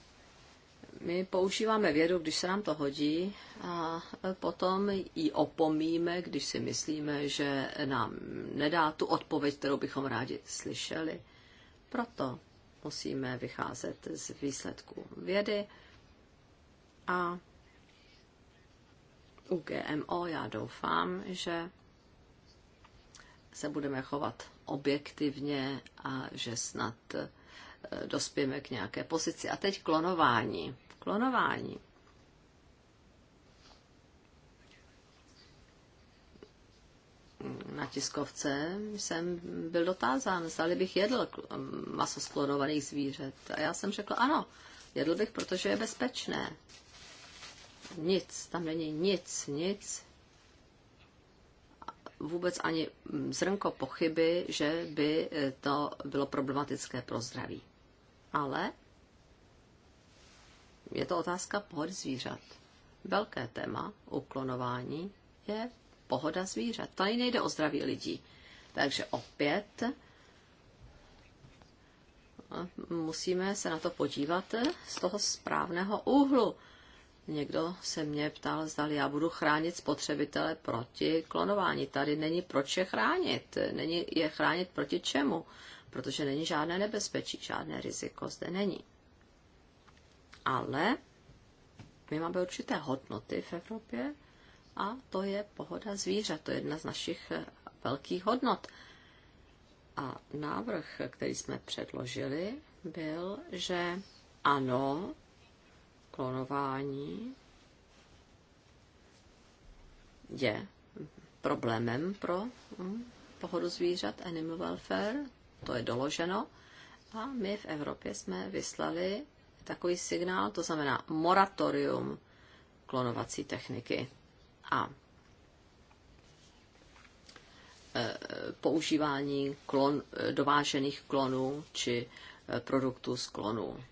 my používáme vědu, když se nám to hodí, a potom ji opomíme, když si myslíme, že nám nedá tu odpověď, kterou bychom rádi slyšeli. Proto musíme vycházet z výsledků vědy a u GMO já doufám, že se budeme chovat objektivně a že snad eh, dospěme k nějaké pozici. A teď klonování. Klonování. Na tiskovce jsem byl dotázán, zdali bych jedl eh, maso sklonovaných zvířat. A já jsem řekl, ano, jedl bych, protože je bezpečné. Nic, tam není nic, nic, vůbec ani mm, zrnko pochyby, že by e, to bylo problematické pro zdraví. Ale je to otázka pohody zvířat. Velké téma uklonování je pohoda zvířat. Tady nejde o zdraví lidí. Takže opět e, musíme se na to podívat z toho správného úhlu. Někdo se mě ptal, zda já budu chránit spotřebitele proti klonování. Tady není proč je chránit. Není je chránit proti čemu? Protože není žádné nebezpečí, žádné riziko zde není. Ale my máme určité hodnoty v Evropě a to je pohoda zvířat. To je jedna z našich velkých hodnot. A návrh, který jsme předložili, byl, že ano, klonování je problémem pro hm, pohodu zvířat, animal welfare, to je doloženo. A my v Evropě jsme vyslali takový signál, to znamená moratorium klonovací techniky a e, používání klon, dovážených klonů či e, produktů z klonů.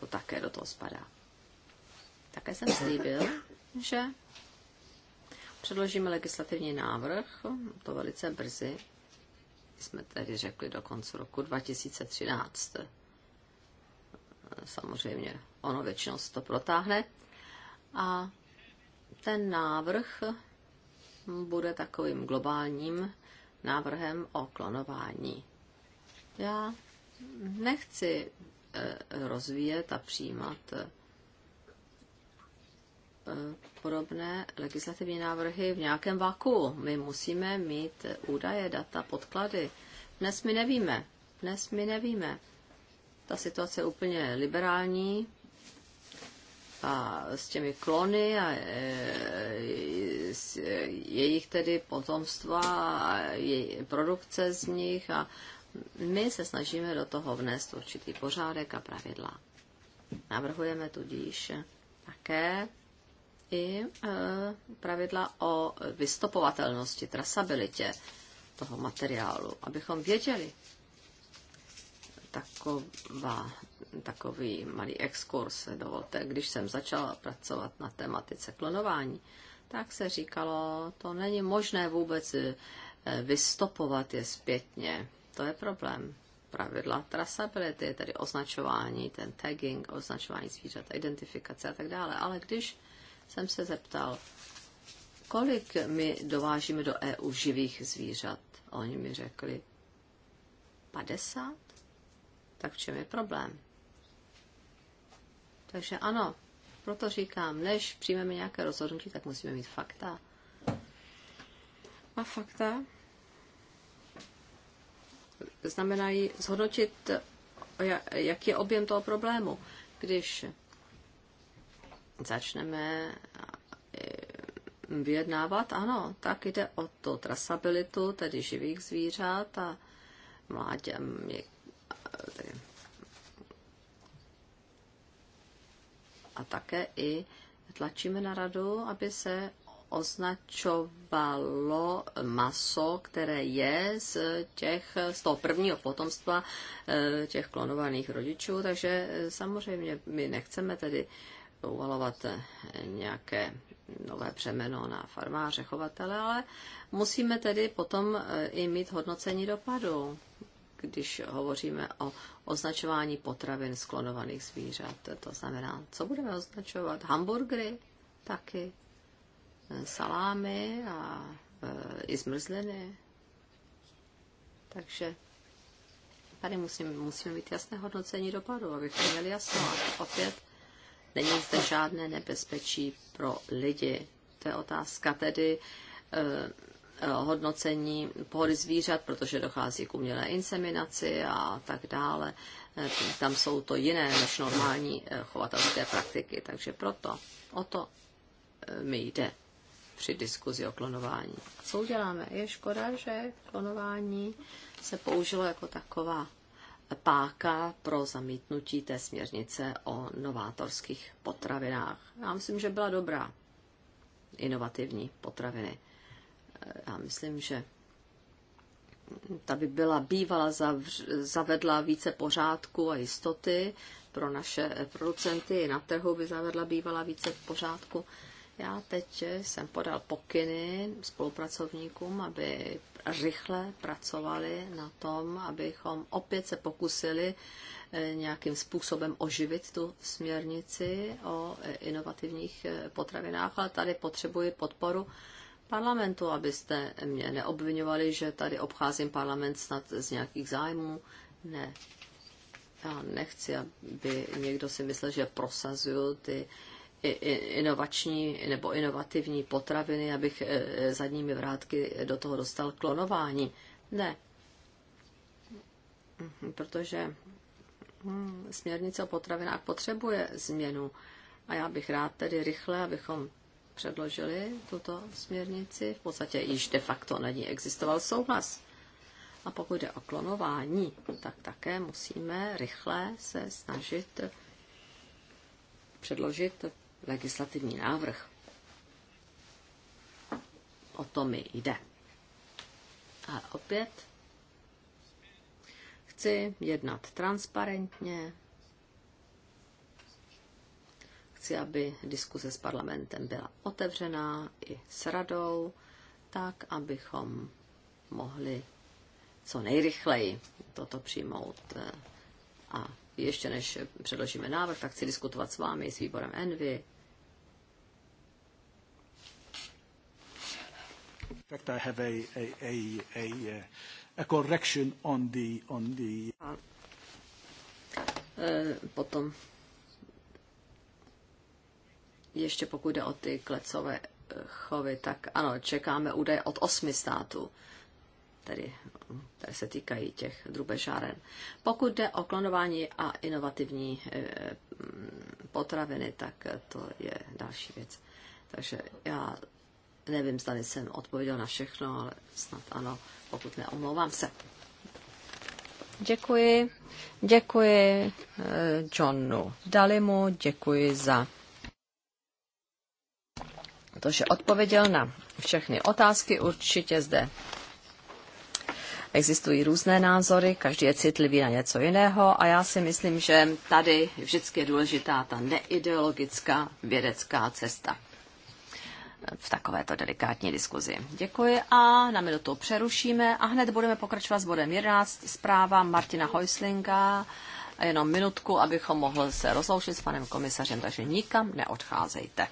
To také do toho spadá. Také jsem slíbil, že předložíme legislativní návrh, to velice brzy, jsme tedy řekli do konce roku 2013. Samozřejmě ono většinou se to protáhne. A ten návrh bude takovým globálním návrhem o klonování. Já nechci eh, rozvíjet a přijímat eh, podobné legislativní návrhy v nějakém vaku. My musíme mít údaje, data, podklady. Dnes my nevíme. Dnes my nevíme. Ta situace je úplně liberální a s těmi klony a e, jejich tedy potomstva a produkce z nich a my se snažíme do toho vnést určitý pořádek a pravidla. Navrhujeme tudíž také i e, pravidla o vystopovatelnosti, trasabilitě toho materiálu, abychom věděli taková, takový malý exkurs, dovolte. Když jsem začala pracovat na tematice klonování, tak se říkalo, to není možné vůbec e, vystopovat je zpětně. To je problém. Pravidla trasability, tedy označování, ten tagging, označování zvířat, identifikace a tak dále. Ale když jsem se zeptal, kolik my dovážíme do EU živých zvířat. A oni mi řekli, 50? Tak v čem je problém? Takže ano, proto říkám, než přijmeme nějaké rozhodnutí, tak musíme mít fakta. A fakta znamenají zhodnotit, jaký je objem toho problému. Když začneme eh, vyjednávat, ano, tak jde o to trasabilitu, tedy živých zvířat a mládě, a také i tlačíme na radu, aby se označovalo maso, které je z, těch, z toho prvního potomstva eh, těch klonovaných rodičů. Takže eh, samozřejmě my nechceme tedy uvalovat nějaké nové břemeno na farmáře, chovatele, ale musíme tedy potom eh, i mít hodnocení dopadu, když hovoříme o označování potravin sklonovaných zvířat. To znamená, co budeme označovat? Hamburgery taky, eh, salámy a eh, i zmrzliny. Takže tady musíme, musíme mít jasné hodnocení dopadu, abychom měli jasno. A opět Není zde žádné nebezpečí pro lidi. To je otázka tedy eh, hodnocení pohody zvířat, protože dochází k umělé inseminaci a tak dále. Eh, tam jsou to jiné než normální eh, chovatelské praktiky, takže proto o to mi jde při diskuzi o klonování. Co uděláme? Je škoda, že klonování se použilo jako taková páka pro zamítnutí té směrnice o novátorských potravinách. Já myslím, že byla dobrá. Inovativní potraviny. Já myslím, že ta by byla bývala zavedla více pořádku a jistoty pro naše producenty. Na trhu by zavedla bývala více pořádku. Já teď jsem podal pokyny spolupracovníkům, aby rychle pracovali na tom, abychom opět se pokusili eh, nějakým způsobem oživit tu směrnici o eh, inovativních eh, potravinách, ale tady potřebuji podporu parlamentu, abyste mě neobvinovali, že tady obcházím parlament snad z nějakých zájmů. Ne. Já nechci, aby někdo si myslel, že prosazuju ty inovační nebo inovativní potraviny, abych e, zadními vrátky do toho dostal klonování. Ne. Mhm, protože hmm, směrnice o potravinách potřebuje změnu. A já bych rád tedy rychle, abychom předložili tuto směrnici. V podstatě již de facto na ní existoval souhlas. A pokud jde o klonování, tak také musíme rychle se snažit předložit legislativní návrh. O to mi jde. A opět chci jednat transparentně, chci, aby diskuse s parlamentem byla otevřená i s radou, tak, abychom mohli co nejrychleji toto přijmout. A ještě než předložíme návrh, tak chci diskutovat s vámi, s výborem Envy
fact, I have a, a, a, a, uh, a correction on the... On the
e, potom ještě pokud jde o ty klecové e, chovy, tak ano, čekáme údaje od osmi států, tedy které se týkají těch drubežáren. Pokud jde o klonování a inovativní e, potraviny, tak to je další věc. Takže já Nevím, zda jsem odpověděl na všechno, ale snad ano, pokud ne, omlouvám se. Děkuji. Děkuji eh, Johnu Dalimu, děkuji za to, že odpověděl na všechny otázky. Určitě zde existují různé názory, každý je citlivý na něco jiného a já si myslím, že tady vždycky je důležitá ta neideologická vědecká cesta v takovéto delikátní diskuzi. Děkuji a na minutu přerušíme a hned budeme pokračovat s bodem 11, zpráva Martina Hojslinga. Jenom minutku, abychom mohli se rozloučit s panem komisařem, takže nikam neodcházejte.